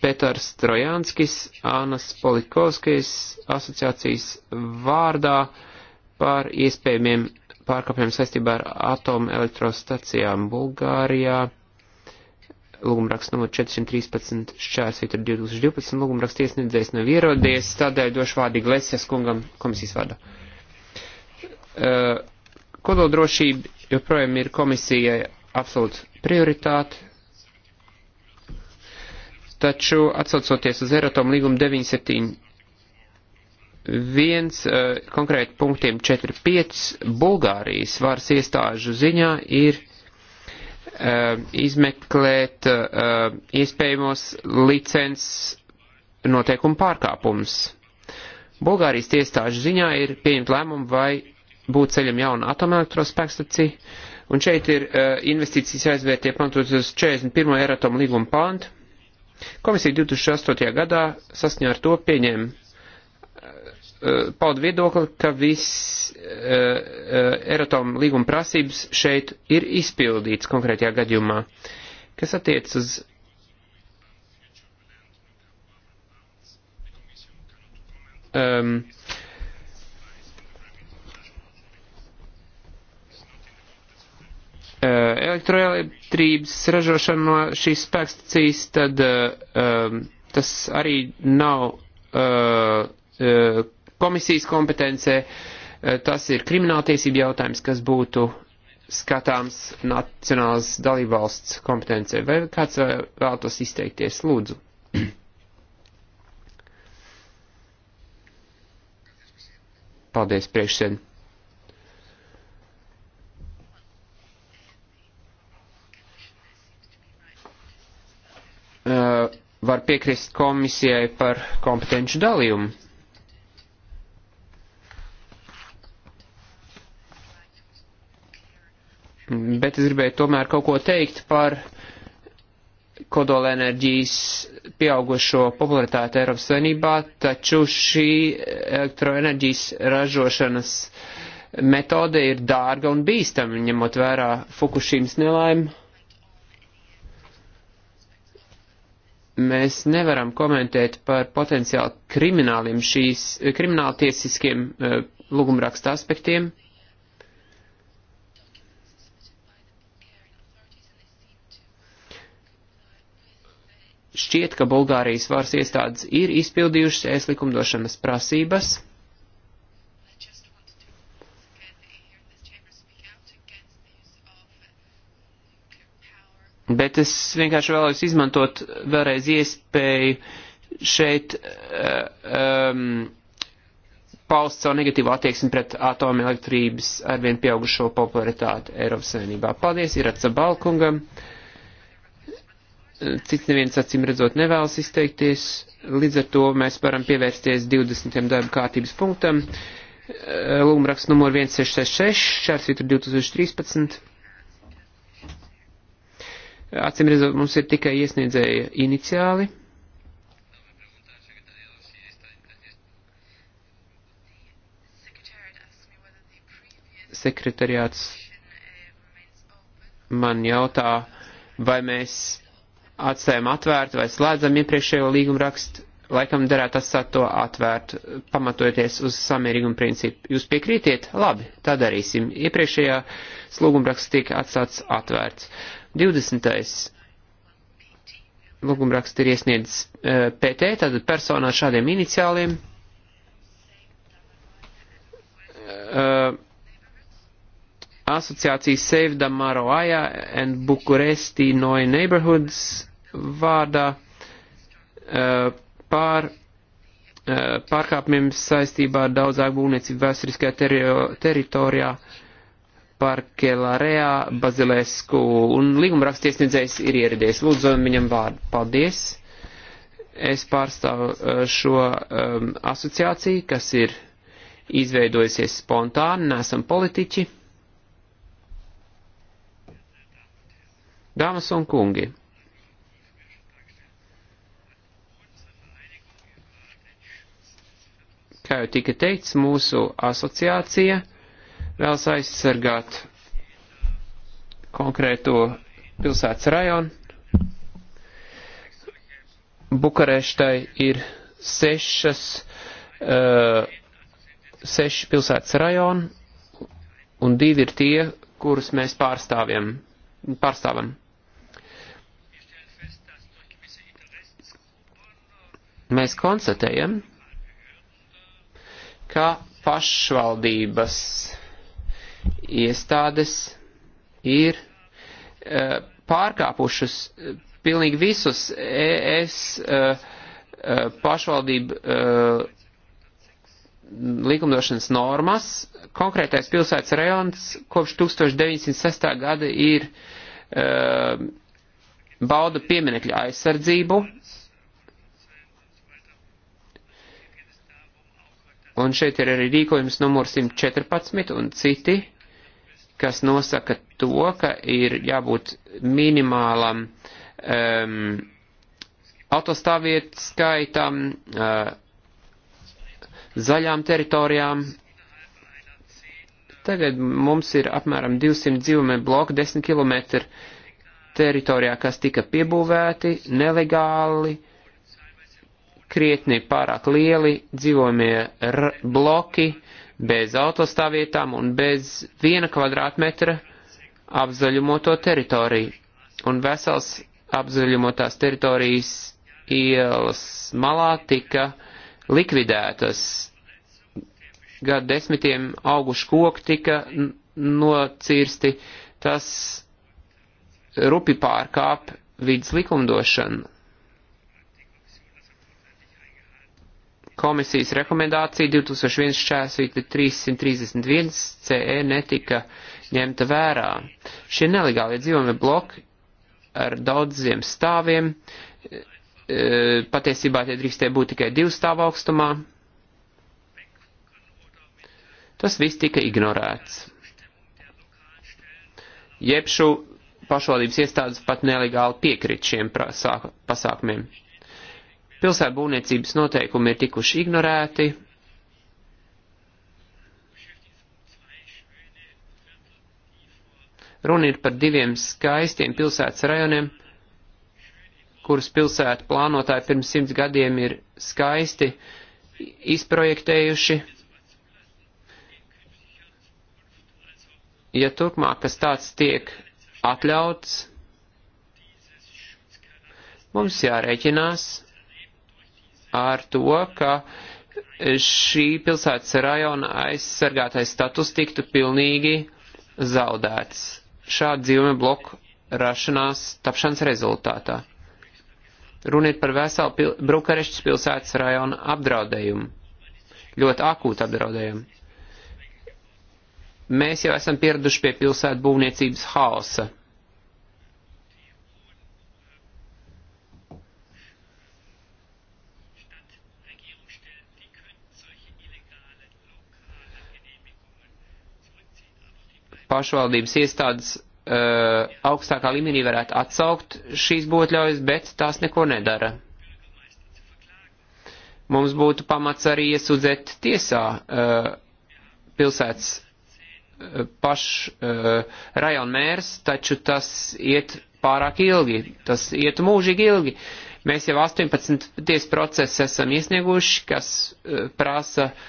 G: Petars Trojanskis, Ānas Polikovskis asociācijas vārdā par iespējamiem pārkāpumiem saistībā ar atomelektrostacijām Bulgārijā lūgumraksts numur 413 šķērsvītra 2012 lūgumraksts iesniedzējs nav ierodies, tādēļ došu vārdu Iglesias kungam komisijas vārdā. Uh, Kodoldrošība joprojām ir komisijai absolūts prioritāte, taču atsaucoties uz Eiratom līgumu 971, uh, konkrēti punktiem 4.5, Bulgārijas varas iestāžu ziņā ir Um, izmeklēt um, iespējamos licences noteikumu pārkāpumus. Bulgārijas tiestāžu ziņā ir pieņemt lēmumu, vai būt ceļam jauna atomelektrospēkstacija, un šeit ir uh, investīcijas aizvērtie pamatot uz 41. eratomu līguma pāntu. Komisija 2008. gadā saskaņā ar to pieņēma Eh, paudu viedokli, ka viss Eratom eh, eh, līguma prasības šeit ir izpildīts konkrētajā gadījumā, kas attiec uz um, elektroelektrības ražošana no šīs spēkstacijas, tad um, tas arī nav uh, uh, komisijas kompetencē. Eh, tas ir krimināltiesība jautājums, kas būtu skatāms nacionālas dalībvalsts kompetencē. Vai kāds vēlētos izteikties? Lūdzu. Paldies, priekšsēdētāji. Eh, var piekrist komisijai par kompetenci dalījumu. bet es gribēju tomēr kaut ko teikt par kodolenerģijas pieaugušo popularitāti Eiropas Savienībā, taču šī elektroenerģijas ražošanas metode ir dārga un bīstama, ņemot vērā Fukushīmas nelaimi. Mēs nevaram komentēt par potenciāli krimināliem šīs, krimināltiesiskiem eh, lūgumraksta aspektiem, Šķiet, ka Bulgārijas varas iestādes ir izpildījušas ēs likumdošanas prasības. Bet es vienkārši vēlos izmantot vēlreiz iespēju šeit um, paust savu negatīvu attieksmi pret atomelektrības arvien pieaugušo popularitāti Eiropas Savienībā. Paldies, Iratsa Balkungam! cits neviens acīm redzot nevēlas izteikties, līdz ar to mēs varam pievērsties 20. darba kārtības punktam. Eh, lūgumraksts numur 1666, šārsvītra 2013. Acīm redzot, mums ir tikai iesniedzēja iniciāli. Sekretariāts man jautā, vai mēs atstājam atvērtu vai slēdzam iepriekšējo līgumu rakstu, laikam derētu atstāt to atvērtu, pamatojoties uz samierīgumu principu. Jūs piekrītiet? Labi, tā darīsim. Iepriekšējā slūgumraksts tika atstāts atvērts. 20. Lūgumraksts ir iesniedzis uh, eh, PT, tātad personā šādiem iniciāliem. Uh, eh, asociācijas Save the Maroaja and Bukuresti Noi Neighborhoods vārdā eh, pār eh, pārkāpumiem saistībā ar daudzāk būvniecību vēsturiskajā teri teritorijā par Kelarejā Bazilēsku un līgumrakstiesniedzējs ir ieradies. Lūdzu, viņam vārdu. Paldies! Es pārstāvu eh, šo um, asociāciju, kas ir izveidojusies spontāni, nesam politiķi. Dāmas un kungi! Kā jau tika teikts, mūsu asociācija vēlas aizsargāt konkrēto pilsētas rajonu. Bukareštai ir sešas, uh, seši pilsētas rajoni, un divi ir tie, kurus mēs pārstāvjam. pārstāvam. Mēs konstatējam, ka pašvaldības iestādes ir e, pārkāpušas eh, pilnīgi visus ES e, eh, pašvaldību e, likumdošanas normas. Konkrētais pilsētas rajons kopš 1906. gada ir bauda pieminekļa aizsardzību, Un šeit ir arī rīkojums numur 114 un citi, kas nosaka to, ka ir jābūt minimālam um, autostāvvietu skaitam, uh, zaļām teritorijām. Tagad mums ir apmēram 200 dzīvumē bloku 10 km teritorijā, kas tika piebūvēti nelegāli, krietni pārāk lieli dzīvojamie bloki bez autostāvvietām un bez viena kvadrātmetra apzaļumoto teritoriju. Un vesels apzaļumotās teritorijas ielas malā tika likvidētas. Gadu desmitiem auguši koki tika nocirsti. Tas rupi pārkāp vidas likumdošanu Komisijas rekomendācija 2001-331 CE netika ņemta vērā. Šie nelegālie dzīvojumi bloki ar daudziem stāviem, e, patiesībā tie drīkstēja būt tikai divu stāvu augstumā. Tas viss tika ignorēts. Jebšu pašvaldības iestādes pat nelegāli piekrit šiem pasākumiem. Pilsētu būvniecības noteikumi ir tikuši ignorēti. Runa ir par diviem skaistiem pilsētas rajoniem, kurus pilsētu plānotāji pirms simts gadiem ir skaisti izprojektējuši. Ja turpmāk kas tāds tiek atļauts, mums jārēķinās ar to, ka šī pilsētas rajona aizsargātais status tiktu pilnīgi zaudēts. Šāda dzīvuma bloku rašanās tapšanas rezultātā. Runa ir par veselu pil Brukarešķas pilsētas rajona apdraudējumu. Ļoti akūtu apdraudējumu. Mēs jau esam pieraduši pie pilsētu būvniecības haosa. pašvaldības iestādes uh, augstākā līmenī varētu atsaukt šīs būtļaujas, bet tās neko nedara. Mums būtu pamats arī iesūdzēt tiesā uh, pilsētas uh, paš rajona mērs, taču tas iet pārāk ilgi, tas iet mūžīgi ilgi. Mēs jau 18 tiesprocesus esam iesnieguši, kas prasa uh,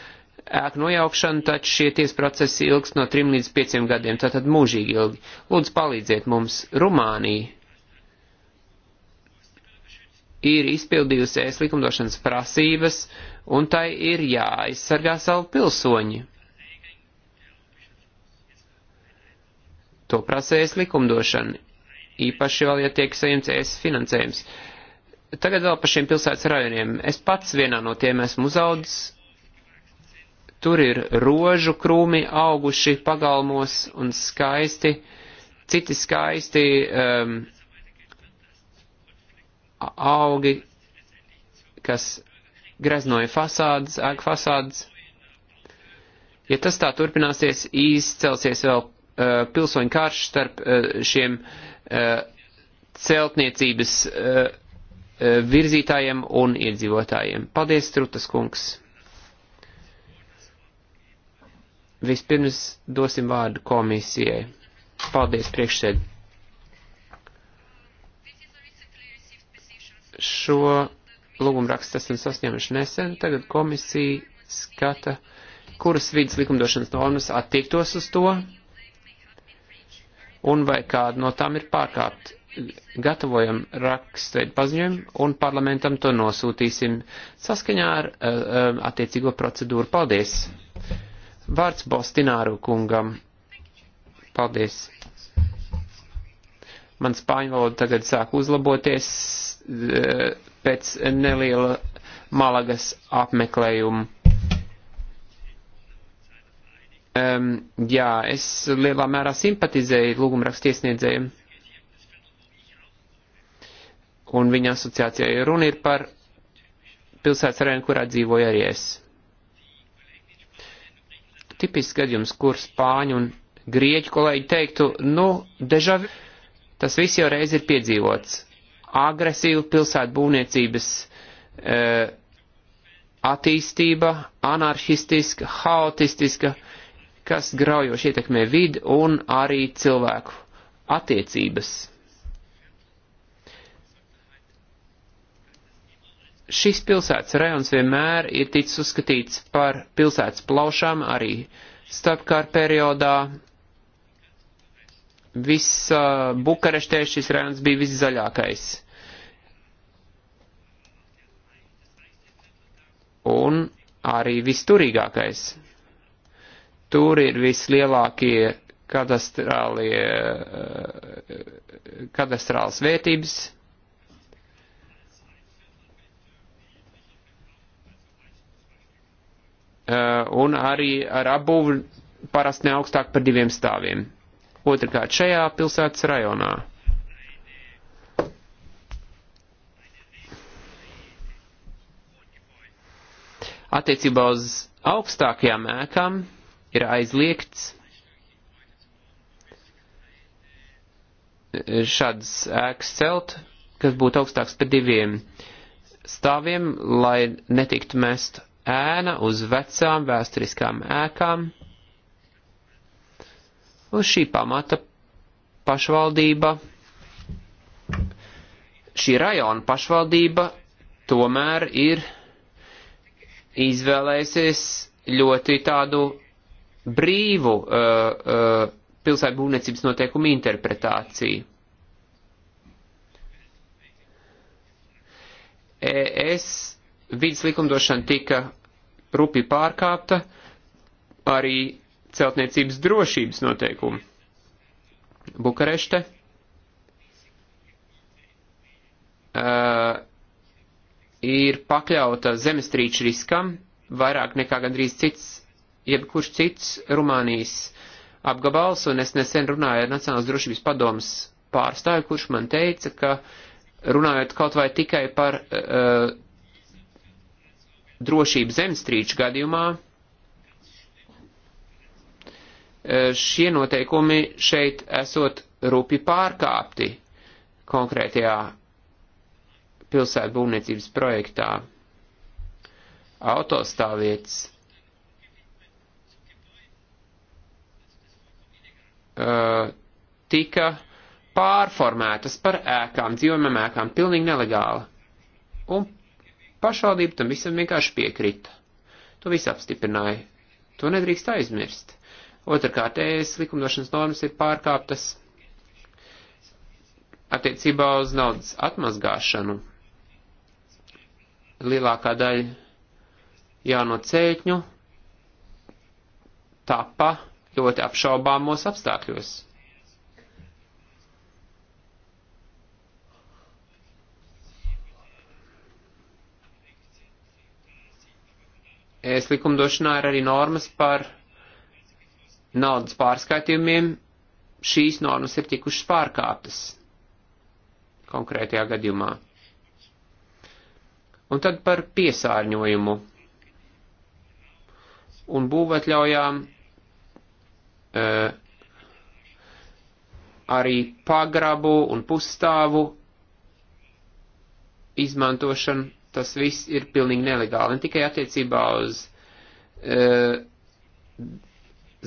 G: ēku nojaukšanu, taču šie tiesa procesi ilgs no 3 līdz 5 gadiem, tātad mūžīgi ilgi. Lūdzu, palīdziet mums. Rumānija ir izpildījusi ēs likumdošanas prasības, un tai ir jāaizsargā savu pilsoņi. To prasēs likumdošana, īpaši vēl, ja tiek saņemts ēs finansējums. Tagad vēl par šiem pilsētas rajoniem. Es pats vienā no tiem esmu uzaudzis Tur ir rožu krūmi auguši pagalmos un skaisti, citi skaisti um, augi, kas greznoja fasādes, ēk fasādes. Ja tas tā turpināsies, izcelsies vēl uh, pilsoņu karš starp uh, šiem uh, celtniecības uh, uh virzītājiem un iedzīvotājiem. Paldies, Trutas kungs! Vispirms dosim vārdu komisijai. Paldies, priekšsēd. Šo lūgumu rakstu esam sasņēmuši nesen, tagad komisija skata, kuras vidas likumdošanas normas attiektos uz to, un vai kāda no tām ir pārkāpt. Gatavojam rakstveid paziņojumu un parlamentam to nosūtīsim saskaņā ar uh, attiecīgo procedūru. Paldies! Vārds Bostināru kungam. Paldies. Man spāņu valoda tagad sāk uzlaboties e, pēc neliela Malagas apmeklējuma. Um, jā, es lielā mērā simpatizēju lūgumrakstu iesniedzējiem. Un viņa asociācijai runa ir par pilsētas arēnu, kurā dzīvoju arī es tipisks gadījums, kur spāņu un grieķu kolēģi teiktu, nu, dežavi, tas viss jau reiz ir piedzīvots. Agresīva pilsētu būvniecības e, attīstība, anarchistiska, haotistiska, kas graujoši ietekmē vidi un arī cilvēku attiecības. šis pilsētas rajons vienmēr ir ticis uzskatīts par pilsētas plaušām arī starpkārt periodā. Viss uh, Bukareštē šis rajons bija viszaļākais. Un arī visturīgākais. Tur ir vislielākie kadastrālie, uh, kadastrāls vērtības. Eh, un arī ar apbūvi parasti neaugstāk par diviem stāviem. Otrakārt, šajā pilsētas rajonā. Attiecībā uz augstākajām ēkām ir aizliegts šādas ēkas celt, kas būtu augstāks par diviem stāviem, lai netiktu mest ēna uz vecām vēsturiskām ēkām. Uz šī pamata pašvaldība, šī rajona pašvaldība tomēr ir izvēlēsies ļoti tādu brīvu uh, uh, pilsētu būvniecības noteikumu interpretāciju. ES vidas likumdošana tika rupi pārkāpta arī celtniecības drošības noteikumi. Bukarešte uh, ir pakļauta zemestrīču riskam vairāk nekā gandrīz cits, jebkurš cits Rumānijas apgabals, un es nesen runāju ar Nacionālas drošības padomas pārstāju, kurš man teica, ka runājot kaut vai tikai par uh, drošību zemestrīču gadījumā e, šie noteikumi šeit esot rupi pārkāpti konkrētajā pilsētu būvniecības projektā. Autostāvvietas e, tika pārformētas par ēkām, dzīvojamām ēkām, pilnīgi nelegāli. Un Pašvaldība tam visam vienkārši piekrita. To visu apstiprināja. To nedrīkst aizmirst. Otrakārt, ES likumdošanas normas ir pārkāptas attiecībā uz naudas atmazgāšanu. Lielākā daļa jauno cēķņu tapa ļoti apšaubāmos apstākļos. es likumdošanā ir arī normas par naudas pārskaitījumiem. Šīs normas ir tikušas pārkāptas konkrētajā gadījumā. Un tad par piesārņojumu un būvatļaujām e, arī pagrabu un pusstāvu izmantošanu tas viss ir pilnīgi nelegāli. Ne tikai attiecībā uz e,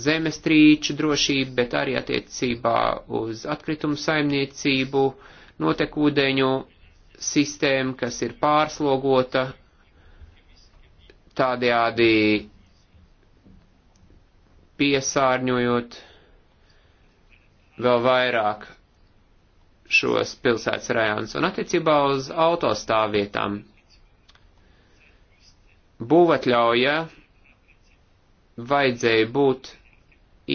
G: zemestrīču drošību, bet arī attiecībā uz atkritumu saimniecību, notekūdeņu sistēmu, kas ir pārslogota tādējādi piesārņojot vēl vairāk šos pilsētas rajonus. Un attiecībā uz autostāvvietām Būvatļauja vajadzēja būt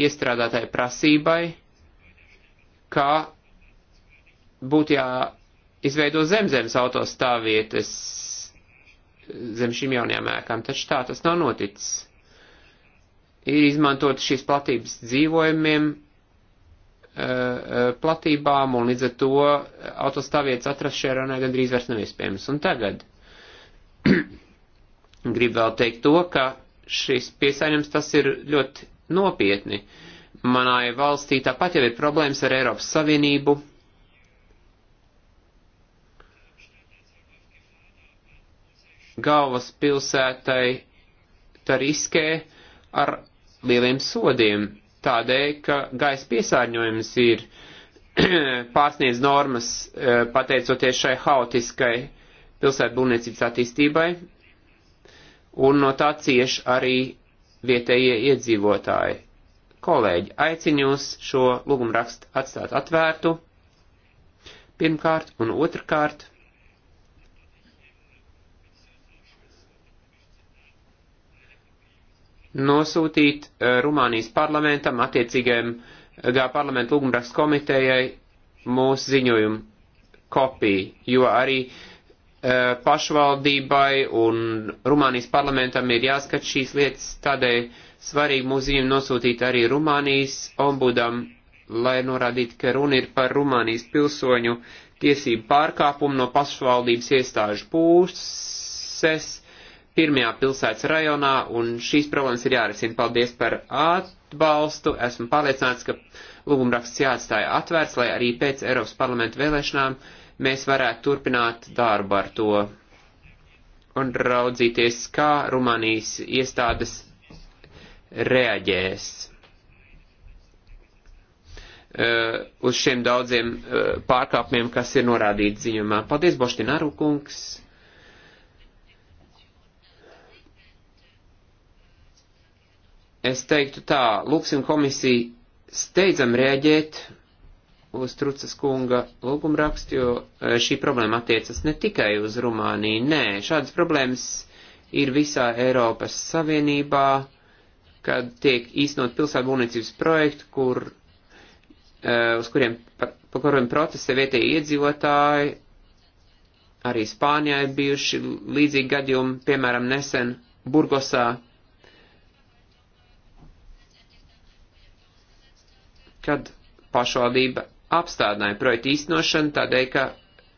G: iestrādātai prasībai, kā būtu jāizveido zemzemes autostāvvietas zem šīm jaunajām ēkām, taču tā tas nav noticis. Ir izmantot šīs platības dzīvojumiem, eh, eh, platībām, un līdz ar to autostāvvietas atrast šajā runā gandrīz vairs nav iespējams. Un tagad Gribu vēl teikt to, ka šis piesaņems tas ir ļoti nopietni. Manai valstī tāpat jau ir problēmas ar Eiropas Savienību. Galvas pilsētai tā riskē ar lieliem sodiem, tādēļ, ka gaisa piesārņojums ir pārsniedz normas eh, pateicoties šai haotiskai pilsētu būvniecības attīstībai, un no tā cieš arī vietējie iedzīvotāji. Kolēģi, aicinu jūs šo lūgumu rakstu atstāt atvērtu, pirmkārt un otrkārt. Nosūtīt eh, Rumānijas parlamentam, attiecīgajam eh, G parlamentu lūgumrakstu komitejai mūsu ziņojumu kopiju, jo arī uh, Eh, pašvaldībai un Rumānijas parlamentam ir jāskat šīs lietas, tādēļ svarīgi mūsu ziņu nosūtīt arī Rumānijas ombudam, lai norādītu, ka runa ir par Rumānijas pilsoņu tiesību pārkāpumu no pašvaldības iestāžu puses pirmajā pilsētas rajonā, un šīs problēmas ir jārisina. Paldies par atbalstu. Esmu pārliecināts, ka lūgumraksts jāatstāja atvērts, lai arī pēc Eiropas parlamenta vēlēšanām uh, mēs varētu turpināt darbu ar to un raudzīties, kā Rumānijas iestādes reaģēs uh, uz šiem daudziem uh, pārkāpumiem, kas ir norādīti ziņumā. Paldies, Boštināru kungs! Es teiktu tā, lūksim komisiju steidzam reaģēt uz Trucas kunga lūgumrakstu, jo e, šī problēma attiecas ne tikai uz Rumāniju. Nē, šādas problēmas ir visā Eiropas Savienībā, kad tiek īstenot pilsētu būvniecības projektu, kur, e, uz kuriem, par, par kuriem protestē vietēji iedzīvotāji, arī Spānijā ir bijuši līdzīgi gadījumi, piemēram, nesen Burgosā, kad pašvaldība apstādināja projektu īstenošanu tādēļ, ka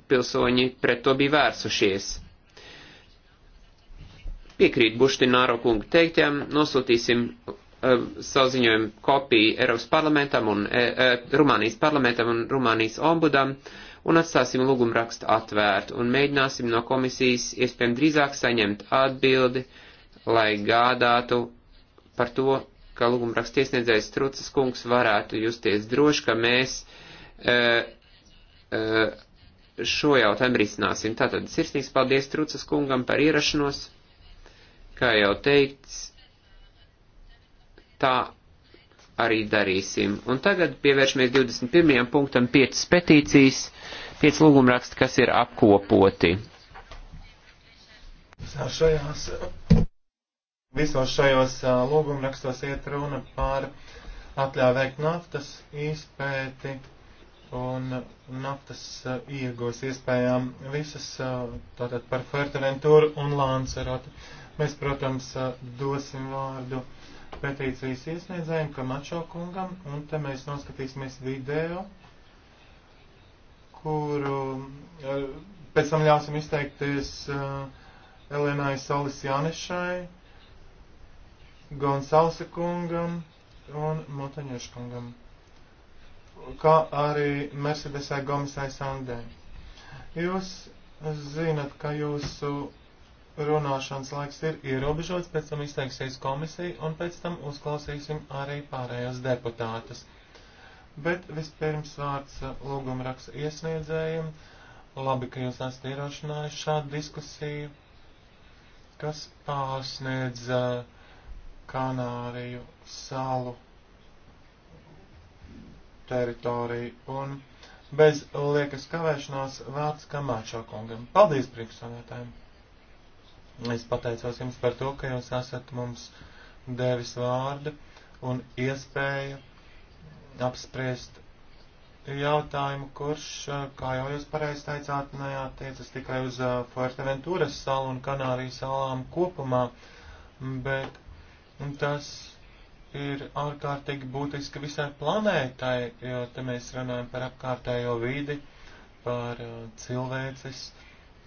G: pilsoņi pret to bija vērsušies. Piekrīt Buštināro kungu teiktiem, nosūtīsim eh, saziņojumu kopiju Eiropas parlamentam un e, e, Rumānijas parlamentam un Rumānijas ombudam un atstāsim lūgumu rakstu atvērtu un mēģināsim no komisijas iespējami drīzāk saņemt atbildi, lai gādātu par to, ka lūgumu rakstu iesniedzējs Trucas kungs varētu justies droši, ka mēs uh, šo jautājumu risināsim. Tātad sirsnīgs paldies Trucas kungam par ierašanos. Kā jau teikts, tā arī darīsim. Un tagad pievēršamies 21. punktam 5 petīcijas, 5 lūgumraksti, kas ir apkopoti.
B: Šajās, visos šajos lūgumrakstos iet runa par atļauju veikt naftas izpēti un naftas eh, iegūs iespējām visas eh, tātad par Fertarentūru un Lānceroti. Mēs, protams, eh, dosim vārdu petīcijas iesniedzējiem, Kamačo kungam, un te mēs noskatīsimies video, kuru pēc tam ļausim izteikties Elenai Solis Janešai, Gonsalsa kungam un Montaņiešu kungam kā arī Mercedesai Gomisai Sandē. Jūs zinat, ka jūsu runāšanas laiks ir ierobežots, pēc tam izteiksies komisija un pēc tam uzklausīsim arī pārējos deputātus. Bet vispirms vārds uh, lūgumraksta iesniedzējiem. Labi, ka jūs esat ierošinājuši šādu diskusiju, kas pārsniedz uh, Kanāriju salu teritoriju. Un bez liekas kavēšanās vārds Kamāčo kungam. Paldies, priekšsādātājiem! Es pateicos jums par to, ka jūs esat mums devis vārdu un iespēju apspriest jautājumu, kurš, kā jau jūs pareizi teicāt, neatiecas tikai uz uh, Fuerteventuras salu un Kanārijas salām kopumā, bet tas ir ārkārtīgi būtiska visai planētai, jo te mēs runājam par apkārtējo vidi, par uh, cilvēces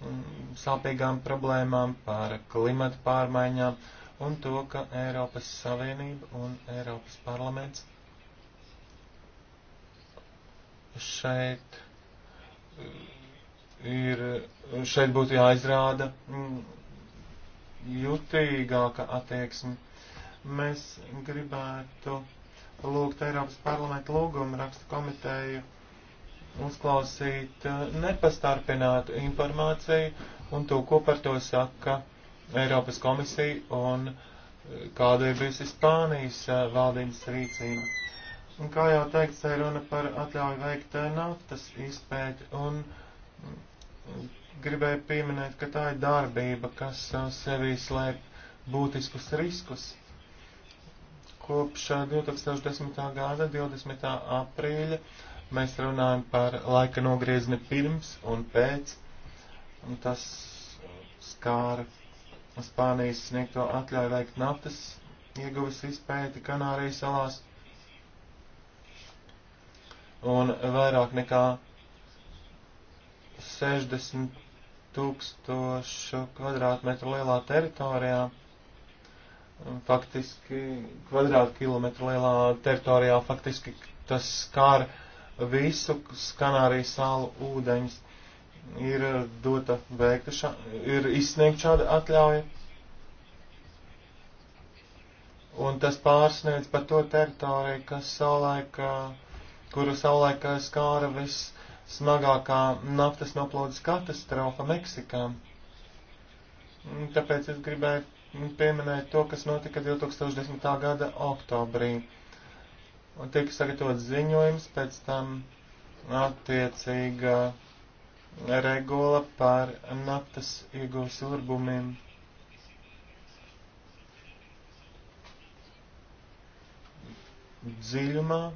B: mm, sāpīgām problēmām, par klimatu pārmaiņām un to, ka Eiropas Savienība un Eiropas parlaments šeit mm, ir, šeit būtu jāizrāda mm, jutīgāka attieksme Mēs gribētu lūgt Eiropas parlamenta lūgumu rakstu komiteju uzklausīt eh, nepastarpinātu informāciju un to, ko par to saka Eiropas komisija un eh, kāda ir bijusi Spānijas eh, valdības rīcība. Un kā jau teikts, ir runa par atļauju veikt naftas izpēti un mm, gribēju pieminēt, ka tā ir darbība, kas sevī slēp būtiskus riskus. Kopš 2010. Eh, gada 20. aprīļa mēs runājam par laika nogriezni pirms un pēc. Un tas skāra Spānijas sniegto atļauju veikt naftas ieguvis izpēti Kanārijas salās. Un vairāk nekā 60 tūkstošu kvadrātmetru lielā teritorijā faktiski kvadrātkilometru lielā teritorijā faktiski tas skār visu Kanārijas salu ūdeņus. Ir dota veikta, šā, ir izsniegta šāda atļauja. Un tas pārsniedz pat to teritoriju, kas savulaik, kuru savulaik skāra vissmagākā naftas noplūdes katastrofa Meksikā. Tāpēc es gribēju pieminēt to, kas notika 2010. gada oktobrī. Un tika sagatavot ziņojums, pēc tam attiecīga regula par naftas ieguvas urbumiem. dziļumā.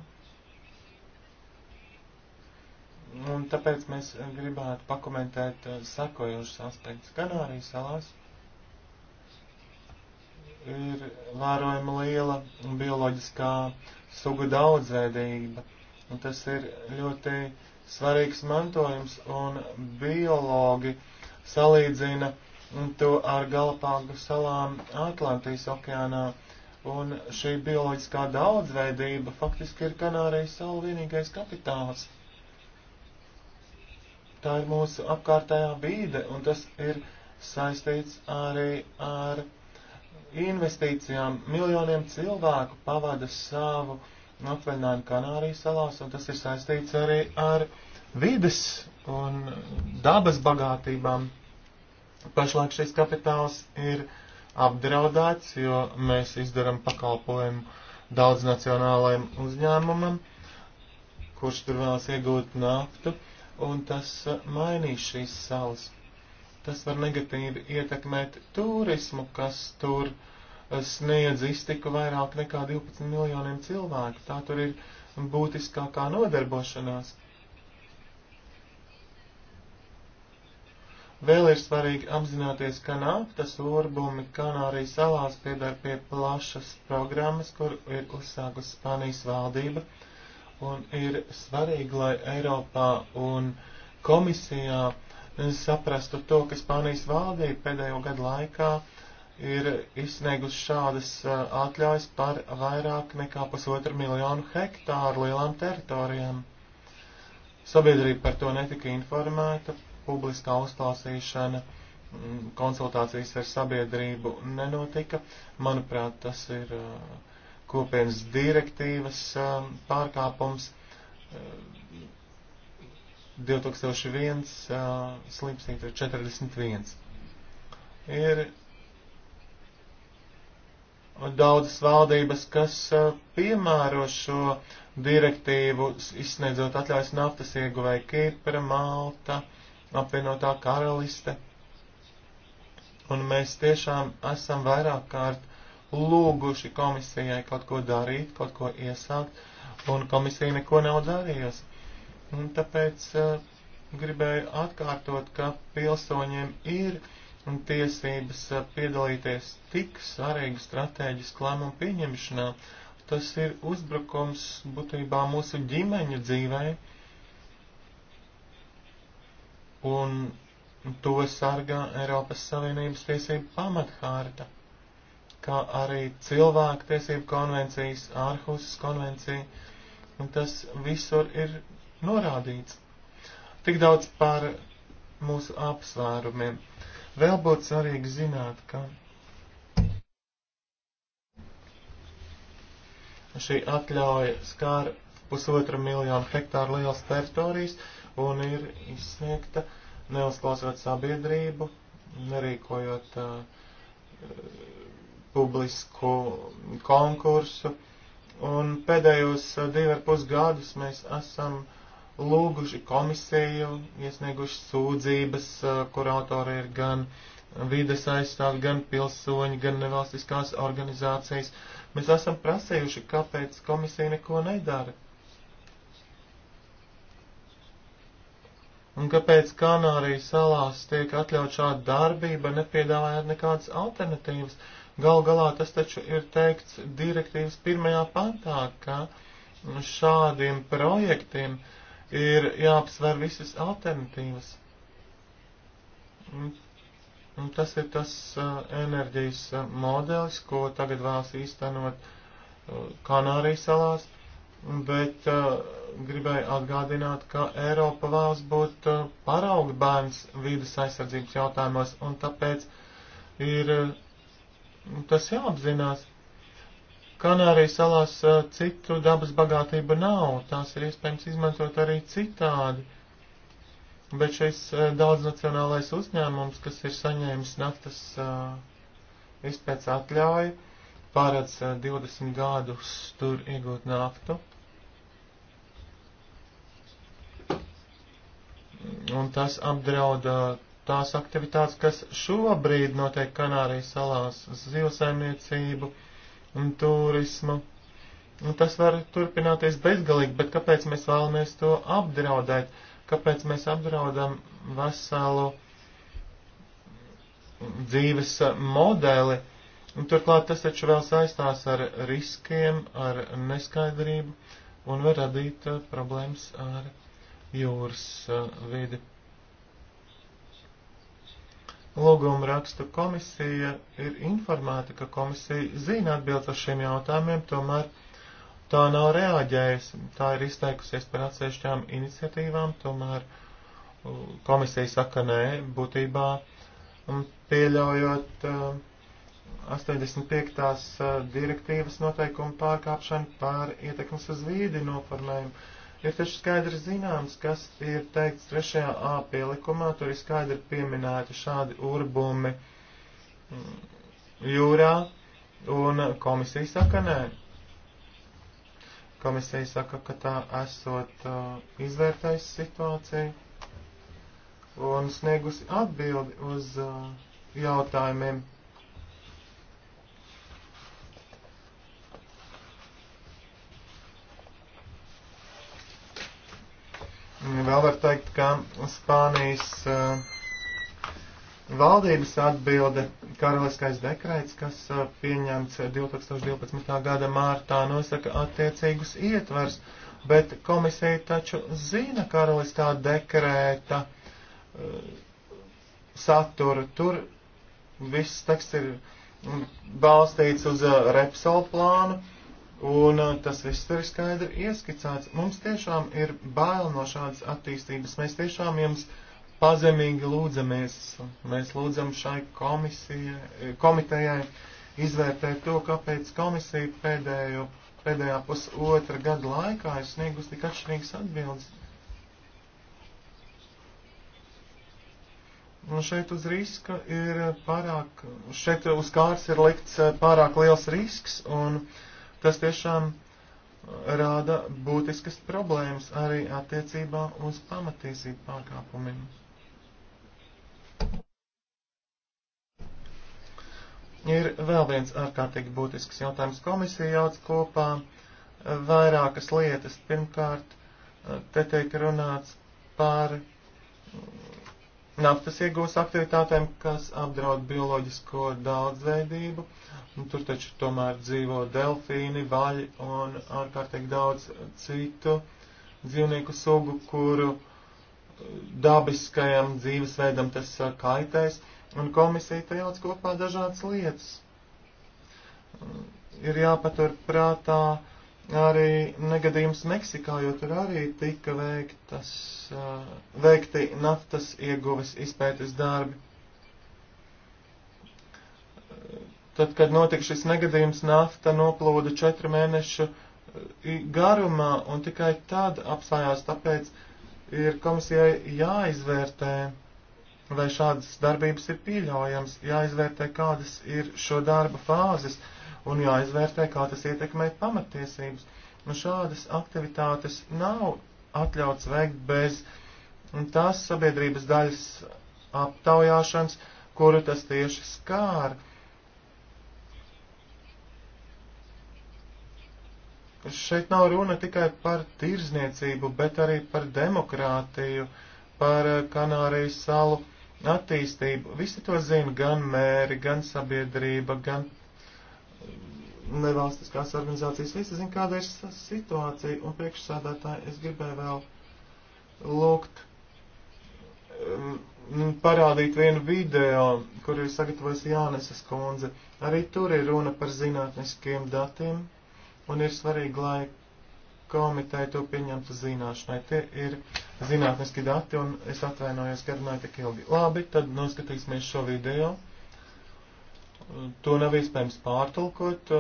B: Un tāpēc mēs gribētu pakomentēt uh, sakojošus aspektus Kanārijas salās ir vērojama liela bioloģiskā sugu daudzveidība. Un tas ir ļoti svarīgs mantojums, un biologi salīdzina to ar Galapāgu salām Atlantijas okeānā. Un šī bioloģiskā daudzveidība faktiski ir Kanārijas salu vienīgais kapitāls. Tā ir mūsu apkārtējā vīde, un tas ir saistīts arī ar investīcijām miljoniem cilvēku pavada savu atvaļinājumu Kanārijas salās, un tas ir saistīts arī ar vides un dabas bagātībām. Pašlaik šis kapitāls ir apdraudēts, jo mēs izdaram pakalpojumu daudz nacionālajiem uzņēmumam, kurš tur vēlas iegūt naftu, un tas mainīs šīs salas. Tas var negatīvi ietekmēt turismu, kas tur eh, sniedz iztiku vairāk nekā 12 miljoniem cilvēku. Tā tur ir būtiskākā nodarbošanās. Vēl ir svarīgi apzināties, ka naftas urbumi Kanārijas salās piedar pie plašas programmas, kur ir uzsākusi Spānijas valdība, un ir svarīgi, lai Eiropā un komisijā saprastu to, ka Spānijas valdība pēdējo gadu laikā ir izsniegusi šādas atļaujas par vairāk nekā pusotru miljonu hektāru lielām teritorijām. Sabiedrība par to netika informēta, publiskā uzklausīšana, mm, konsultācijas ar sabiedrību nenotika. Manuprāt, tas ir kopienas direktīvas pārkāpums 2001 uh, slimsnīca ir 41. Ir daudzas valdības, kas uh, piemēro šo direktīvu, izsniedzot atļaujas naftas ieguvai Kipra, Malta, apvienotā karaliste. Un mēs tiešām esam vairāk kārt lūguši komisijai kaut ko darīt, kaut ko iesākt, un komisija neko nav darījusi. Un tāpēc uh, gribēju atkārtot, ka pilsoņiem ir tiesības uh, piedalīties tik svarīgu strateģisku lēmumu pieņemšanā. Tas ir uzbrukums būtībā mūsu ģimeņu dzīvē, un to sargā Eiropas Savienības tiesību pamathārta, kā arī cilvēku tiesību konvencijas, ārhusas konvencija, un tas visur ir norādīts. Tik daudz par mūsu apsvērumiem. Vēl būtu svarīgi zināt, ka šī atļauja skāra pusotra miljonu hektāru liels teritorijas un ir izsniegta neuzklausot sabiedrību, nerīkojot uh, publisku konkursu. Un pēdējos uh, divi ar pus gadus mēs esam uh, lūguši komisiju, iesnieguši sūdzības, kur autori ir gan vides aizstāvi, gan pilsoņi, gan nevalstiskās organizācijas. Mēs esam prasījuši, kāpēc komisija neko nedara. Un kāpēc Kanārijas salās tiek atļaut šāda darbība, nepiedāvājot nekādas alternatīvas? Gal galā tas taču ir teikts direktīvas pirmajā pantā, ka šādiem projektiem uh, ir jāapsver visas alternatīvas. Un, un tas ir tas uh, enerģijas uh, modelis, ko tagad vēlas īstenot uh, Kanārijas salās, bet uh, gribēju atgādināt, ka Eiropa vēlas būt uh, parauga bērns vīdas aizsardzības jautājumos, un tāpēc ir uh, tas jāapzinās. Kanārijas salās citu dabas bagātību nav, tās ir iespējams izmantot arī citādi. Bet šis daudznacionālais uzņēmums, kas ir saņēmis naftas izpēc atļauju, pārēc 20 gadus tur iegūt naftu. Un tas apdrauda tās aktivitātes, kas šobrīd notiek Kanārijas salās - zivsaimniecību, uh, un turismu. Un tas var turpināties bezgalīgi, bet kāpēc mēs vēlamies to apdraudēt? Kāpēc mēs apdraudam veselu dzīves modeli? Un turklāt tas taču vēl saistās ar riskiem, ar neskaidrību un var radīt uh, problēmas ar jūras uh, vidi. Lūguma rakstu komisija ir informēta, ka komisija zina atbildes uz šiem jautājumiem, tomēr tā nav reaģējusi. Tā ir izteikusies par atsevišķām iniciatīvām, tomēr komisija saka nē, būtībā pieļaujot 85. direktīvas noteikumu pārkāpšanu pār ietekmes uz vīdi noformējumu Ir taču skaidri zināms, kas ir teikts 3. A pielikumā, tur ir skaidri pieminēti šādi urbumi mm, jūrā, un komisija saka nē. Komisija saka, ka tā esot uh, izvērtējusi situāciju un sniegusi atbildi uz uh, jautājumiem Mm, vēl var teikt, ka Spānijas uh, valdības atbilde karaliskais dekrets, kas uh, pieņemts 2012. gada mārtā, nosaka attiecīgus ietvers, bet komisija taču zina karaliskā dekrēta uh, saturu. Tur viss teksts ir balstīts uz uh, Repsol plānu Un uh, tas viss ir skaidri ieskicēts. Mums tiešām ir bail no šādas attīstības. Mēs tiešām jums pazemīgi lūdzamies. Mēs lūdzam šai komisijai, komitejai izvērtēt to, kāpēc komisija pēdējo, pēdējā pusotra gada laikā ir sniegusi tik atšķirīgas atbildes. Un nu, šeit uz riska ir pārāk, šeit uz kārs ir likts uh, pārāk liels risks, un uh, Tas tiešām uh, rāda būtiskas problēmas arī attiecībā uz pamatiesību pārkāpumiem. Ir vēl viens ārkārtīgi būtisks jautājums. Komisija jauc kopā uh, vairākas lietas. Pirmkārt, uh, te tiek runāts par naftas iegūs aktivitātēm, kas apdraud bioloģisko daudzveidību. Un tur taču tomēr dzīvo delfīni, vaļi un ārkārtīgi daudz citu dzīvnieku sugu, kuru dabiskajam dzīvesveidam tas eh, kaitēs. Un komisija te jauc kopā dažādas lietas. Ir jāpatur prātā, uh, arī negadījums Meksikā, jo tur arī tika veiktas, veikti naftas ieguves izpētes darbi. Tad, kad notika šis negadījums, nafta noplūda četru mēnešu garumā un tikai tad apstājās, tāpēc ir komisijai jāizvērtē, vai šādas darbības ir pieļaujams, jāizvērtē, kādas ir šo darba fāzes. Uh, un jāizvērtē, kā tas ietekmē pamatiesības. Nu, šādas aktivitātes nav atļauts veikt bez tās sabiedrības daļas aptaujāšanas, kuru tas tieši skāra. šeit nav runa tikai par tirzniecību, bet arī par demokrātiju, par eh, Kanārijas salu attīstību. Visi to zina, gan mēri, gan sabiedrība, gan nevalstiskās organizācijas. Visi zin, kāda ir situācija, un priekšsādātāji es gribēju vēl lūgt um, parādīt vienu video, kur ir sagatavojis Jānesas kundze. Arī tur ir runa par zinātniskiem datiem, un ir svarīgi, lai komiteja to pieņemtu zināšanai. Tie ir zinātniski dati, un es atvainojos, ka runāju tik ilgi. Labi, tad noskatīsimies šo video to nav iespējams pārtulkot,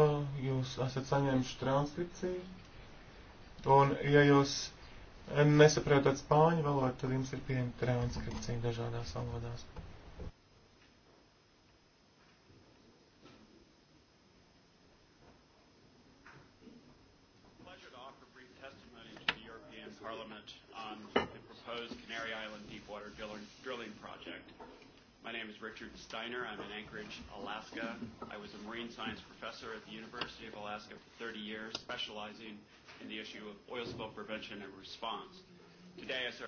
B: jūs esat saņēmuši transkripciju. Un, ja jūs nesaprotat spāņu valodu, tad jums ir pieejama transkripcija dažādās valodās.
H: My name is Richard Steiner. I'm in Anchorage, Alaska. I was a marine science professor at the University of Alaska for 30 years, specializing in the issue of oil spill prevention and response. Today I serve.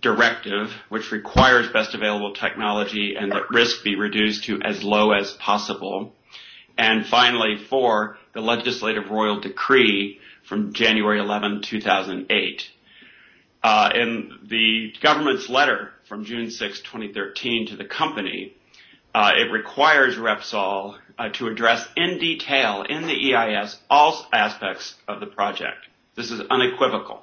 H: directive, which requires best available technology and that risk be reduced to as low as possible. And finally, four, the legislative royal decree from January 11, 2008. Uh, in the government's letter from June 6, 2013 to the company, uh, it requires Repsol uh, to address in detail in the EIS all aspects of the project. This is unequivocal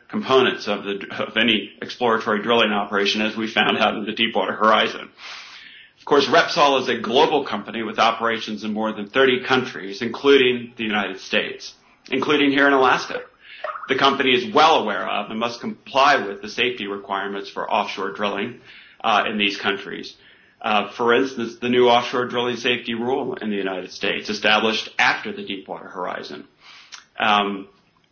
H: components of, the, of any exploratory drilling operation as we found out in the Deepwater Horizon. Of course, Repsol is a global company with operations in more than 30 countries, including the United States, including here in Alaska. The company is well aware of and must comply with the safety requirements for offshore drilling uh, in these countries. Uh, for instance, the new offshore drilling safety rule in the United States, established after the Deepwater Horizon. Um,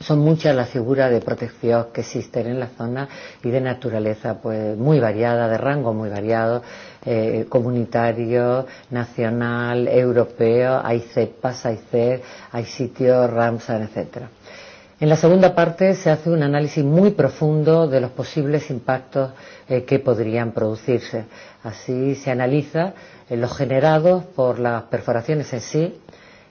A: son muchas las figuras de protección que existen en la zona y de naturaleza pues muy variada, de rango muy variado, eh, comunitario, nacional, europeo, hay cepas, hay CER, hay sitios, Ramsar, etcétera. En la segunda parte se hace un análisis muy profundo de los posibles impactos eh, que podrían producirse. Así se analiza eh, los generados por las perforaciones en sí, eh,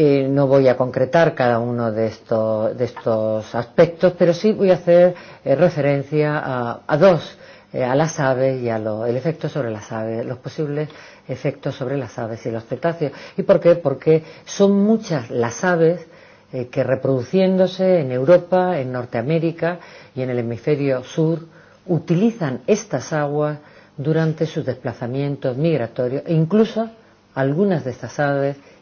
A: Eh, no voy a concretar cada uno de estos, de estos aspectos, pero sí voy a hacer eh, referencia a, a dos, eh, a las aves y a lo, el efecto sobre las aves, los posibles efectos sobre las aves y los cetáceos. ¿Y por qué? Porque son muchas las aves eh, que reproduciéndose en Europa, en Norteamérica y en el hemisferio sur, utilizan estas aguas durante sus desplazamientos migratorios e incluso algunas de estas aves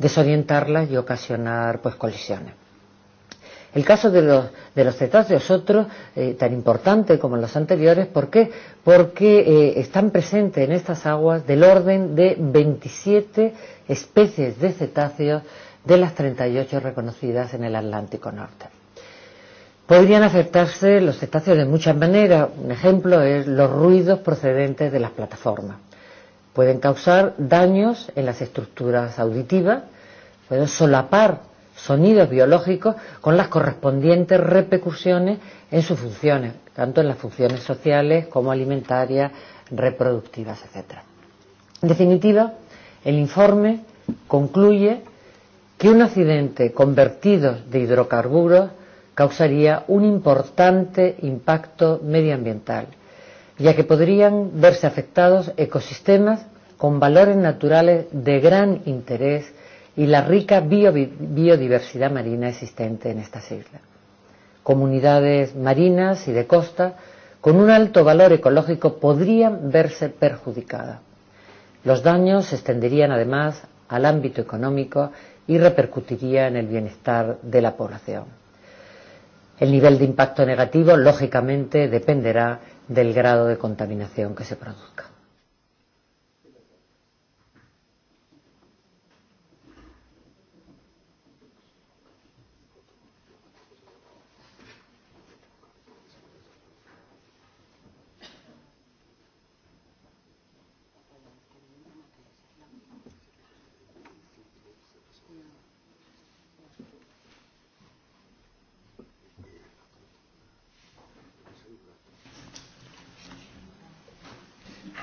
A: desorientarlas y ocasionar pues colisiones. El caso de los, de los cetáceos es otro eh, tan importante como los anteriores. ¿Por qué? Porque eh, están presentes en estas aguas del orden de 27 especies de cetáceos de las 38 reconocidas en el Atlántico Norte. Podrían afectarse los cetáceos de muchas maneras. Un ejemplo es los ruidos procedentes de las plataformas pueden causar daños en las estructuras auditivas, pueden solapar sonidos biológicos con las correspondientes repercusiones en sus funciones, tanto en las funciones sociales como alimentarias, reproductivas, etc. En definitiva, el informe concluye que un accidente convertido de hidrocarburos causaría un importante impacto medioambiental ya que podrían verse afectados ecosistemas con valores naturales de gran interés y la rica bio biodiversidad marina existente en estas islas. Comunidades marinas y de costa con un alto valor ecológico podrían verse perjudicadas. Los daños se extenderían además al ámbito económico y repercutiría en el bienestar de la población. El nivel de impacto negativo, lógicamente, dependerá del grado de contaminación que se produzca.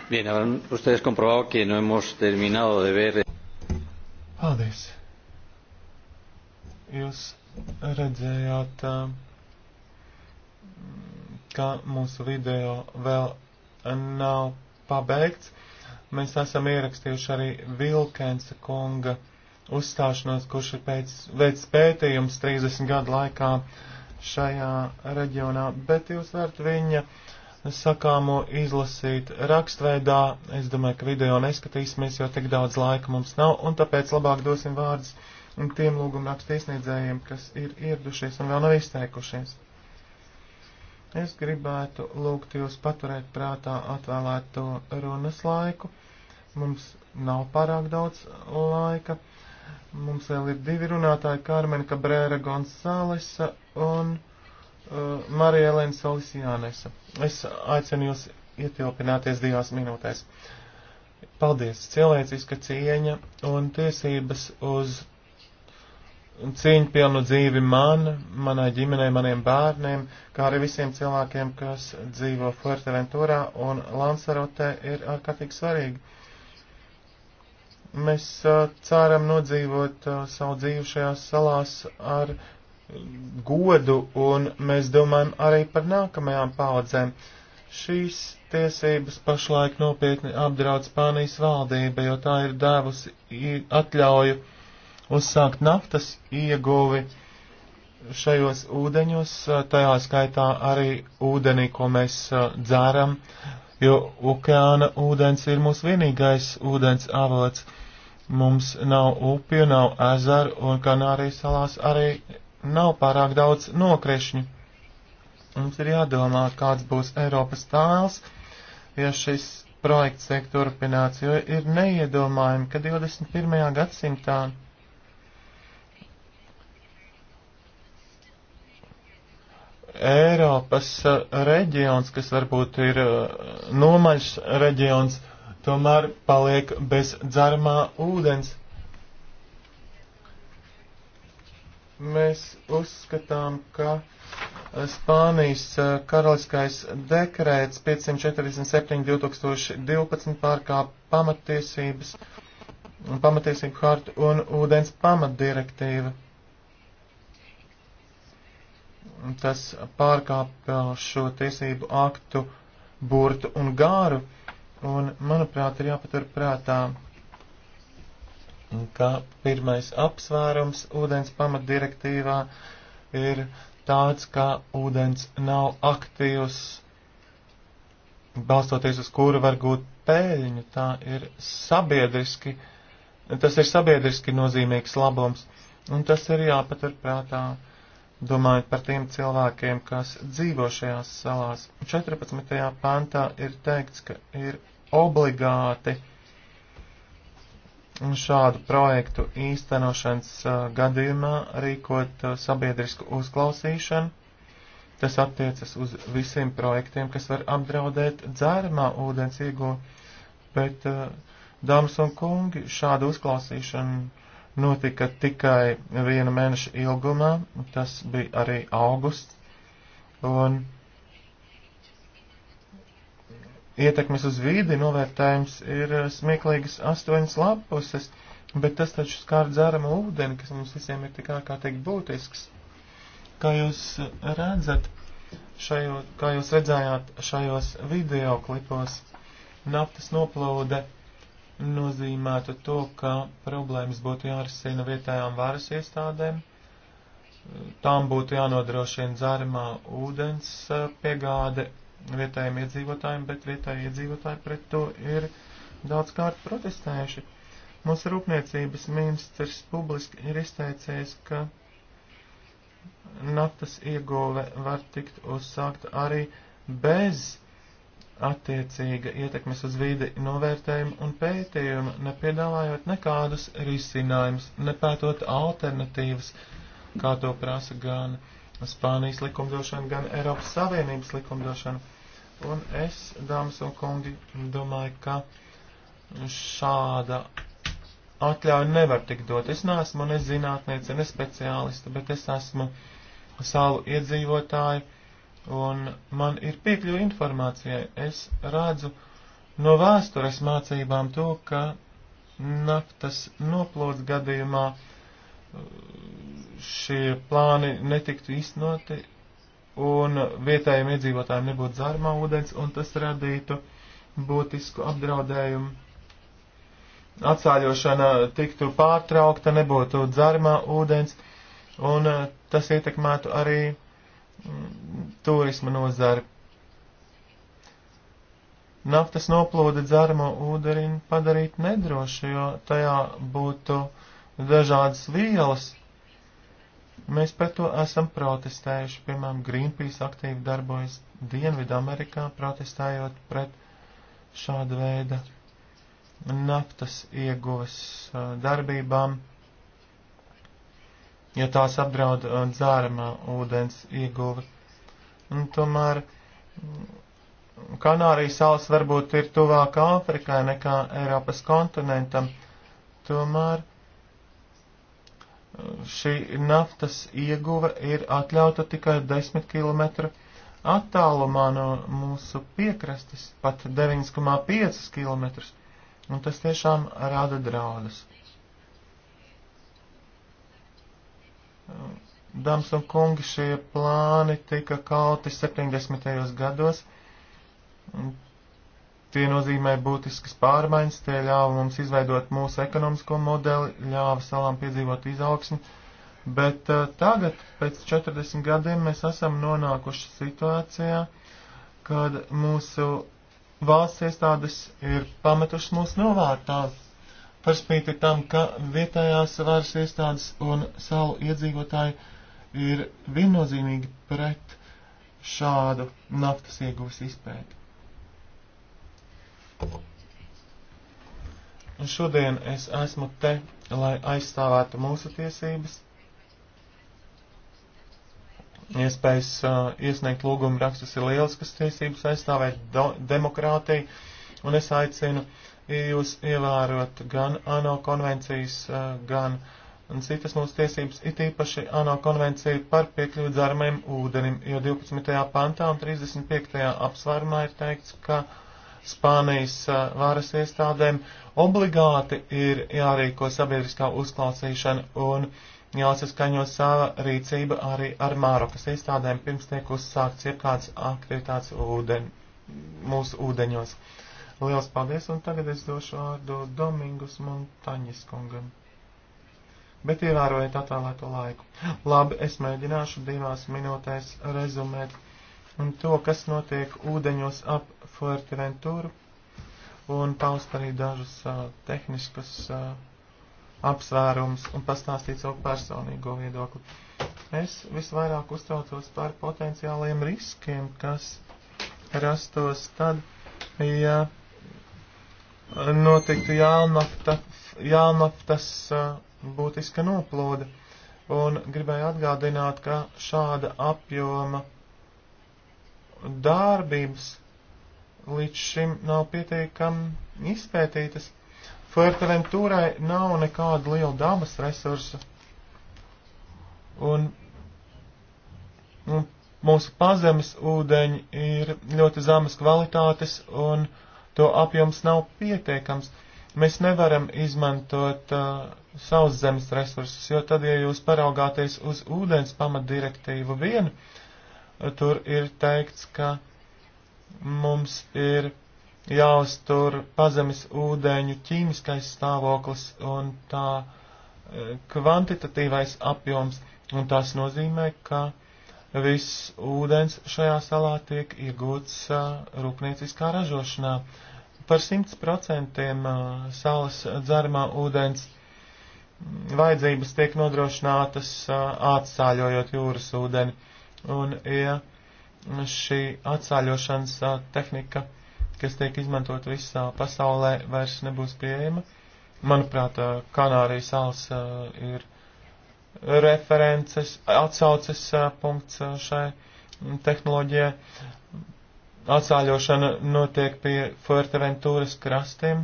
F: Bien, habrán ustedes comprobado que no hemos terminado de ver.
B: Paldies. Jūs redzējāt, um, ka mūsu video vēl nav pabeigts. Mēs esam ierakstījuši arī Vilkensa kunga uzstāšanos, kurš ir pēc, veids pētījums 30 gadu laikā šajā reģionā, bet jūs varat viņa sakāmo izlasīt rakstveidā. Es domāju, ka video neskatīsimies, jo tik daudz laika mums nav, un tāpēc labāk dosim vārdus tiem lūguma rakstu iesniedzējiem, kas ir ieradušies un vēl nav izteikušies. Es gribētu lūgt jūs paturēt prātā atvēlēto runas laiku. Mums nav pārāk daudz laika. Mums vēl ir divi runātāji - Kārmenika Brēra Gonsalesa un uh, Marija Elēna Solisijānesa. Es aicinu jūs ietilpināties divās minūtēs. Paldies! Cilvēciska cieņa un tiesības uz cīņu pilnu dzīvi man, manai ģimenei, maniem bērniem, kā arī visiem cilvēkiem, kas dzīvo Fuerteventūrā un Lansarote, ir ārkārtīgi svarīgi mēs uh, ceram nodzīvot uh, savu dzīvi šajās salās ar godu, un mēs domājam arī par nākamajām paudzēm. Šīs tiesības pašlaik nopietni apdraud Spānijas valdība, jo tā ir devusi atļauju uzsākt naftas ieguvi šajos ūdeņos, tajā skaitā arī ūdenī, ko mēs dzēram, jo okeāna ūdens ir mūsu vienīgais ūdens avots. Mums nav upju, nav ezeru, un Kanārijas salās arī nav pārāk daudz nokrišņu. Mums ir jādomā, kāds būs Eiropas tēls, ja šis projekts tiek turpināts, jo ir neiedomājami, ka 21. gadsimtā Eiropas uh, reģions, kas varbūt ir uh, nomaļš reģions, tomēr paliek bez dzarmā ūdens. Mēs uzskatām, ka eh, Spānijas eh, karaliskais dekrēts 547.2012 pārkāp pamatiesības, pamatiesību hartu un ūdens pamatdirektīva. Tas pārkāp eh, šo tiesību aktu burtu un gāru, un, manuprāt, ir jāpatur prātā ka pirmais apsvērums ūdens pamatdirektīvā ir tāds, ka ūdens nav aktīvs, balstoties uz kuru var gūt pēļņu. Tā ir sabiedriski, tas ir sabiedriski nozīmīgs labums, un tas ir jāpatur prātā domājot par tiem cilvēkiem, kas dzīvo šajās salās. 14. pantā ir teikts, ka ir obligāti šādu projektu īstenošanas gadījumā rīkot sabiedrisku uzklausīšanu. Tas attiecas uz visiem projektiem, kas var apdraudēt dzērumā ūdens iegū, bet, dāmas un kungi, šāda uzklausīšana notika tikai viena mēneša ilgumā, tas bija arī augusts, un ietekmes uz vīdi novērtējums ir eh, smieklīgas astoņas lapuses, bet tas taču skār dzērama ūdeni, kas mums visiem ir tik ārkārtīgi būtisks. Kā jūs eh, redzat, šajo, kā jūs redzējāt šajos video klipos, naftas noplūde nozīmētu to, ka problēmas būtu jārisina vietējām varas iestādēm, eh, tām būtu jānodrošina dzērumā ūdens piegāde vietējiem iedzīvotājiem, bet vietējie iedzīvotāji pret to ir daudzkārt protestējuši. Mūsu rūpniecības ministrs publiski ir izteicies, ka naftas ieguve var tikt uzsākta arī bez attiecīga ietekmes uz vidi novērtējuma un pētījuma, nepiedāvājot nekādus risinājumus, nepētot alternatīvas, kā to prasa gan Spānijas likumdošanu, gan Eiropas Savienības likumdošanu. Un es, dāmas un kungi, domāju, ka šāda atļauja nevar tikt dot. Es neesmu ne zinātniece, ne speciālista, bet es esmu salu iedzīvotāju un man ir piekļuva informācijai. Es redzu no vēstures mācībām to, ka naftas noplūdes gadījumā šie plāni netiktu īstenoti un vietējiem iedzīvotājiem nebūtu dzērmā ūdens, un tas radītu būtisku apdraudējumu. Atsāļošana tiktu pārtraukta, nebūtu dzērmā ūdens, un eh, tas ietekmētu arī mm, turisma nozari. Naftas noplūde dzērmo ūdeni padarīt nedrošu, jo tajā būtu dažādas vielas, Mēs par to esam protestējuši. Piemēram, Greenpeace aktīvi darbojas Dienvidamerikā, protestējot pret šāda veida naftas ieguves uh, darbībām, ja tās apdraud uh, dzērama ūdens ieguve. Un tomēr mm, Kanārijas salas varbūt ir tuvāk Āfrikai nekā Eiropas kontinentam. Tomēr šī naftas ieguve ir atļauta tikai 10 km attālumā no mūsu piekrastes, pat 9,5 km. Un tas tiešām rada draudus. Dāmas un kungi, šie plāni tika kalti 70. gados. Tie nozīmē būtiskas pārmaiņas, tie ļāva mums izveidot mūsu ekonomisko modeli, ļāva salām piedzīvot izaugsmi, bet uh, tagad, pēc 40 gadiem, mēs esam nonākuši situācijā, kad mūsu valsts iestādes ir pametušas mūs novārtā, par spīti tam, ka vietējās varas iestādes un salu iedzīvotāji ir viennozīmīgi pret šādu naftas ieguves izpēti. Un šodien es esmu te, lai aizstāvētu mūsu tiesības, iespējas uh, iesniegt lūgumu rakstus ir liels, kas tiesības aizstāvēt do, demokrātiju, un es aicinu jūs ievērot gan ANO konvencijas, uh, gan citas mūsu tiesības, it īpaši ANO konvenciju par piekļuvu dzērmēm ūdenim, jo 12. pantā un 35. apsvērumā ir teikts, ka uh, Spānijas eh, varas iestādēm obligāti ir jārīko sabiedriskā uzklausīšana un jāsaskaņo sava rīcība arī ar Mārokas iestādēm, pirms tiek uzsākts jebkāds aktivitāts ūden, mūsu ūdeņos. Liels paldies, un tagad es došu vārdu Domingus Montaņas kungam. Bet ievērojiet atvēlēto laiku. Labi, es mēģināšu divās minūtēs rezumēt un to, kas notiek ūdeņos ap Fuerteventuru un paust arī dažus uh, tehniskus uh, apsvērums un pastāstīt savu personīgo viedokli. Es visvairāk uztraucos par potenciāliem riskiem, kas rastos tad, ja notiktu jālnafta, jālnaftas uh, būtiska noplūde. Un gribēju atgādināt, ka šāda apjoma dārbības līdz šim nav pietiekami izpētītas. Fuerteventūrai nav nekāda liela dabas resursa. Un, un mūsu pazemes ūdeņi ir ļoti zemas kvalitātes un to apjoms nav pietiekams. Mēs nevaram izmantot uh, savus zemes resursus, jo tad, ja jūs paraugāties uz ūdens pamatdirektīvu vienu, tur ir teikts, ka uh, mums ir jāuztur pazemes ūdeņu ķīmiskais stāvoklis un tā e, kvantitatīvais apjoms, un tas nozīmē, ka viss ūdens šajā salā tiek iegūts e, rūpnieciskā ražošanā. Par 100% e, salas dzeramā ūdens vajadzības tiek nodrošinātas atsāļojot jūras ūdeni. Un, ja šī atsāļošanas tehnika, kas tiek izmantot visā pasaulē, vairs nebūs pieejama. Manuprāt, Kanārijas salas ir references, atsauces punkts šai tehnoloģijai. Atsāļošana notiek pie Fuerteventūras krastiem,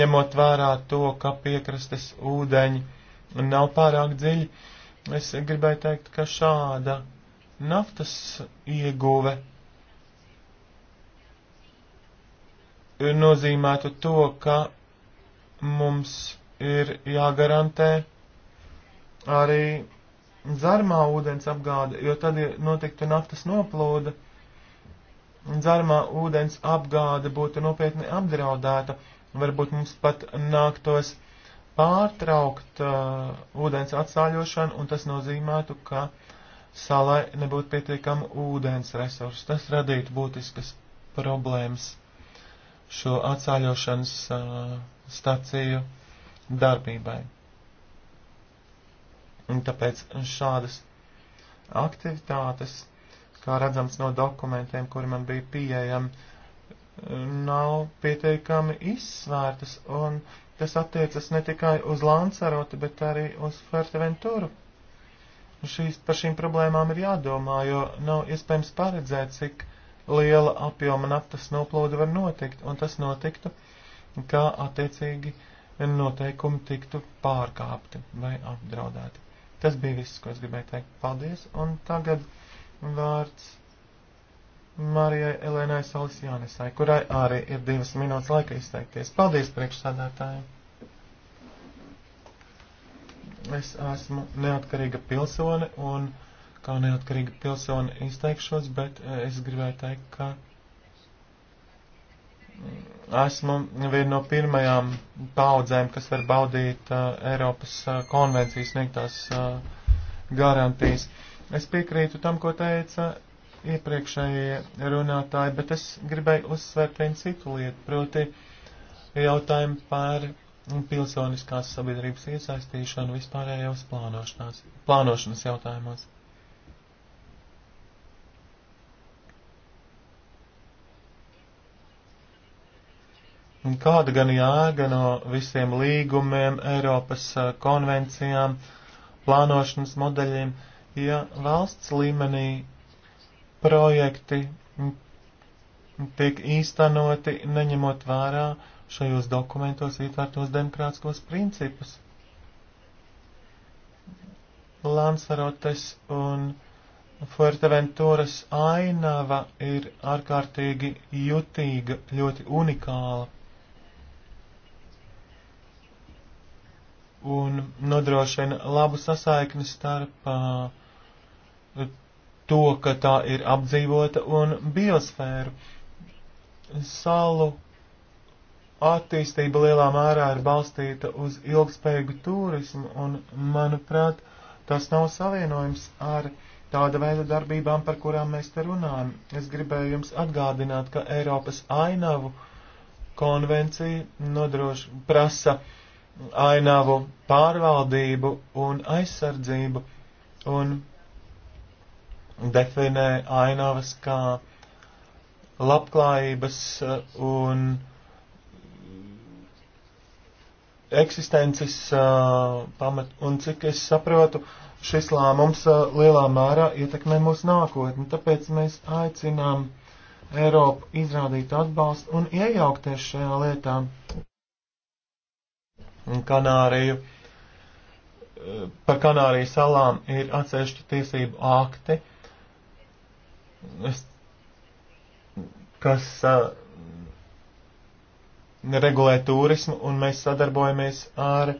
B: ņemot vērā to, ka piekrastes ūdeņi nav pārāk dziļi, Es gribēju teikt, ka šāda naftas ieguve nozīmētu to, ka mums ir jāgarantē arī dzarmā ūdens apgāde, jo tad notiktu naftas noplūde. Dzarmā ūdens apgāde būtu nopietni apdraudēta, varbūt mums pat nāktos uh, pārtraukt uh, ūdens atsāļošanu, un tas nozīmētu, ka salai nebūtu pietiekama ūdens resursa. Tas radītu būtiskas problēmas šo atsāļošanas uh, staciju darbībai. Un tāpēc šādas aktivitātes, kā redzams no dokumentiem, kuri man bija pieejami, nav pietiekami izsvērtas, un Tas attiecas ne tikai uz Lanceroti, bet arī uz Ferteventuru. Šīs, par šīm problēmām ir jādomā, jo nav iespējams paredzēt, cik liela apjoma naftas noplūde var notikt, un tas notiktu, kā attiecīgi noteikumi tiktu pārkāpti vai apdraudēti. Tas bija viss, ko es gribēju teikt. Paldies, un tagad vārds Marijai Elēnai Solisjonisai, kurai arī ir divas minūtes laika izteikties. Paldies priekšsādātājiem! Es esmu neatkarīga pilsone un kā neatkarīga pilsone izteikšos, bet eh, es gribēju teikt, ka esmu viena no pirmajām paudzēm, kas var baudīt uh, Eiropas uh, konvencijas sniegtās uh, garantijas. Es piekrītu tam, ko teica iepriekšējie runātāji, bet es gribēju uzsvērt vienu citu lietu, proti jautājumu par pilsoniskās sabiedrības iesaistīšanu vispārējos plānošanās, plānošanas jautājumos. Un kāda gan jēga no visiem līgumiem, Eiropas eh, konvencijām, plānošanas modeļiem, ja valsts līmenī projekti tiek īstenoti neņemot vērā šajos dokumentos ietvērtos demokrātiskos principus. Lansarotes un Fuerteventuras ainava ir ārkārtīgi jutīga, ļoti unikāla un nodrošina labu sasaikni starp uh, to, ka tā ir apdzīvota un biosfēra. Salu attīstība lielā mērā ir balstīta uz ilgspējīgu turismu, un, manuprāt, tas nav savienojums ar tāda veida darbībām, par kurām mēs te runājam. Es gribēju jums atgādināt, ka Eiropas ainavu konvencija nodroš prasa ainavu pārvaldību un aizsardzību, un definē ainavas kā labklājības uh, un eksistences uh, pamat, un cik es saprotu, šis lēmums uh, lielā mērā ietekmē mūsu nākotni, tāpēc mēs aicinām Eiropu izrādīt atbalstu un iejaukties šajā lietā. Un Kanāriju, uh, par Kanāriju salām ir atsevišķi tiesību akti, uh, kas uh, regulē turismu, un mēs sadarbojamies ar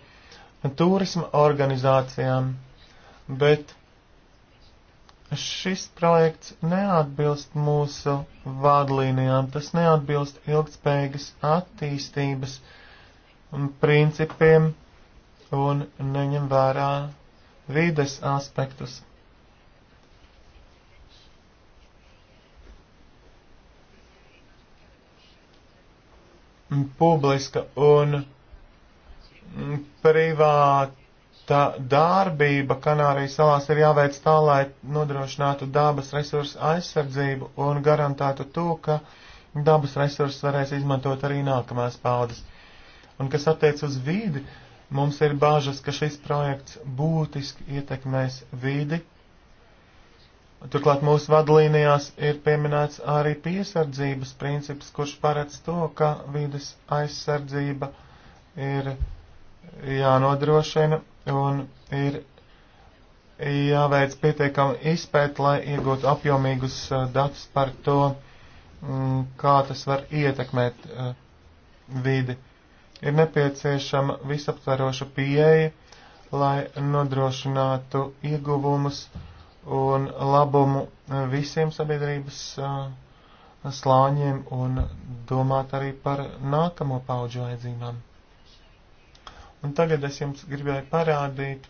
B: turisma organizācijām, bet šis projekts neatbilst mūsu vadlīnijām, tas neatbilst ilgspējīgas attīstības principiem un neņem vērā vides aspektus. publiska un mm, privāta dārbība Kanārijas salās ir jāveic tā, lai nodrošinātu dabas resursu aizsardzību un garantētu to, ka dabas resursus varēs izmantot arī nākamās paudas. Un kas attiec uz vīdi, mums ir bāžas, ka šis projekts būtiski ietekmēs vīdi Turklāt mūsu vadlīnijās ir pieminēts arī piesardzības princips, kurš paredz to, ka vides aizsardzība ir jānodrošina un ir jāveic pietiekami izpēt, lai iegūtu apjomīgus eh, datus par to, mm, kā tas var ietekmēt eh, vidi. Ir nepieciešama visaptveroša pieeja, lai nodrošinātu ieguvumus un labumu e, visiem sabiedrības e, slāņiem un domāt arī par nākamo pauģu vajadzībām. Un tagad es jums gribēju parādīt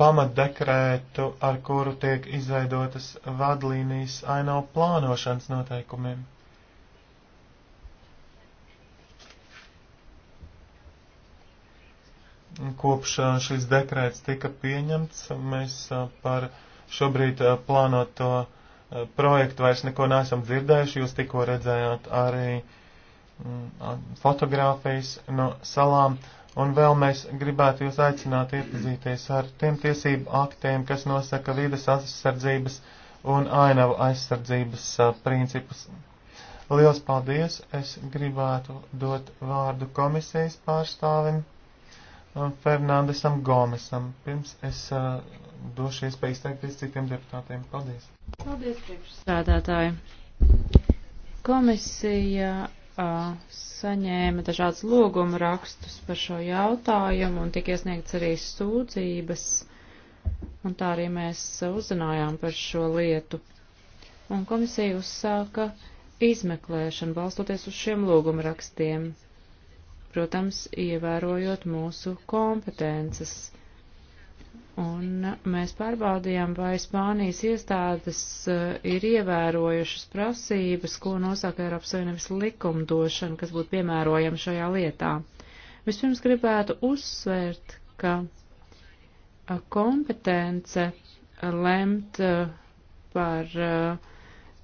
B: pamatdekrētu, ar kuru tiek izveidotas vadlīnijas aino plānošanas noteikumiem. Kopš šis dekrēts tika pieņemts, mēs par šobrīd plānoto projektu vairs neko neesam dzirdējuši. Jūs tikko redzējāt arī mm, fotogrāfijas no salām. Un vēl mēs gribētu jūs aicināt iepazīties ar tiem tiesību aktiem, kas nosaka vides aizsardzības un ainavu aizsardzības a, principus. Liels paldies! Es gribētu dot vārdu komisijas pārstāvim. Nu, Fernandesam Gomesam, pirms es uh, došu iespēju izteikties citiem
D: deputātiem. Paldies! Paldies, priekšsēdētāji! Komisija uh, saņēma dažādas lūguma rakstus par šo jautājumu un tika iesniegts arī sūdzības, un tā arī mēs uzzinājām par šo lietu. Un komisija uzsāka izmeklēšanu balstoties uz šiem lūguma rakstiem protams, ievērojot mūsu kompetences. Un mēs pārbaudījām, vai Spānijas iestādes eh, ir ievērojušas prasības, ko nosaka Eiropas Savienības likumdošana, kas būtu piemērojama šajā lietā. Vispirms gribētu uzsvērt, ka eh, kompetence eh, lemt par uh,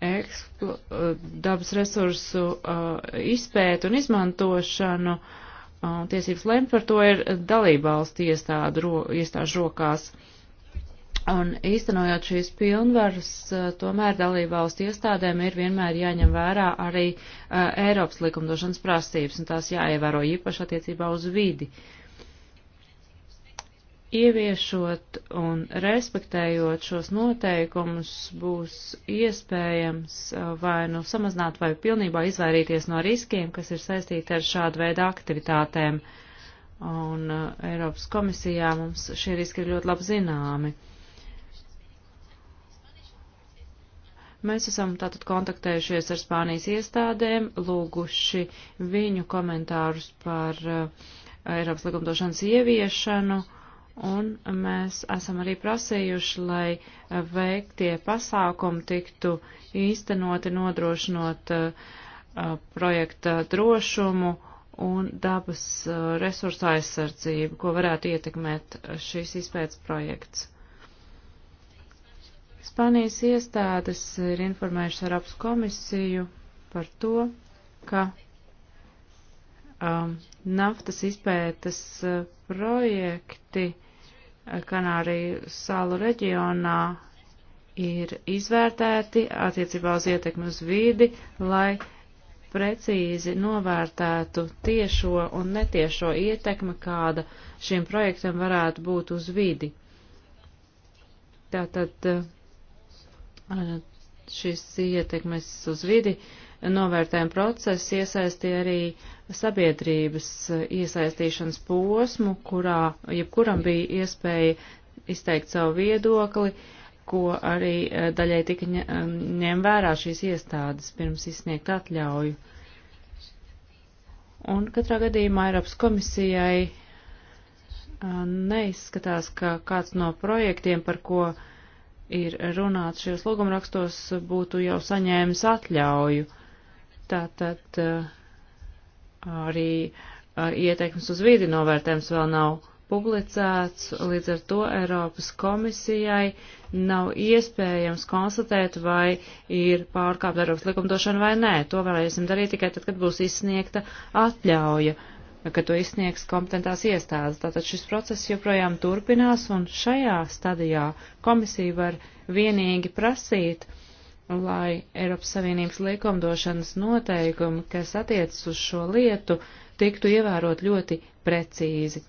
D: eksplo, eh, dabas resursu uh, izpētu un izmantošanu. Uh, tiesības lemt par to ir dalībvalstu iestāžu rokās. Un īstenojot šīs pilnvaras, uh, tomēr dalībvalstu iestādēm ir vienmēr jāņem vērā arī Eiropas likumdošanas prasības, un tās jāievēro īpaši attiecībā uz vidi. Uh, Ieviešot un respektējot šos noteikumus, būs iespējams uh, vai nu samazināt vai pilnībā izvairīties no riskiem, kas ir saistīti ar šādu veidu aktivitātēm. Un uh, Eiropas komisijā mums šie riski ir ļoti labi zināmi. Mēs esam tātad kontaktējušies ar Spānijas iestādēm, lūguši viņu komentārus par uh, Eiropas likumdošanas ieviešanu, Un mēs esam arī prasījuši, lai veiktie pasākumi tiktu īstenoti nodrošinot uh, uh projekta drošumu un dabas uh, resursu aizsardzību, ko varētu ietekmēt uh, šīs izpētes projekts. Spānijas iestādes ir informējušas Eiropas komisiju par to, ka um, naftas izpētes uh, projekti uh, Kanāriju salu reģionā ir izvērtēti attiecībā uz ietekmi uz vidi, lai precīzi novērtētu tiešo un netiešo ietekmi, kāda šim projektam varētu būt uz vidi. Tātad eh, šis ietekmes uz vidi uh, novērtējuma process iesaistīja arī sabiedrības eh, iesaistīšanas posmu, kurā jebkuram bija iespēja izteikt savu viedokli, ko arī eh, daļai tika eh, ņem vērā šīs iestādes pirms izsniegt atļauju. Un katrā gadījumā Eiropas komisijai neizskatās, ka kāds no projektiem, par ko ir runāts šajos logumrakstos, būtu jau saņēmis atļauju. Uh, Tātad eh, arī eh, ieteikums uz vīdi novērtējums vēl nav publicēts, līdz ar to Eiropas komisijai nav iespējams konstatēt, vai ir pārkāpta Eiropas likumdošana vai nē. To varēsim darīt tikai tad, kad būs izsniegta atļauja, kad to izsniegs kompetentās iestādes. Tātad šis process joprojām turpinās, un šajā stadijā komisija var vienīgi prasīt, uh, lai Eiropas Savienības likumdošanas noteikumi, kas attiecas uz šo lietu, tiktu ievērot ļoti precīzi.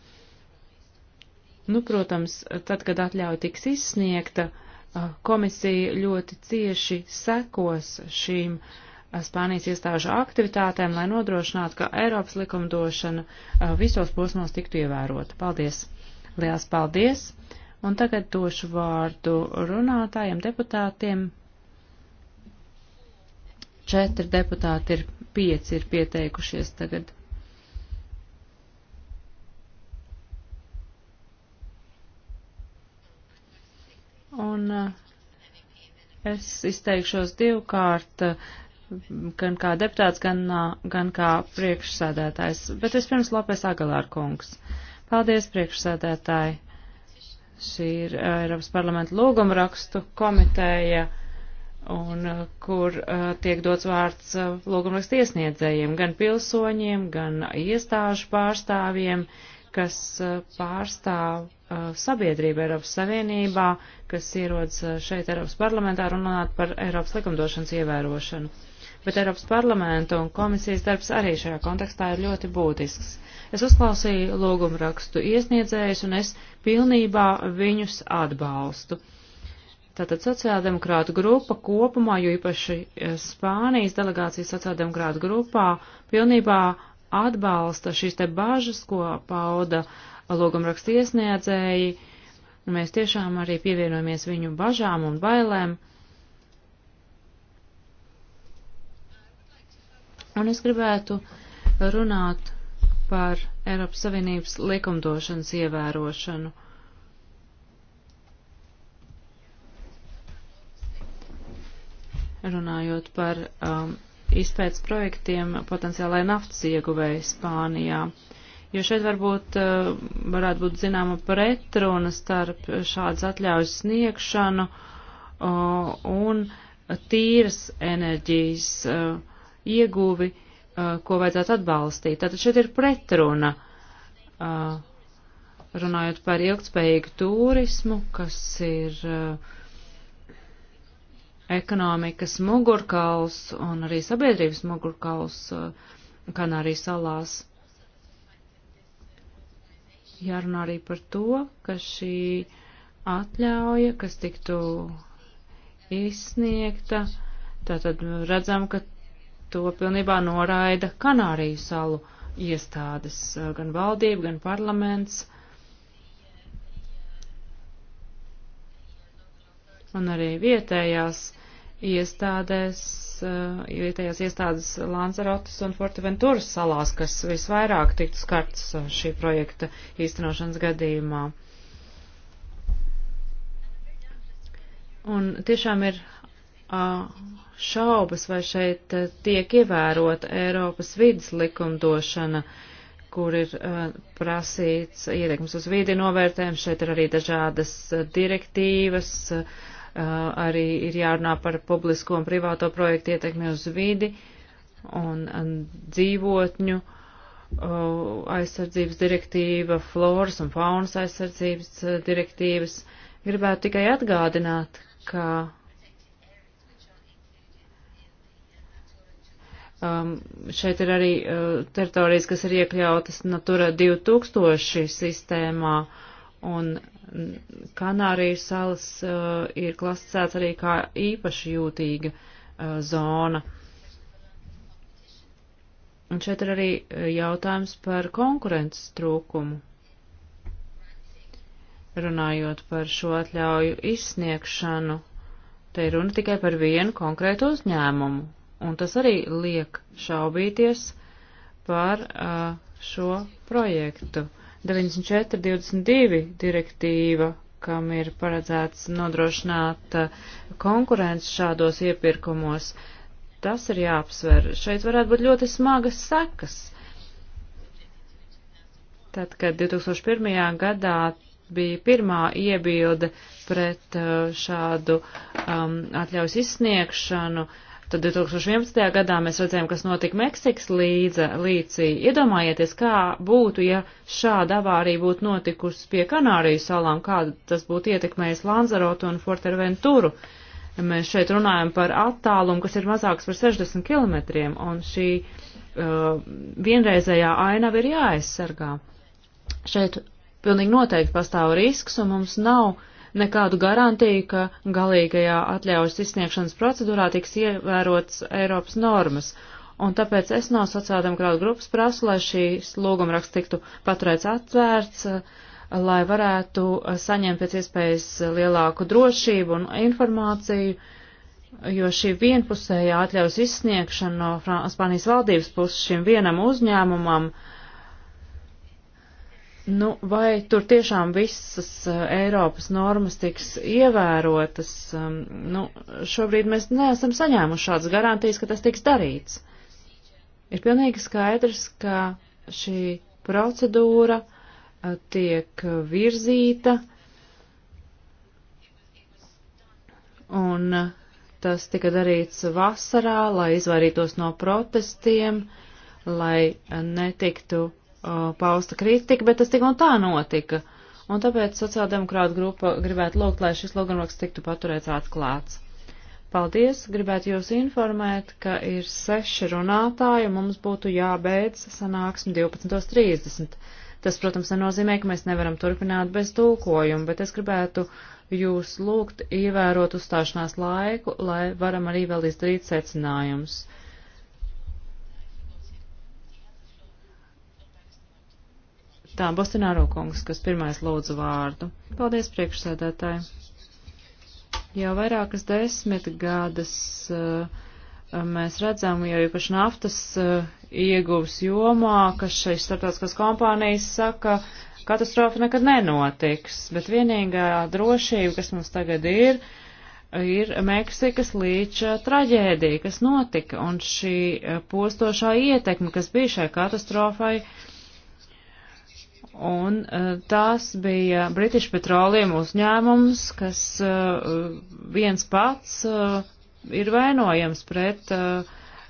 D: Nu, protams, tad, kad atļauja tiks izsniegta, komisija ļoti cieši sekos šīm Spānijas iestāžu aktivitātēm, lai nodrošinātu, ka Eiropas likumdošana visos posmos tiktu ievērota. Paldies! Liels paldies! Un tagad došu vārdu runātājiem, deputātiem četri deputāti ir pieci ir pieteikušies tagad. Un eh, es izteikšos divkārt, eh, gan kā deputāts, gan, eh, gan kā priekšsēdētājs. Bet vispirms Lopes Agalārkungs. Paldies, priekšsēdētāji! Šī ir Eiropas parlamenta lūguma rakstu komiteja un uh, kur uh, tiek dots vārds uh, logumrakstu iesniedzējiem, gan pilsoņiem, gan iestāžu pārstāvjiem, kas uh, pārstāv uh, sabiedrību Eiropas Savienībā, kas ierodas uh, šeit Eiropas parlamentā runāt par Eiropas likumdošanas ievērošanu. Bet Eiropas parlamenta un komisijas darbs arī šajā kontekstā ir ļoti būtisks. Es uzklausīju logumrakstu iesniedzējus un es pilnībā viņus atbalstu. Uh, Tātad sociāldemokrātu grupa kopumā, jo īpaši eh, Spānijas delegācijas sociāldemokrātu grupā, pilnībā atbalsta šīs te bažas, ko pauda logumraksta iesniedzēji. Mēs tiešām arī pievienojamies viņu bažām un bailēm. Un es gribētu runāt par Eiropas Savienības likumdošanas ievērošanu. runājot par um, izpētes projektiem potenciālai naftas ieguvēji Spānijā. Jo šeit varbūt uh, varētu būt zināma pretruna starp šādas atļaujas sniegšanu uh, un tīras enerģijas uh, ieguvi, uh, ko vajadzētu atbalstīt. Tātad šeit ir pretruna. Uh, runājot par ilgtspējīgu turismu, kas ir uh, ekonomikas mugurkauls un arī sabiedrības mugurkauls uh, Kanārijas salās. Jārunā arī par to, ka šī atļauja, kas tiktu izsniegta, tātad redzam, ka to pilnībā noraida Kanāriju salu iestādes, uh, gan valdība, gan parlaments un arī vietējās iestādēs, uh, vietējās iestādes Lanzarotas un Forteventuras salās, kas visvairāk tiktu skarts uh, šī projekta īstenošanas gadījumā. Un tiešām ir uh, šaubas, vai šeit tiek ievērota Eiropas vidas likumdošana, kur ir prasīts ietekmes uz vidi novērtējums. Šeit ir arī dažādas direktīvas, uh, arī ir jārunā par publisko un privāto projektu ietekmi uz vidi un, un dzīvotņu aizsardzības direktīva, floras un faunas aizsardzības direktīvas. Gribētu tikai atgādināt, ka um, šeit ir arī uh, teritorijas, kas ir iekļautas Natura 2000 sistēmā, un Kanārijas salas uh, ir klasicēts arī kā īpaši jūtīga uh, zona. Un šeit ir arī eh, jautājums par konkurences trūkumu. Runājot par šo atļauju izsniegšanu, te ir runa tikai par vienu konkrētu uzņēmumu, un tas arī liek šaubīties par uh, šo projektu. 94.22 direktīva, kam ir paredzēts nodrošināt uh, konkurences šādos iepirkumos. Tas ir jāapsver. Šeit varētu būt ļoti smagas sekas. Tad, kad 2001. gadā bija pirmā iebilde pret uh, šādu um, atļaus izsniegšanu, uh, Tad 2011. gadā mēs redzējām, kas notika Meksikas līdze, līcī. Iedomājieties, kā būtu, ja šāda avārija būtu notikusi pie Kanāriju salām, kāda tas būtu ietekmējis Lanzarotu un Forterventuru. Mēs šeit runājam par attālumu, kas ir mazāks par 60 km, un šī uh, vienreizējā ainava ir jāaizsargā. Šeit pilnīgi noteikti pastāv risks, un mums nav uh, nekādu garantiju, ka galīgajā atļaujas izsniegšanas procedūrā tiks ievērots Eiropas normas. Un tāpēc es no sociāldemokrāta grupas prasu, lai šīs lūgumraksts tiktu paturēts atvērts, lai varētu saņemt pēc iespējas lielāku drošību un informāciju, jo šī vienpusējā atļaus izsniegšana no Spānijas valdības puses šim vienam uzņēmumam uh, Nu, vai tur tiešām visas eh, Eiropas normas tiks ievērotas? Um, nu, šobrīd mēs neesam saņēmuši šādas garantijas, ka tas tiks darīts. Ir pilnīgi skaidrs, ka šī procedūra eh, tiek virzīta un eh, tas tika darīts vasarā, lai izvairītos no protestiem, lai netiktu uh, pausta kritika, bet tas tik un tā notika. Un tāpēc sociāldemokrāta grupa gribētu lūgt, lai šis logumraksts tiktu paturēts atklāts. Paldies, gribētu jūs informēt, ka ir seši runātāji un mums būtu jābeidz sanāksme 12.30. Tas, protams, nenozīmē, ka mēs nevaram turpināt bez tūkojuma, bet es gribētu jūs lūgt ievērot uzstāšanās laiku, lai varam arī vēl izdarīt secinājumus. Tā, Bostināro kungs, kas pirmais lūdzu vārdu. Paldies, priekšsēdētāji. Jau vairākas desmit gadas uh, mēs redzam, jo īpaši naftas uh, ieguvs jomā, ka šeit starptautiskās kompānijas saka, katastrofa nekad nenotiks, bet vienīgā drošība, kas mums tagad ir, ir Meksikas līča traģēdija, kas notika, un šī uh, postošā ietekme, kas bija šai katastrofai, uh, Un eh, tās bija British Petroleum uzņēmums, kas eh, viens pats eh, ir vainojams pret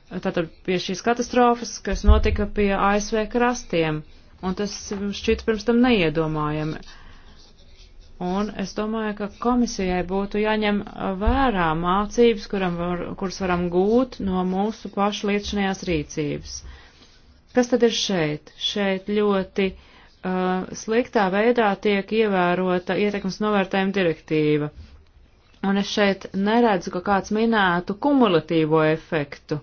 D: tātad pie šīs katastrofas, kas notika pie ASV krastiem. Un tas šķiet pirms tam neiedomājami. Un es domāju, ka komisijai būtu jāņem vērā mācības, var, kuras varam gūt no mūsu pašu liecinājās rīcības. Kas tad ir šeit? Šeit ļoti uh, uh, sliktā veidā tiek ievērota ietekmes novērtējuma direktīva. Un es šeit neredzu, ka kāds minētu kumulatīvo efektu,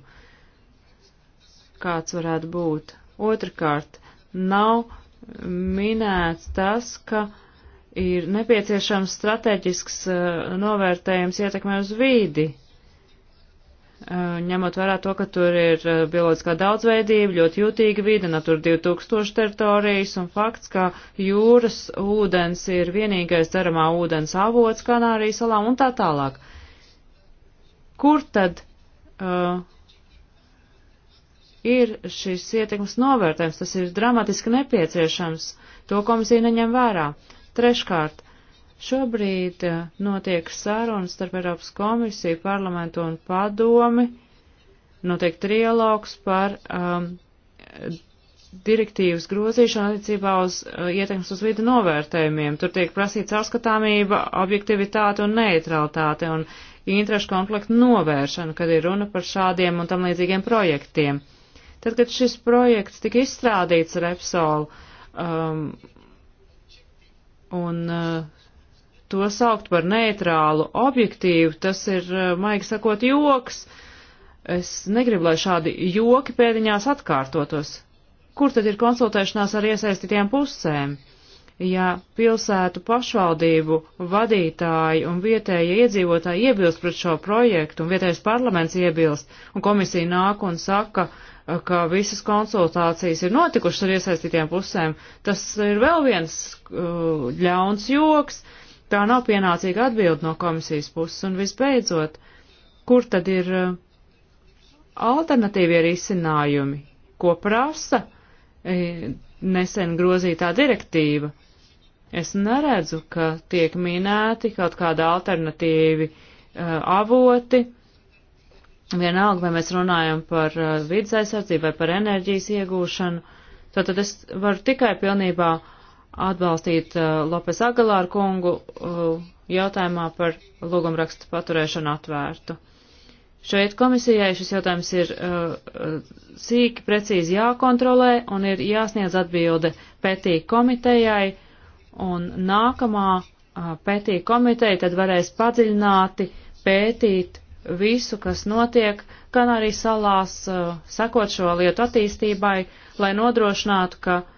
D: kāds varētu būt. Otrakārt, nav minēts tas, ka ir nepieciešams strateģisks uh, novērtējums ietekmē uz vīdi ņemot vērā to, ka tur ir bioloģiskā daudzveidība, ļoti jūtīga vide, natur 2000 teritorijas un fakts, ka jūras ūdens ir vienīgais dzeramā ūdens avots Kanārijas salām un tā tālāk. Kur tad uh, ir šis ietekmes novērtējums? Tas ir dramatiski nepieciešams. To komisija neņem vērā. Treškārt, Šobrīd eh, notiek sarunas starp Eiropas komisiju, parlamentu un padomi, notiek trialogs par um, direktīvas grozīšanu attiecībā uz uh, ietekmes uz vidu novērtējumiem. Tur tiek prasīts atskatāmība, objektivitāte un neutralitāte un interešu konfliktu novēršana, kad ir runa par šādiem un tam līdzīgiem projektiem. Tad, kad šis projekts tika izstrādīts Repsol um, un uh, to saukt par neitrālu objektīvu, tas ir, eh, maigi sakot, joks. Es negribu, lai šādi joki pēdiņās atkārtotos. Kur tad ir konsultēšanās ar iesaistītiem pusēm? Ja pilsētu pašvaldību vadītāji un vietējie iedzīvotāji iebilst pret šo projektu un vietējais parlaments iebilst un komisija nāk un saka, eh, ka visas konsultācijas ir notikušas ar iesaistītiem pusēm, tas ir vēl viens uh, ļauns joks. Uh, tā nav pienācīga atbilda no komisijas puses. Un visbeidzot, kur tad ir uh, alternatīvie risinājumi, ko prasa eh, nesen grozītā direktīva? Es neredzu, ka tiek minēti kaut kādi alternatīvi eh, avoti. Vienalga, vai mēs runājam par eh, vidas aizsardzību vai par enerģijas iegūšanu, tad es varu tikai pilnībā uh, atbalstīt uh, Lopes Agalāru kungu uh, jautājumā par lūgumrakstu paturēšanu atvērtu. Šeit komisijai šis jautājums ir uh, sīki, precīzi jākontrolē un ir jāsniedz atbilde pētī komitejai, un nākamā uh, pētī komiteja tad varēs padziļināti pētīt visu, kas notiek Kanārijas salās, uh, sekot šo lietu attīstībai, lai nodrošinātu, ka uh,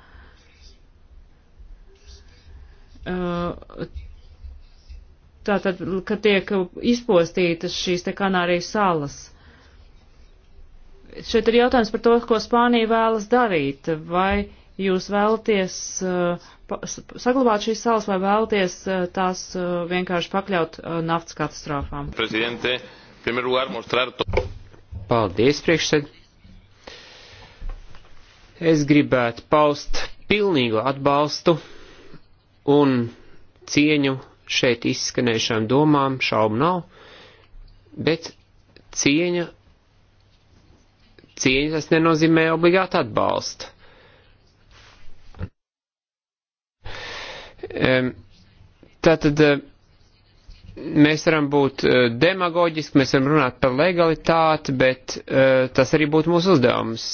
D: tātad, ka tiek izpostītas šīs te Kanārijas salas. Šeit ir jautājums par to, ko Spānija vēlas darīt. Vai jūs vēlaties uh, saglabāt šīs salas vai vēlaties uh, tās uh, vienkārši pakļaut naftas katastrofām?
E: Prezidente, pirmajā lugar mostrar to.
G: Paldies, priekšsēd. Es gribētu paust pilnīgu atbalstu un cieņu šeit izskanējušām domām, šaubu nav, bet cieņa, cieņa tas nenozīmē obligāti atbalstu. Tātad mēs varam būt eh, demagoģiski, mēs varam runāt par legalitāti, bet eh, tas arī būtu mūsu uzdevums.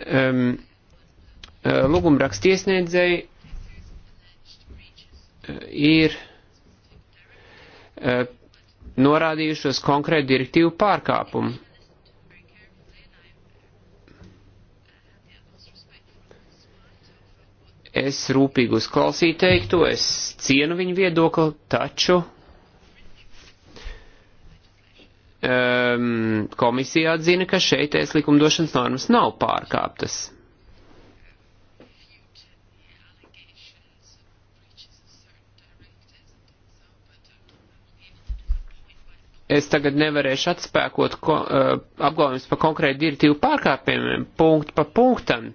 G: Eh, lūgumrakstiesniedzēji ir eh, norādījušos konkrētu direktīvu pārkāpumu. Es rūpīgi uzklausīju teikto, es cienu viņu viedokli, taču um, komisija atzina, ka šeit es likumdošanas normas nav pārkāptas. es tagad nevarēšu atspēkot ko, uh, apgalvojums par konkrētu direktīvu pārkāpumiem, punktu pa punktam.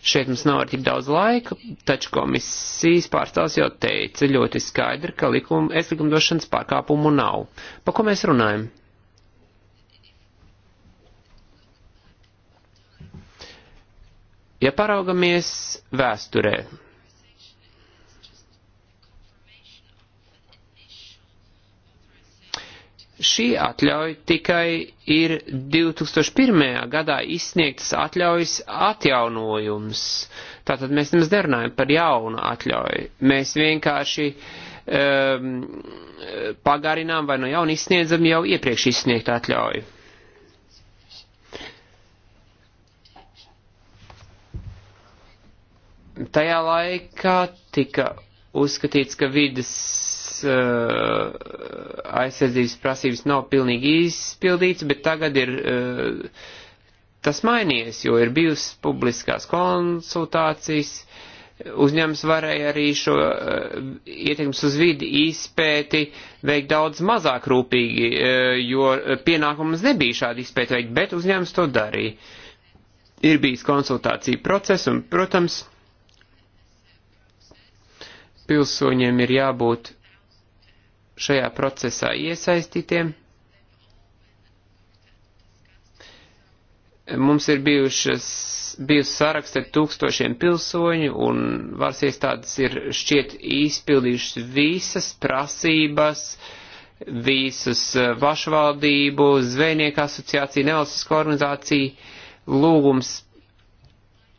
G: Šeit mums nav arī tik daudz laika, taču komisijas pārstāvs jau teica ļoti skaidri, ka likuma, es likumdošanas pārkāpumu nav. Pa ko mēs runājam? Ja paraugamies vēsturē, Šī atļauja tikai ir 2001. gadā izsniegtas atļaujas atjaunojums. Tātad mēs nemaz nerunājam par jaunu atļauju. Mēs vienkārši um, pagarinām vai no jauna izsniedzam jau iepriekš izsniegtu atļauju. Tajā laikā tika uzskatīts, ka vidas Eh, aizsardzības prasības nav pilnīgi izpildīts, bet tagad ir eh, tas mainījies, jo ir bijusi publiskās konsultācijas, uzņēmums varēja arī šo eh, ietekmes uz vidi izpēti veikt daudz mazāk rūpīgi, jo pienākums nebija šādi izpēti veikt, bet uzņēmums to darīja. Ir bijis konsultācija process un, protams, pilsoņiem ir jābūt šajā procesā iesaistītiem. Mums ir bijušas, bijusi saraksta ar tūkstošiem pilsoņu, un varas iestādes ir šķiet izpildījušas visas prasības, visus eh, pašvaldību, zvejnieku asociāciju, nevalstisko organizāciju lūgums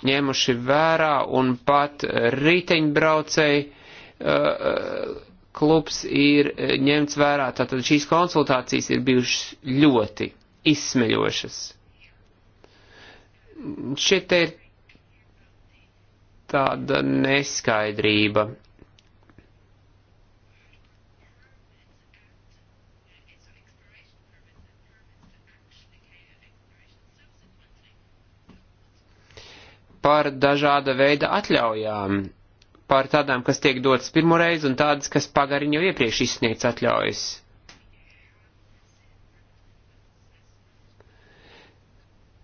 G: ņēmuši vērā, un pat riteņbraucēji uh, klubs ir e, ņemts vērā. Tātad šīs konsultācijas ir bijušas ļoti izsmeļošas. Šeit te ir tāda neskaidrība. Par dažāda veida atļaujām par tādām, kas tiek dotas pirmoreiz un tādas, kas pagariņo iepriekš izsniedz atļaujas.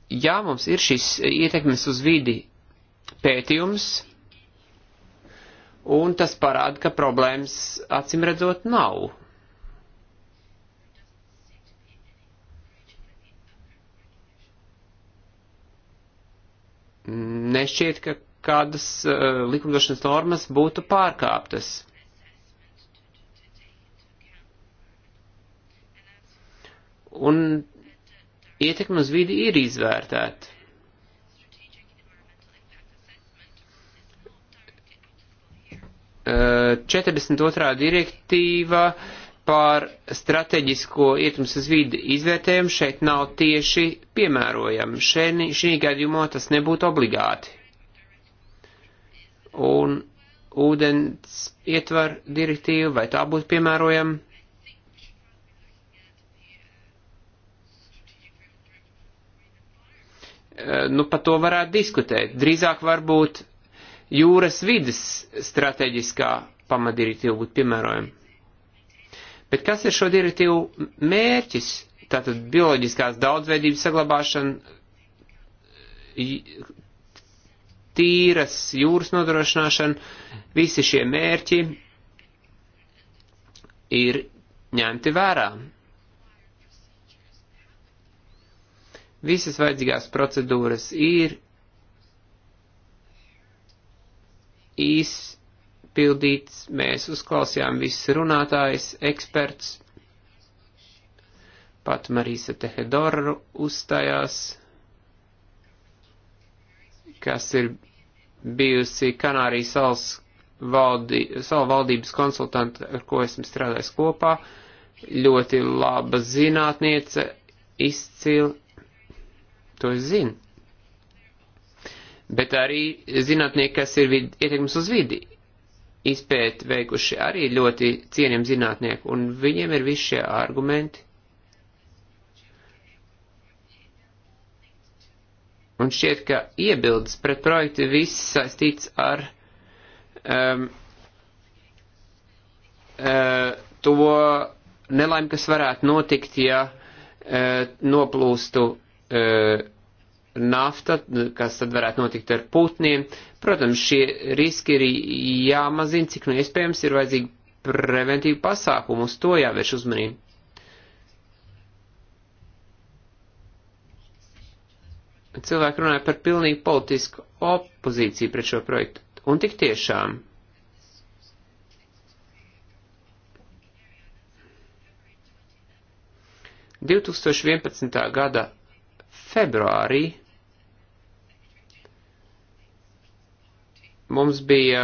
G: Jā, mums ir šis ietekmes uz vidi pētījums, un tas parāda, ka problēmas acimredzot nav. Nešķiet, ka kādas uh, likumdošanas normas būtu pārkāptas. Un ietekme uz vidi ir izvērtēta. Uh, eh, 42. direktīva par strateģisko ietekmes uz vidi izvērtējumu šeit nav tieši piemērojama. Šī gadījumā tas nebūtu obligāti un ūdens ietvar direktīva, vai tā būtu piemērojama? Eh, nu, par to varētu diskutēt. Drīzāk varbūt jūras vidas strateģiskā pamatdirektīva būtu piemērojama. Bet kas ir šo direktīvu mērķis? Tātad bioloģiskās daudzveidības saglabāšana, tīras jūras nodrošināšana, visi šie mērķi ir ņemti vērā. Visas vajadzīgās procedūras ir izpildīts, mēs uzklausījām visus runātājus, eksperts, pat Marīsa Tehedoru uzstājās kas ir bijusi Kanārijas salas valdi, salu valdības konsultanta, ar ko esmu strādājis kopā, ļoti laba zinātniece, izcila, to es zinu. Bet arī zinātnieki, kas ir vid, ietekmes uz vidi, izpēt veikuši arī ļoti cieniem zinātnieku, un viņiem ir visi šie argumenti, Un šķiet, ka iebildes pret projektu viss saistīts ar um, uh, to nelaimi, kas varētu notikt, ja uh, noplūstu uh, nafta, kas tad varētu notikt ar putniem. Protams, šie riski ir jāmazina, cik nu iespējams ir vajadzīgi preventīvi pasākumi, uz to jāvērš uzmanību. cilvēki runāja par pilnīgi politisku opozīciju pret šo projektu. Un tik tiešām. ...2011. gada februārī mums bija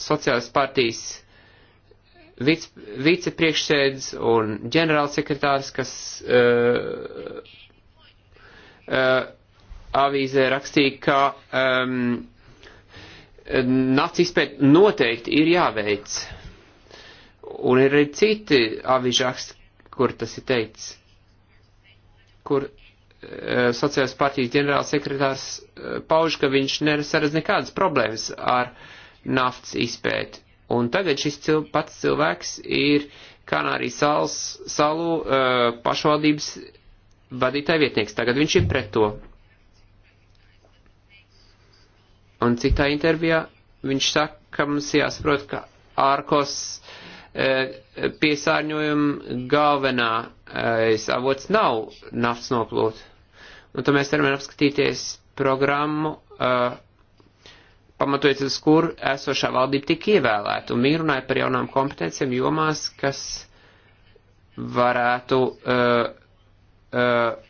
G: sociālas partijas vic, vicepriekšsēdz un ģenerālsekretārs, kas uh, uh, avīzē rakstīja, ka um, nakts izpēta noteikti ir jāveic. Un ir arī citi avīžāks, kur tas ir teicis, kur uh, sociālās partijas ģenerālsekretārs uh, pauž, ka viņš nesaredz nekādas problēmas ar naftas izpēti. Un tagad šis cil pats cilvēks ir Kanārijas salas, salu uh, pašvaldības vadītāja vietnieks. Tagad viņš ir pret to. Un citā intervijā viņš saka, ka mums jāsaprot, ka ārkos e, piesārņojuma galvenais e, avots nav naftas noplūde. Un tad mēs varam apskatīties programmu, uh, e, pamatojoties uz kur esošā valdība tika ievēlēta. Un viņi runāja par jaunām kompetencijām jomās, kas varētu uh, uh,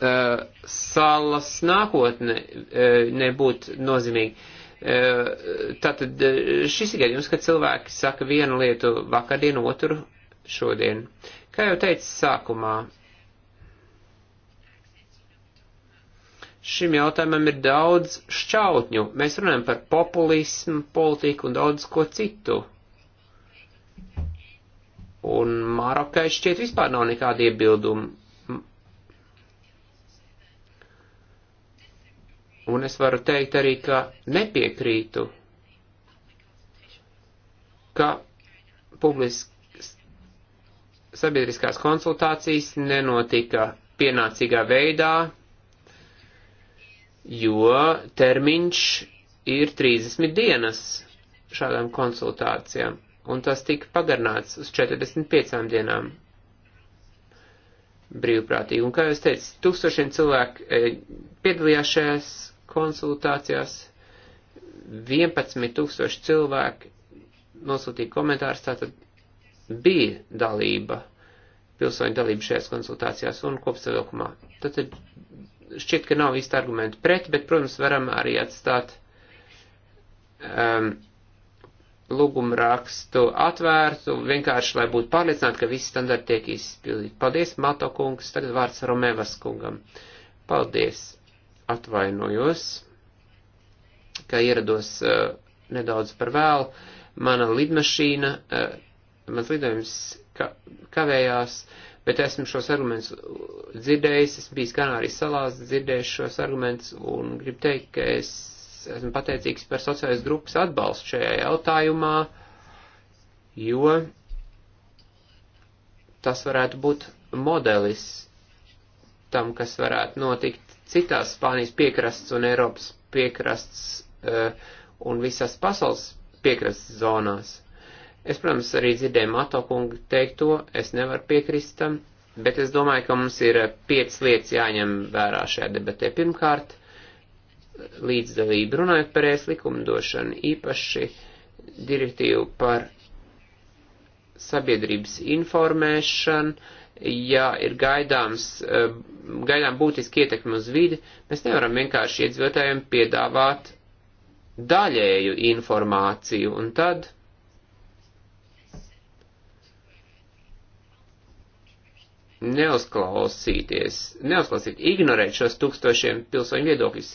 G: Eh, salas nākotne eh, nebūtu nozīmīga. Eh, tātad šis ir gadījums, kad cilvēki saka vienu lietu vakardien, otru šodien. Kā jau teicu sākumā, šim jautājumam ir daudz šķautņu. Mēs runājam par populismu, politiku un daudz ko citu. Un Marokai šķiet vispār nav nekāda iebilduma Un es varu teikt arī, ka nepiekrītu, ka publiski sabiedriskās konsultācijas nenotika pienācīgā veidā, jo termiņš ir 30 dienas šādām konsultācijām, un tas tika pagarnāts uz 45 dienām brīvprātīgi. Un, kā jūs teicat, tūkstošiem cilvēku eh, piedalījās šajās konsultācijās 11 tūkstoši cilvēki nosūtīja komentārus, tātad bija dalība, pilsoņu dalība šajās konsultācijās un kopsavilkumā. Tātad šķiet, ka nav īsti argumenti pret, bet, protams, varam arī atstāt um, lūgumu rakstu atvērtu, vienkārši, lai būtu pārliecināti, ka visi standarti tiek izpildīti. Paldies, Mato kungs, tagad vārds Romevas kungam. Paldies atvainojos, ka ierados uh, nedaudz par vēlu. Mana lidmašīna, uh, mans lidojums ka, kavējās, bet esmu šos argumentus dzirdējis, esmu bijis Kanārijas salās, dzirdējis šos argumentus un gribu teikt, ka es esmu pateicīgs par sociālais grupas atbalstu šajā jautājumā, jo tas varētu būt modelis tam, kas varētu notikt citās Spānijas piekrasts un Eiropas piekrasts uh, un visās pasaules piekrasts zonās. Es, protams, arī dzirdēju Mato kungu teikto, es nevaru piekrist tam, bet es domāju, ka mums ir eh, piecas lietas jāņem vērā šajā debatē. Pirmkārt, līdzdalība runājot par ēs likumdošanu, īpaši direktīvu par sabiedrības informēšanu, ja ir gaidāms, eh, gaidām būtiski ietekmi uz vidi, mēs nevaram vienkārši iedzīvotājiem piedāvāt daļēju informāciju, un tad neuzklausīties, neuzklausīt, ignorēt šos tūkstošiem pilsoņu viedokļus.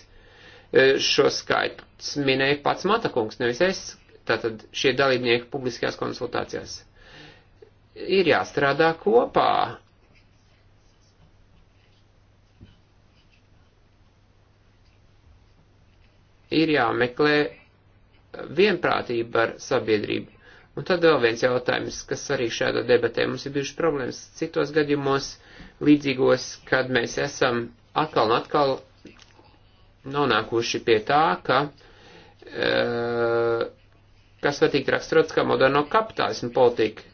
G: Eh, šo skaitu minēja pats Matakungs, nevis es, tātad šie dalībnieki publiskajās konsultācijās ir jāstrādā kopā. Ir jāmeklē vienprātība ar sabiedrību. Un tad vēl viens jautājums, kas arī šādā debatē mums ir bijuši problēmas citos gadījumos līdzīgos, kad mēs esam atkal un atkal nonākuši pie tā, ka, e, kas var tikt raksturots kā moderno kapitālismu politika,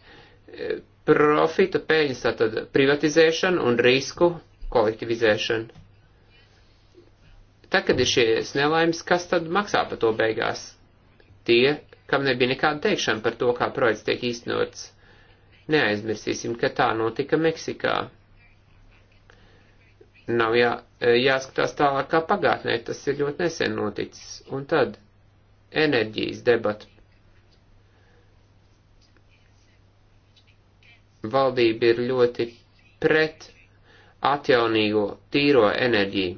G: Profita peļņas tātad privatizēšana un risku kolektivizēšana. Tad, kad ir šies nelaimes, kas tad maksā par to beigās? Tie, kam nebija nekāda teikšana par to, kā projekts tiek īstenots. Neaizmirsīsim, ka tā notika Meksikā. Nav jā, jāskatās tālākā pagātnē, tas ir ļoti nesen noticis. Un tad enerģijas debata valdība ir ļoti pret atjaunīgo tīro enerģiju.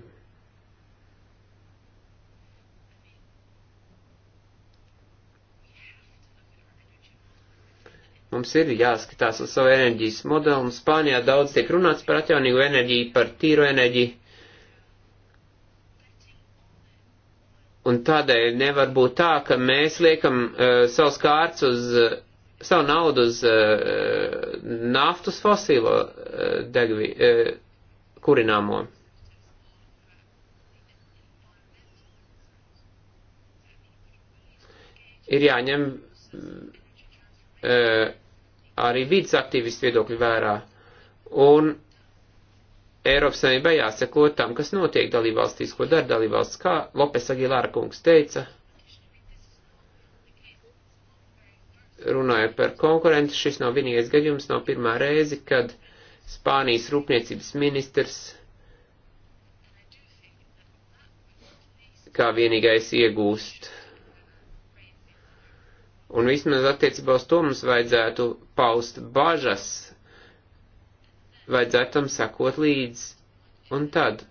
G: Mums ir jāskatās uz savu enerģijas modeli, un Spānijā daudz tiek runāts par atjaunīgo enerģiju, par tīro enerģiju. Un tādēļ nevar būt tā, ka mēs liekam uh, savus kārts uz uh, savu naudu uz uh, naftus fosīlo uh, eh, degvi, uh, kurināmo. Ir jāņem uh, arī vidas aktīvistu viedokļu vērā. Un Eiropas Savienībai jāseko tam, kas notiek dalībvalstīs, ko dara dalībvalsts, kā Lopes Agilāra kungs teica. Uh, runājot par konkurenci, šis nav vienīgais gadījums, nav pirmā reize, kad Spānijas rūpniecības ministrs kā vienīgais iegūst. Un vismaz attiecībā uz to mums vajadzētu paust bažas, vajadzētu tam sakot līdz, un tad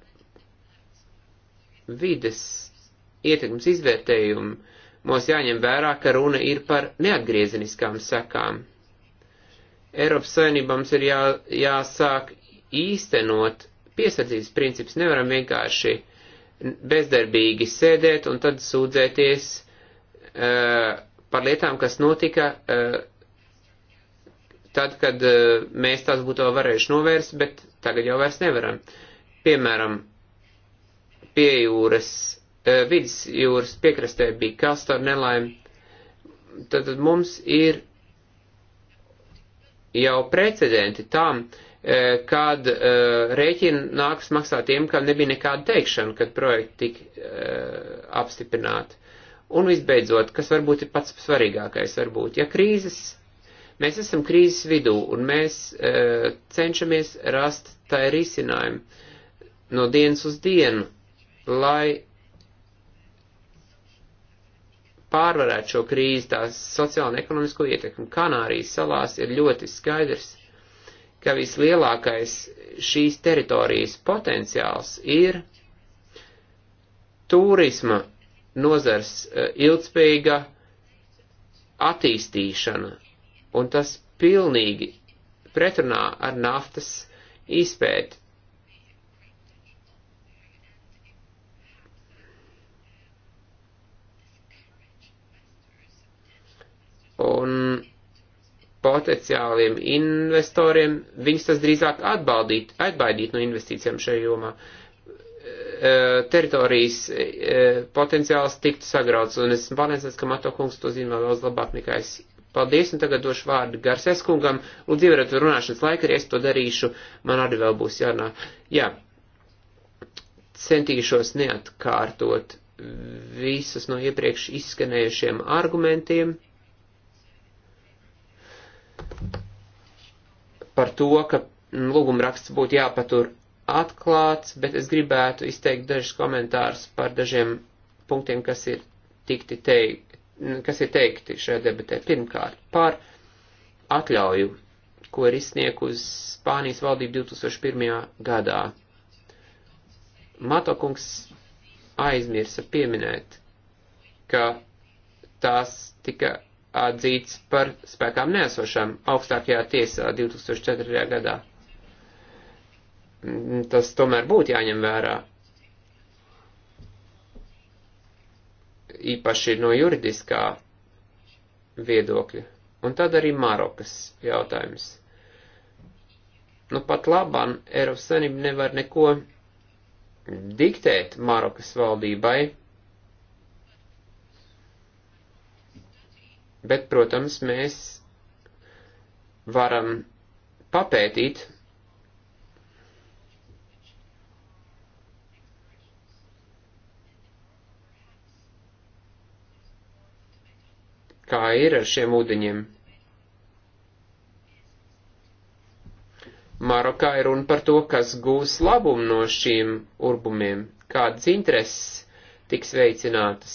G: vides ietekmes izvērtējumi Mums jāņem vērā, ka runa ir par neatgriezeniskām sekām. Eiropas saimnībams ir jā, jāsāk īstenot piesardzības princips. Nevaram vienkārši bezdarbīgi sēdēt un tad sūdzēties uh, par lietām, kas notika uh, tad, kad uh, mēs tās būtu vēl varējuši novērst, bet tagad jau vairs nevaram. Piemēram, pie jūras Eh, vidus jūras piekrastē bija kastor nelaime, tad, tad mums ir jau precedenti tam, eh, kad eh, rēķina nāks maksāt tiem, kam nebija nekāda teikšana, kad projekti tika apstiprināti. Un visbeidzot, kas varbūt ir pats svarīgākais, varbūt, ja krīzes, mēs esam krīzes vidū un mēs cenšamies rast tai risinājumu no dienas uz dienu, lai pārvarēt šo krīzi, tās sociālo un ekonomisko ietekmi. Kanārijas salās ir ļoti skaidrs, ka vislielākais šīs teritorijas potenciāls ir turisma nozars eh, ilgspējīga attīstīšana, un tas pilnīgi pretrunā ar naftas izpēti. un potenciāliem investoriem, viņus tas drīzāk atbaldīt, atbaidīt no investīcijām šajā jomā. E, teritorijas e, potenciāls tiktu sagrauts, un esmu pārliecināts, ka Mato kungs to zina vēl daudz labāk nekā es. Paldies, un tagad došu vārdu Garses kungam. Lūdzu, ievērot runāšanas laiku, arī es to darīšu, man arī vēl būs jārunā. Jā, centīšos neatkārtot visus no iepriekš izskanējušiem argumentiem par to, ka lūgumraksts būtu jāpatur atklāts, bet es gribētu izteikt dažus komentārus par dažiem punktiem, kas ir, tikti teik, kas ir teikti šajā debatē. Pirmkārt, par atļauju, ko ir izsniegus Spānijas valdība 2001. gadā. Matokungs aizmirsa pieminēt, ka tās tika atzīts par spēkām neesošām augstākajā tiesā 2004. gadā. Mm, tas tomēr būtu jāņem vērā. Īpaši no juridiskā viedokļa. Un tad arī Marokas jautājums. Nu pat labam Eiropas Savienība nevar neko diktēt Marokas valdībai, bet, protams, mēs varam papētīt kā ir ar šiem ūdeņiem. Marokā ir runa par to, kas gūs labumu no šiem urbumiem, kādas intereses tiks veicinātas.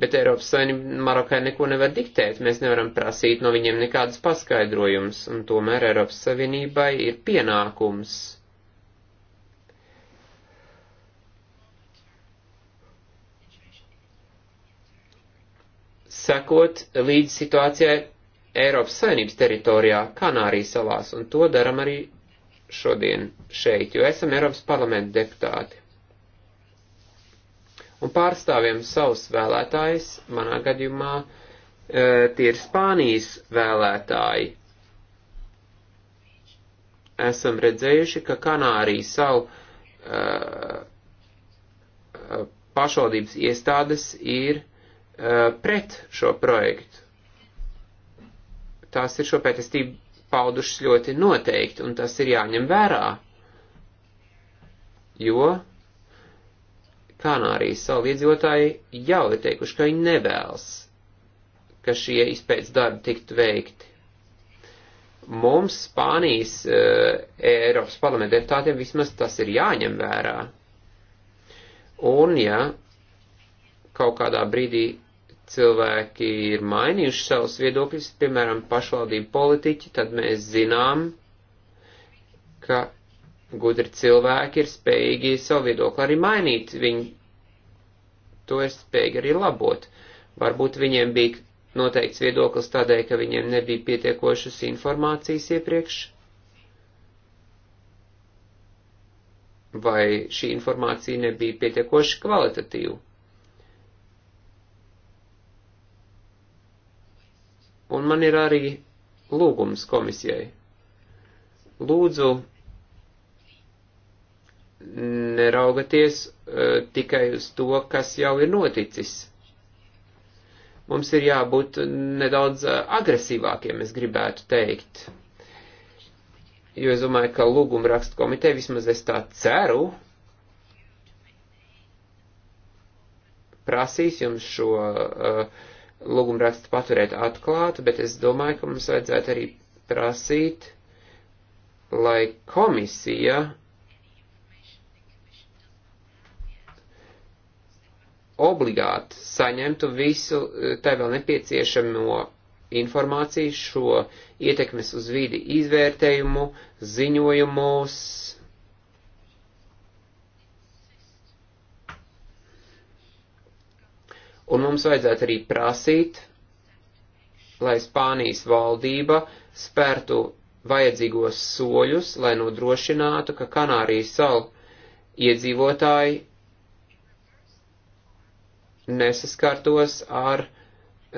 G: Bet Eiropas Savienība Marokai neko nevar diktēt, mēs nevaram prasīt no viņiem nekādas paskaidrojumus, un tomēr Eiropas Savienībai ir pienākums. Sekot līdz situācijai Eiropas Savienības teritorijā, Kanārijas salās, un to daram arī šodien šeit, jo esam Eiropas parlamenta deputāti un pārstāvjam savus vēlētājus, manā gadījumā e, tie ir Spānijas vēlētāji. Esam redzējuši, ka Kanārija savu e, e, pašvaldības iestādes ir pret šo projektu. Tās ir šo pētestību paudušas ļoti noteikti, un tas ir jāņem vērā, jo Kanārijas salu iedzīvotāji jau ir teikuši, ka viņi nevēlas, ka šie izpētes darbi tiktu veikti. Mums, Spānijas uh, Eiropas parlamenta deputātiem, vismaz tas ir jāņem vērā. Un, ja kaut kādā brīdī cilvēki ir mainījuši savus viedokļus, piemēram, pašvaldību politiķi, tad mēs zinām, ka gudri cilvēki ir spējīgi savu viedokli arī mainīt, viņi to ir spējīgi arī labot. Varbūt viņiem bija noteikts viedoklis tādēļ, ka viņiem nebija pietiekošas informācijas iepriekš, vai šī informācija nebija pietiekoši kvalitatīva. Un man ir arī lūgums komisijai. Lūdzu, neraugaties uh, e, tikai uz to, kas jau ir noticis. Mums ir jābūt nedaudz e, agresīvākiem, es gribētu teikt. Jo es domāju, ka lūguma rakstu komiteja, vismaz es tā ceru, prasīs jums šo uh, e, lūgumu rakstu paturēt atklātu, bet es domāju, ka mums vajadzētu arī prasīt, lai komisija obligāti saņemtu visu eh, tai vēl nepieciešamo informāciju, šo ietekmes uz vidi izvērtējumu, ziņojumus. Un mums vajadzētu arī prasīt, lai Spānijas valdība spērtu vajadzīgos soļus, lai nodrošinātu, ka Kanārijas salu iedzīvotāji nesaskartos ar uh,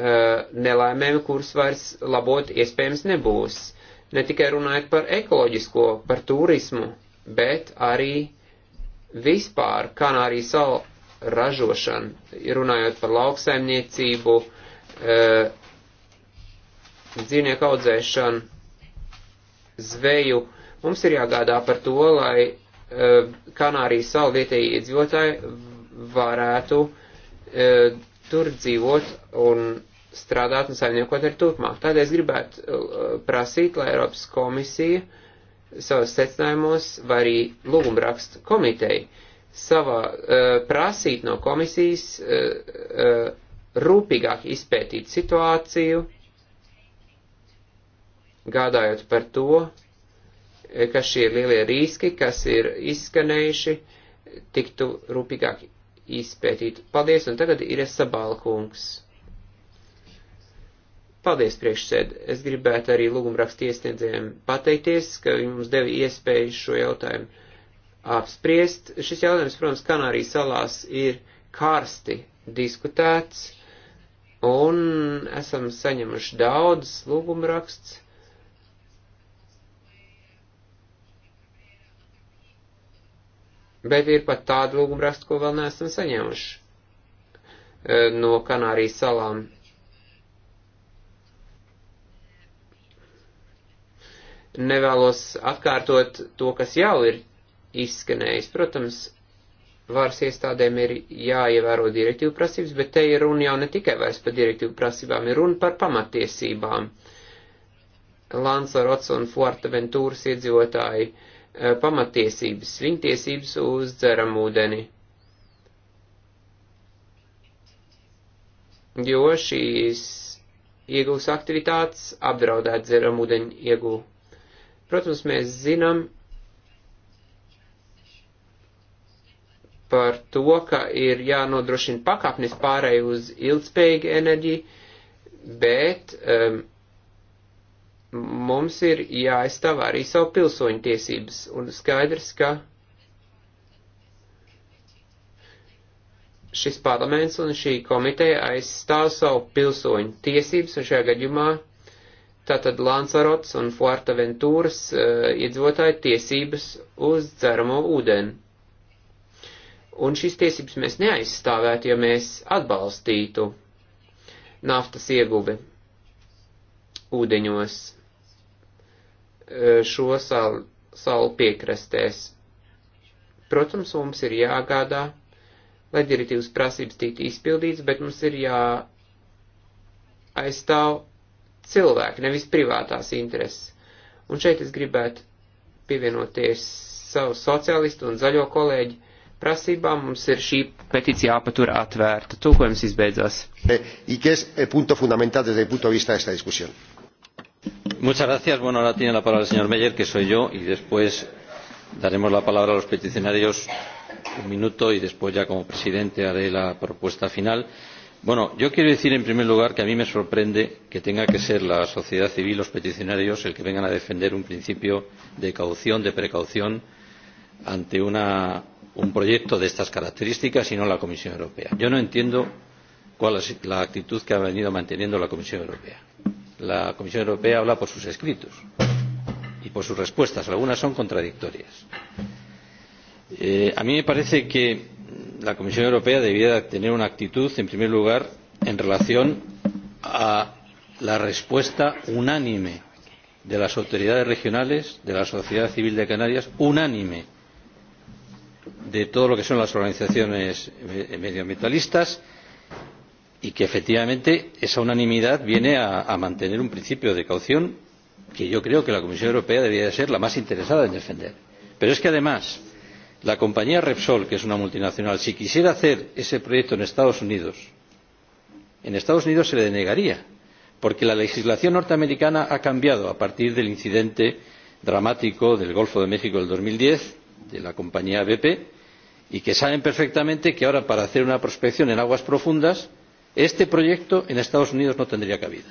G: nelaimēm, kuras vairs labot iespējams nebūs. Ne tikai runājot par ekoloģisko, par turismu, bet arī vispār Kanārijas salu ražošanu, runājot par lauksaimniecību, uh, dzīvnieku audzēšanu, zveju. Mums ir jāgādā par to, lai uh, Kanārijas salu vietējie iedzīvotāji varētu uh, E, tur dzīvot un strādāt un saimniekot arī turpmāk. Tādēļ es gribētu e, prasīt, lai Eiropas komisija savos secinājumos vai arī lūgumrakstu komiteju savā e, prasīt no komisijas rūpīgāk izpētīt situāciju, gādājot par to, ka šie lielie riski, kas ir izskanējuši, tiktu rūpīgāk izpētīt. Paldies, un tagad ir Sabāla kungs. Paldies, priekšsēd. Es gribētu arī lūgumrakstu iesniedzējiem pateikties, ka viņi mums deva iespēju šo jautājumu apspriest. Šis jautājums, protams, Kanārijas salās ir karsti diskutēts, un esam saņemuši daudz lūgumraksts. bet ir pat tādu lūgumu rakstu, ko vēl neesam saņēmuši e, no Kanārijas salām. Nevēlos atkārtot to, kas jau ir izskanējis. Protams, varas iestādēm ir jāievēro direktīvu prasības, bet te ir runa jau ne tikai vairs par direktīvu prasībām, ir runa par pamatiesībām. Lanzarots un Fuerteventūras iedzīvotāji uh, Eh, pamatiesības, viņa tiesības uz dzeram ūdeni. Jo šīs iegūs aktivitātes apdraudēt dzeram ūdeni iegū. Protams, mēs zinām par to, ka ir jānodrošina pakāpnis pārēj uz ilgspējīgu enerģiju, bet um, mums ir jāaizstāv arī savu pilsoņu tiesības, un skaidrs, ka šis parlaments un šī komiteja aizstāv savu pilsoņu tiesības, un šajā gadījumā tātad Lansarots un Fuerteventūras uh, eh, iedzīvotāju tiesības uz dzeramo ūdeni. Un šīs tiesības mēs neaizstāvētu, ja mēs atbalstītu naftas ieguvi ūdeņos. Eh, šo salu, salu piekrastēs. Protams, mums ir jāgādā, lai direktīvas prasības tiktu izpildītas, bet mums ir jāaizstāv cilvēki, nevis privātās intereses. Un šeit es gribētu pievienoties savu sociālistu un zaļo kolēģi prasībām. Mums ir šī peticija jāpatur atvērta. Tūkojums izbeidzās. E,
F: y que es el eh, punto fundamental desde el punto de vista de esta discusión. Muchas gracias. Bueno, ahora tiene la palabra el señor Meyer, que soy yo, y después daremos la palabra a los peticionarios un minuto y después ya como presidente haré la propuesta final. Bueno, yo quiero decir en primer lugar que a mí me sorprende que tenga que ser la sociedad civil, los peticionarios, el que vengan a defender un principio de caución, de precaución, ante una, un proyecto de estas características y no la Comisión Europea. Yo no entiendo cuál es la actitud que ha venido manteniendo la Comisión Europea la comisión europea habla por sus escritos y por sus respuestas algunas son contradictorias. Eh, a mí me parece que la comisión europea debiera tener una actitud en primer lugar en relación con la respuesta unánime de las autoridades regionales de la sociedad civil de canarias unánime de todo lo que son las organizaciones medioambientalistas y y que efectivamente esa unanimidad viene a, a mantener un principio de caución que yo creo que la Comisión Europea debería ser la más interesada en defender. Pero es que además la compañía Repsol, que es una multinacional, si quisiera hacer ese proyecto en Estados Unidos, en Estados Unidos se le denegaría, porque la legislación norteamericana ha cambiado a partir del incidente dramático del Golfo de México del 2010 de la compañía BP y que saben perfectamente que ahora para hacer una prospección en aguas profundas este proyecto en los estados unidos no tendría cabida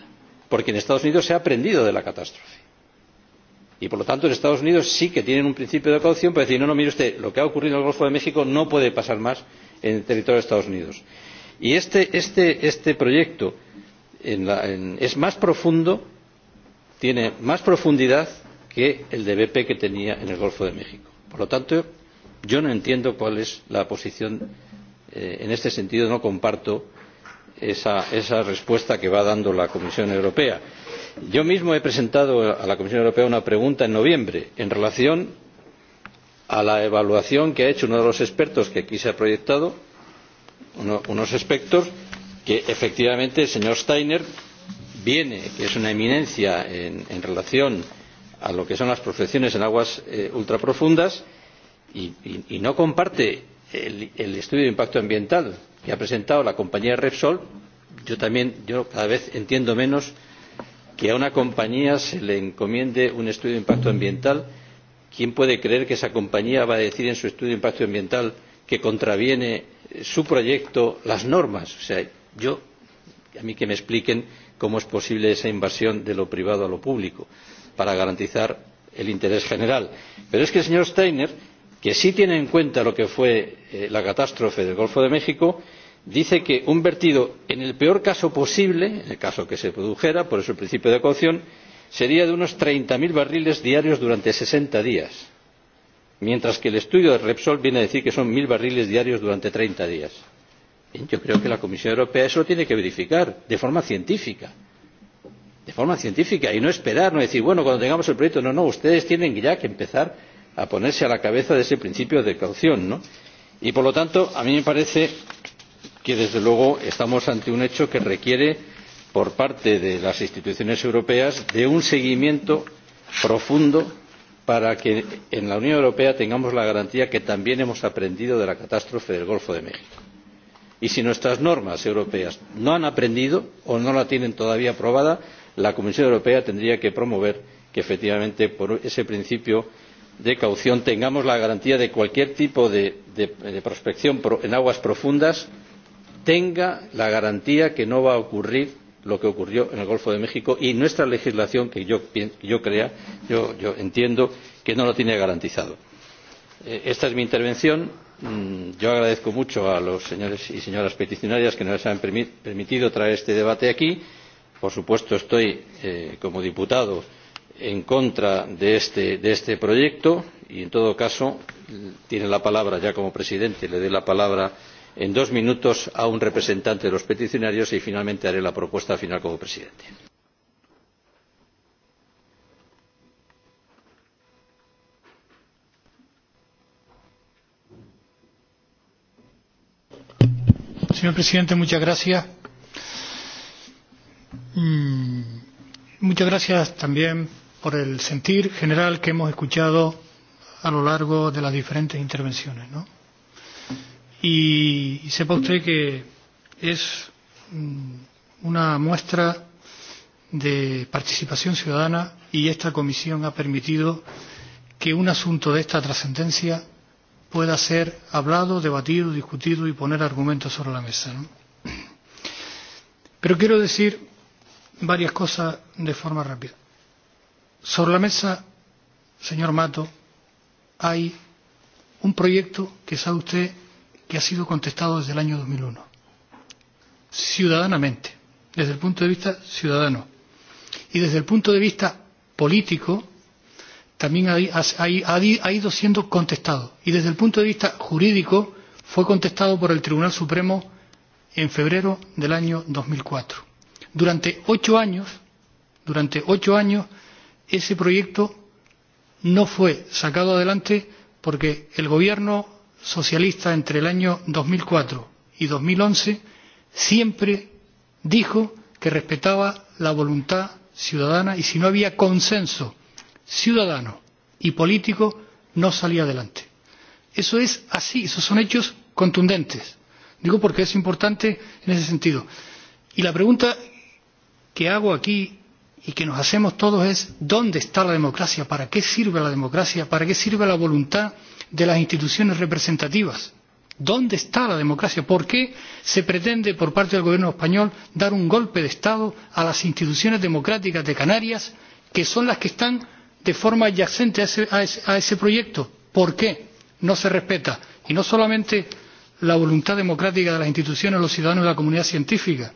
F: porque en los estados unidos se ha aprendido de la catástrofe y por lo tanto en los estados unidos sí que tienen un principio de precaución para decir no no mire usted lo que ha ocurrido en el golfo de méxico no puede pasar más en el territorio de los estados unidos. y este proyecto es más profundo tiene más profundidad que el de bp que tenía en el golfo de méxico. por lo tanto yo no entiendo cuál es la posición eh, en este sentido no comparto esa, esa respuesta que va dando la Comisión Europea. Yo mismo he presentado a la Comisión Europea una pregunta en noviembre en relación a la evaluación que ha hecho uno de los expertos que aquí se ha proyectado, uno, unos expertos que efectivamente el señor Steiner viene, que es una eminencia en, en relación a lo que son las profecciones en aguas eh, ultraprofundas, y, y, y no comparte el, el estudio de impacto ambiental que ha presentado la compañía Repsol, yo también yo cada vez entiendo menos que a una compañía se le encomiende un estudio de impacto ambiental. ¿Quién puede creer que esa compañía va a decir en su estudio de impacto ambiental que contraviene su proyecto las normas? O sea, yo, a mí que me expliquen cómo es posible esa invasión de lo privado a lo público para garantizar el interés general. Pero es que el señor Steiner, que sí tiene en cuenta lo que fue eh, la catástrofe del Golfo de México, dice que un vertido en el peor caso posible en el caso de que se produjera por eso el principio de precaución sería de unos treinta cero barriles diarios durante sesenta días mientras que el estudio de repsol viene a decir que son mil barriles diarios durante treinta días. yo creo que la comisión europea eso lo tiene que verificar de forma científica de forma científica y no esperar no decir bueno cuando tengamos el proyecto no no ustedes tienen ya que empezar a ponerse a la cabeza de ese principio de precaución ¿no? y por lo tanto a mí me parece que desde luego estamos ante un hecho que requiere por parte de las instituciones europeas de un seguimiento profundo para que en la unión europea tengamos la garantía de que también hemos aprendido de la catástrofe del golfo de méxico. y si nuestras normas europeas no han aprendido o no la tienen todavía aprobada la comisión europea tendría que promover que efectivamente por ese principio de caución tengamos la garantía de cualquier tipo de, de, de prospección en aguas profundas tenga la garantía de que no va a ocurrir lo que ocurrió en el golfo de méxico y nuestra legislación que yo, yo entiendo que no lo tiene garantizado. Eh, esta es mi intervención. Mm, yo agradezco mucho a los señores y señoras peticionarias que nos hayan permitido traer este debate aquí. por supuesto estoy eh, como diputado en contra de este, de este proyecto y en todo caso tiene la palabra ya como presidente le doy la palabra en dos minutos a un representante de los peticionarios y finalmente haré la propuesta final como presidente.
C: Señor presidente, muchas gracias. Mm, muchas gracias también por el sentir general que hemos escuchado a lo largo de las diferentes intervenciones. ¿no? y sepa usted que es mm, una muestra de participación ciudadana y esta comisión ha permitido que un asunto de esta trascendencia pueda ser hablado, debatido, discutido y poner argumentos sobre la mesa. ¿no? Pero quiero decir varias cosas de forma rápida. Sobre la mesa, señor Mato, hay un proyecto que sabe usted que ha sido contestado desde el año 2001, ciudadanamente, desde el punto de vista ciudadano. Y desde el punto de vista político, también ha, ha, ha ido siendo contestado. Y desde el punto de vista jurídico, fue contestado por el Tribunal Supremo en febrero del año 2004. Durante ocho años, durante ocho años, ese proyecto no fue sacado adelante porque el gobierno socialista entre el año dos mil cuatro y dos mil once siempre dijo que respetaba la voluntad ciudadana y si no había consenso ciudadano y político no salía adelante. Eso es así, esos son hechos contundentes. Digo porque es importante en ese sentido. Y la pregunta que hago aquí y que nos hacemos todos es ¿dónde está la democracia? ¿Para qué sirve la democracia? ¿Para qué sirve la voluntad de las instituciones representativas. ¿Dónde está la democracia? ¿Por qué se pretende por parte del gobierno español dar un golpe de Estado a las instituciones democráticas de Canarias, que son las que están de forma adyacente a ese, a ese, a ese proyecto? ¿Por qué no se respeta? Y no solamente la voluntad democrática de las instituciones, los ciudadanos y la comunidad científica,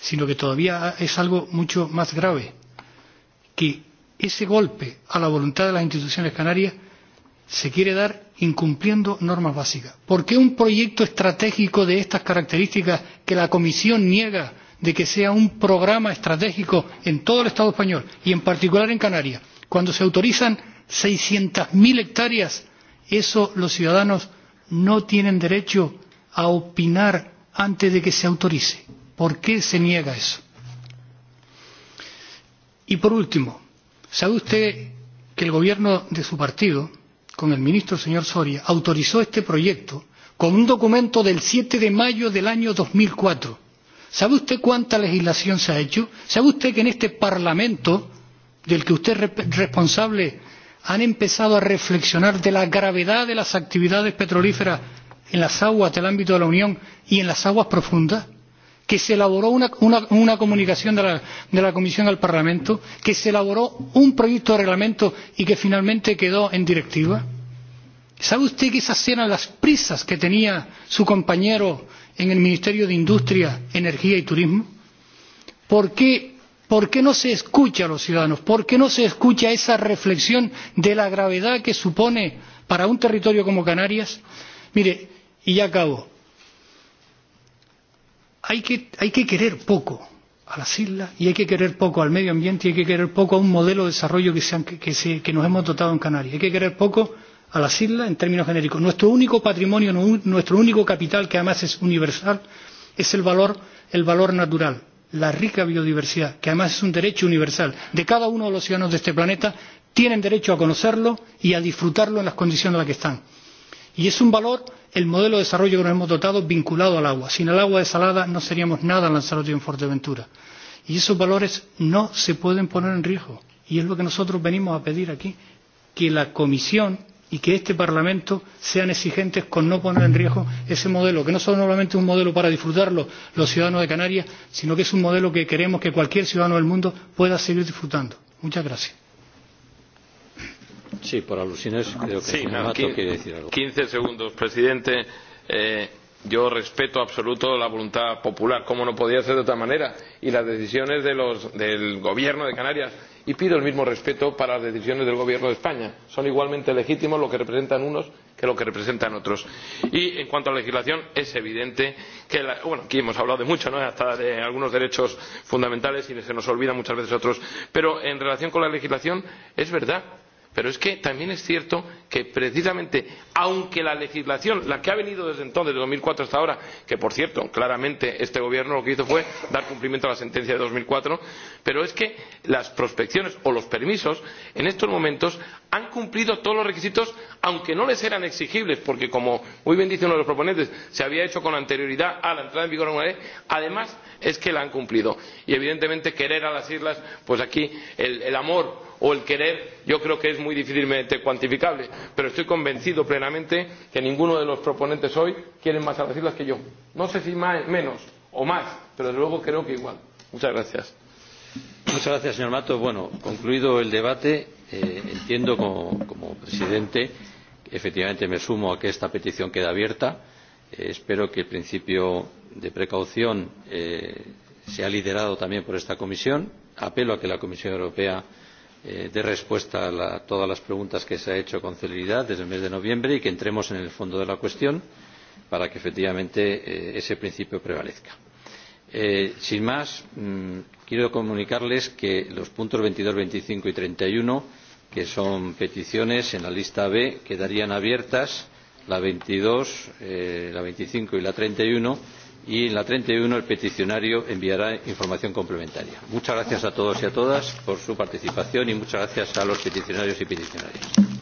C: sino que todavía es algo mucho más grave, que ese golpe a la voluntad de las instituciones canarias se quiere dar incumpliendo normas básicas. ¿Por qué un proyecto estratégico de estas características que la Comisión niega de que sea un programa estratégico en todo el Estado español y en particular en Canarias, cuando se autorizan 600.000 hectáreas, eso los ciudadanos no tienen derecho a opinar antes de que se autorice? ¿Por qué se niega eso? Y por último, ¿sabe usted que el gobierno de su partido con el ministro señor Soria autorizó este proyecto con un documento del 7 de mayo del año 2004. ¿Sabe usted cuánta legislación se ha hecho? ¿Sabe usted que en este Parlamento, del que usted es responsable, han empezado a reflexionar de la gravedad de las actividades petrolíferas en las aguas del ámbito de la Unión y en las aguas profundas? que se elaboró una, una, una comunicación de la, de la Comisión al Parlamento, que se elaboró un proyecto de reglamento y que finalmente quedó en directiva? ¿Sabe usted que esas eran las prisas que tenía su compañero en el Ministerio de Industria, Energía y Turismo? ¿Por qué, por qué no se escucha a los ciudadanos? ¿Por qué no se escucha esa reflexión de la gravedad que supone para un territorio como Canarias? Mire, y ya acabo hay que, hay que querer poco a las islas y hay que querer poco al medio ambiente y hay que querer poco a un modelo de desarrollo que, se han, que, se, que nos hemos dotado en Canarias. Hay que querer poco a las islas en términos genéricos. Nuestro único patrimonio, nuestro único capital, que además es universal, es el valor, el valor natural, la rica biodiversidad, que además es un derecho universal de cada uno de los ciudadanos de este planeta, tienen derecho a conocerlo y a disfrutarlo en las condiciones en las que están. Y es un valor el modelo de desarrollo que nos hemos dotado vinculado al agua. Sin el agua desalada no seríamos nada en Lanzarote y en Fuerteventura. Y esos valores no se pueden poner en riesgo. Y es lo que nosotros venimos a pedir aquí, que la Comisión y que este Parlamento sean exigentes con no poner en riesgo ese modelo, que no solamente es un modelo para disfrutarlo los ciudadanos de Canarias, sino que es un modelo que queremos que cualquier ciudadano del mundo pueda seguir disfrutando. Muchas gracias.
E: Sí, por alusiones creo que sí, el señor no, Mato quiere decir algo. 15 segundos, presidente. Eh, yo respeto absoluto la voluntad popular, como no podía ser de otra manera, y las decisiones de los, del Gobierno de Canarias. Y pido el mismo respeto para las decisiones del Gobierno de España. Son igualmente legítimos lo que representan unos que lo que representan otros. Y en cuanto a la legislación, es evidente que, la, bueno, aquí hemos hablado de mucho, ¿no? hasta de algunos derechos fundamentales y se nos olvida muchas veces otros. Pero en relación con la legislación, es verdad Pero es que también es cierto que precisamente, aunque la legislación, la que ha venido desde entonces, de 2004 hasta ahora, que por cierto, claramente este gobierno lo que hizo fue dar cumplimiento a la sentencia de 2004, pero es que las prospecciones o los permisos en estos momentos han cumplido todos los requisitos, aunque no les eran exigibles, porque como muy bien dice uno de los proponentes, se había hecho con anterioridad a la entrada en vigor de una ley, además es que la han cumplido. Y evidentemente querer a las islas, pues aquí el, el amor o el querer yo creo que es muy difícilmente cuantificable pero estoy convencido plenamente de que ninguno de los proponentes hoy quiere más a las islas que yo no sé si más, menos o más pero desde luego creo que igual.
F: muchas gracias. Muchas gracias, señor Mato. Bueno, concluido el debate, eh, entiendo como, como presidente, efectivamente me sumo a que esta petición queda abierta. Eh, espero que el principio de precaución eh, sea liderado también por esta comisión. Apelo a que la Comisión Europea eh, dé respuesta a la, todas las preguntas que se han hecho con celeridad desde el mes de noviembre y que entremos en el fondo de la cuestión para que efectivamente eh, ese principio prevalezca. Eh, sin más, mmm, quiero comunicarles que los puntos veintidós veinticinco y treinta y uno que son peticiones en la lista b quedarían abiertas la veintidós eh, la veinticinco y la treinta y uno y en la treinta y uno el peticionario enviará información complementaria. muchas gracias a todos y a todas por su participación y muchas gracias a los peticionarios y peticionarias.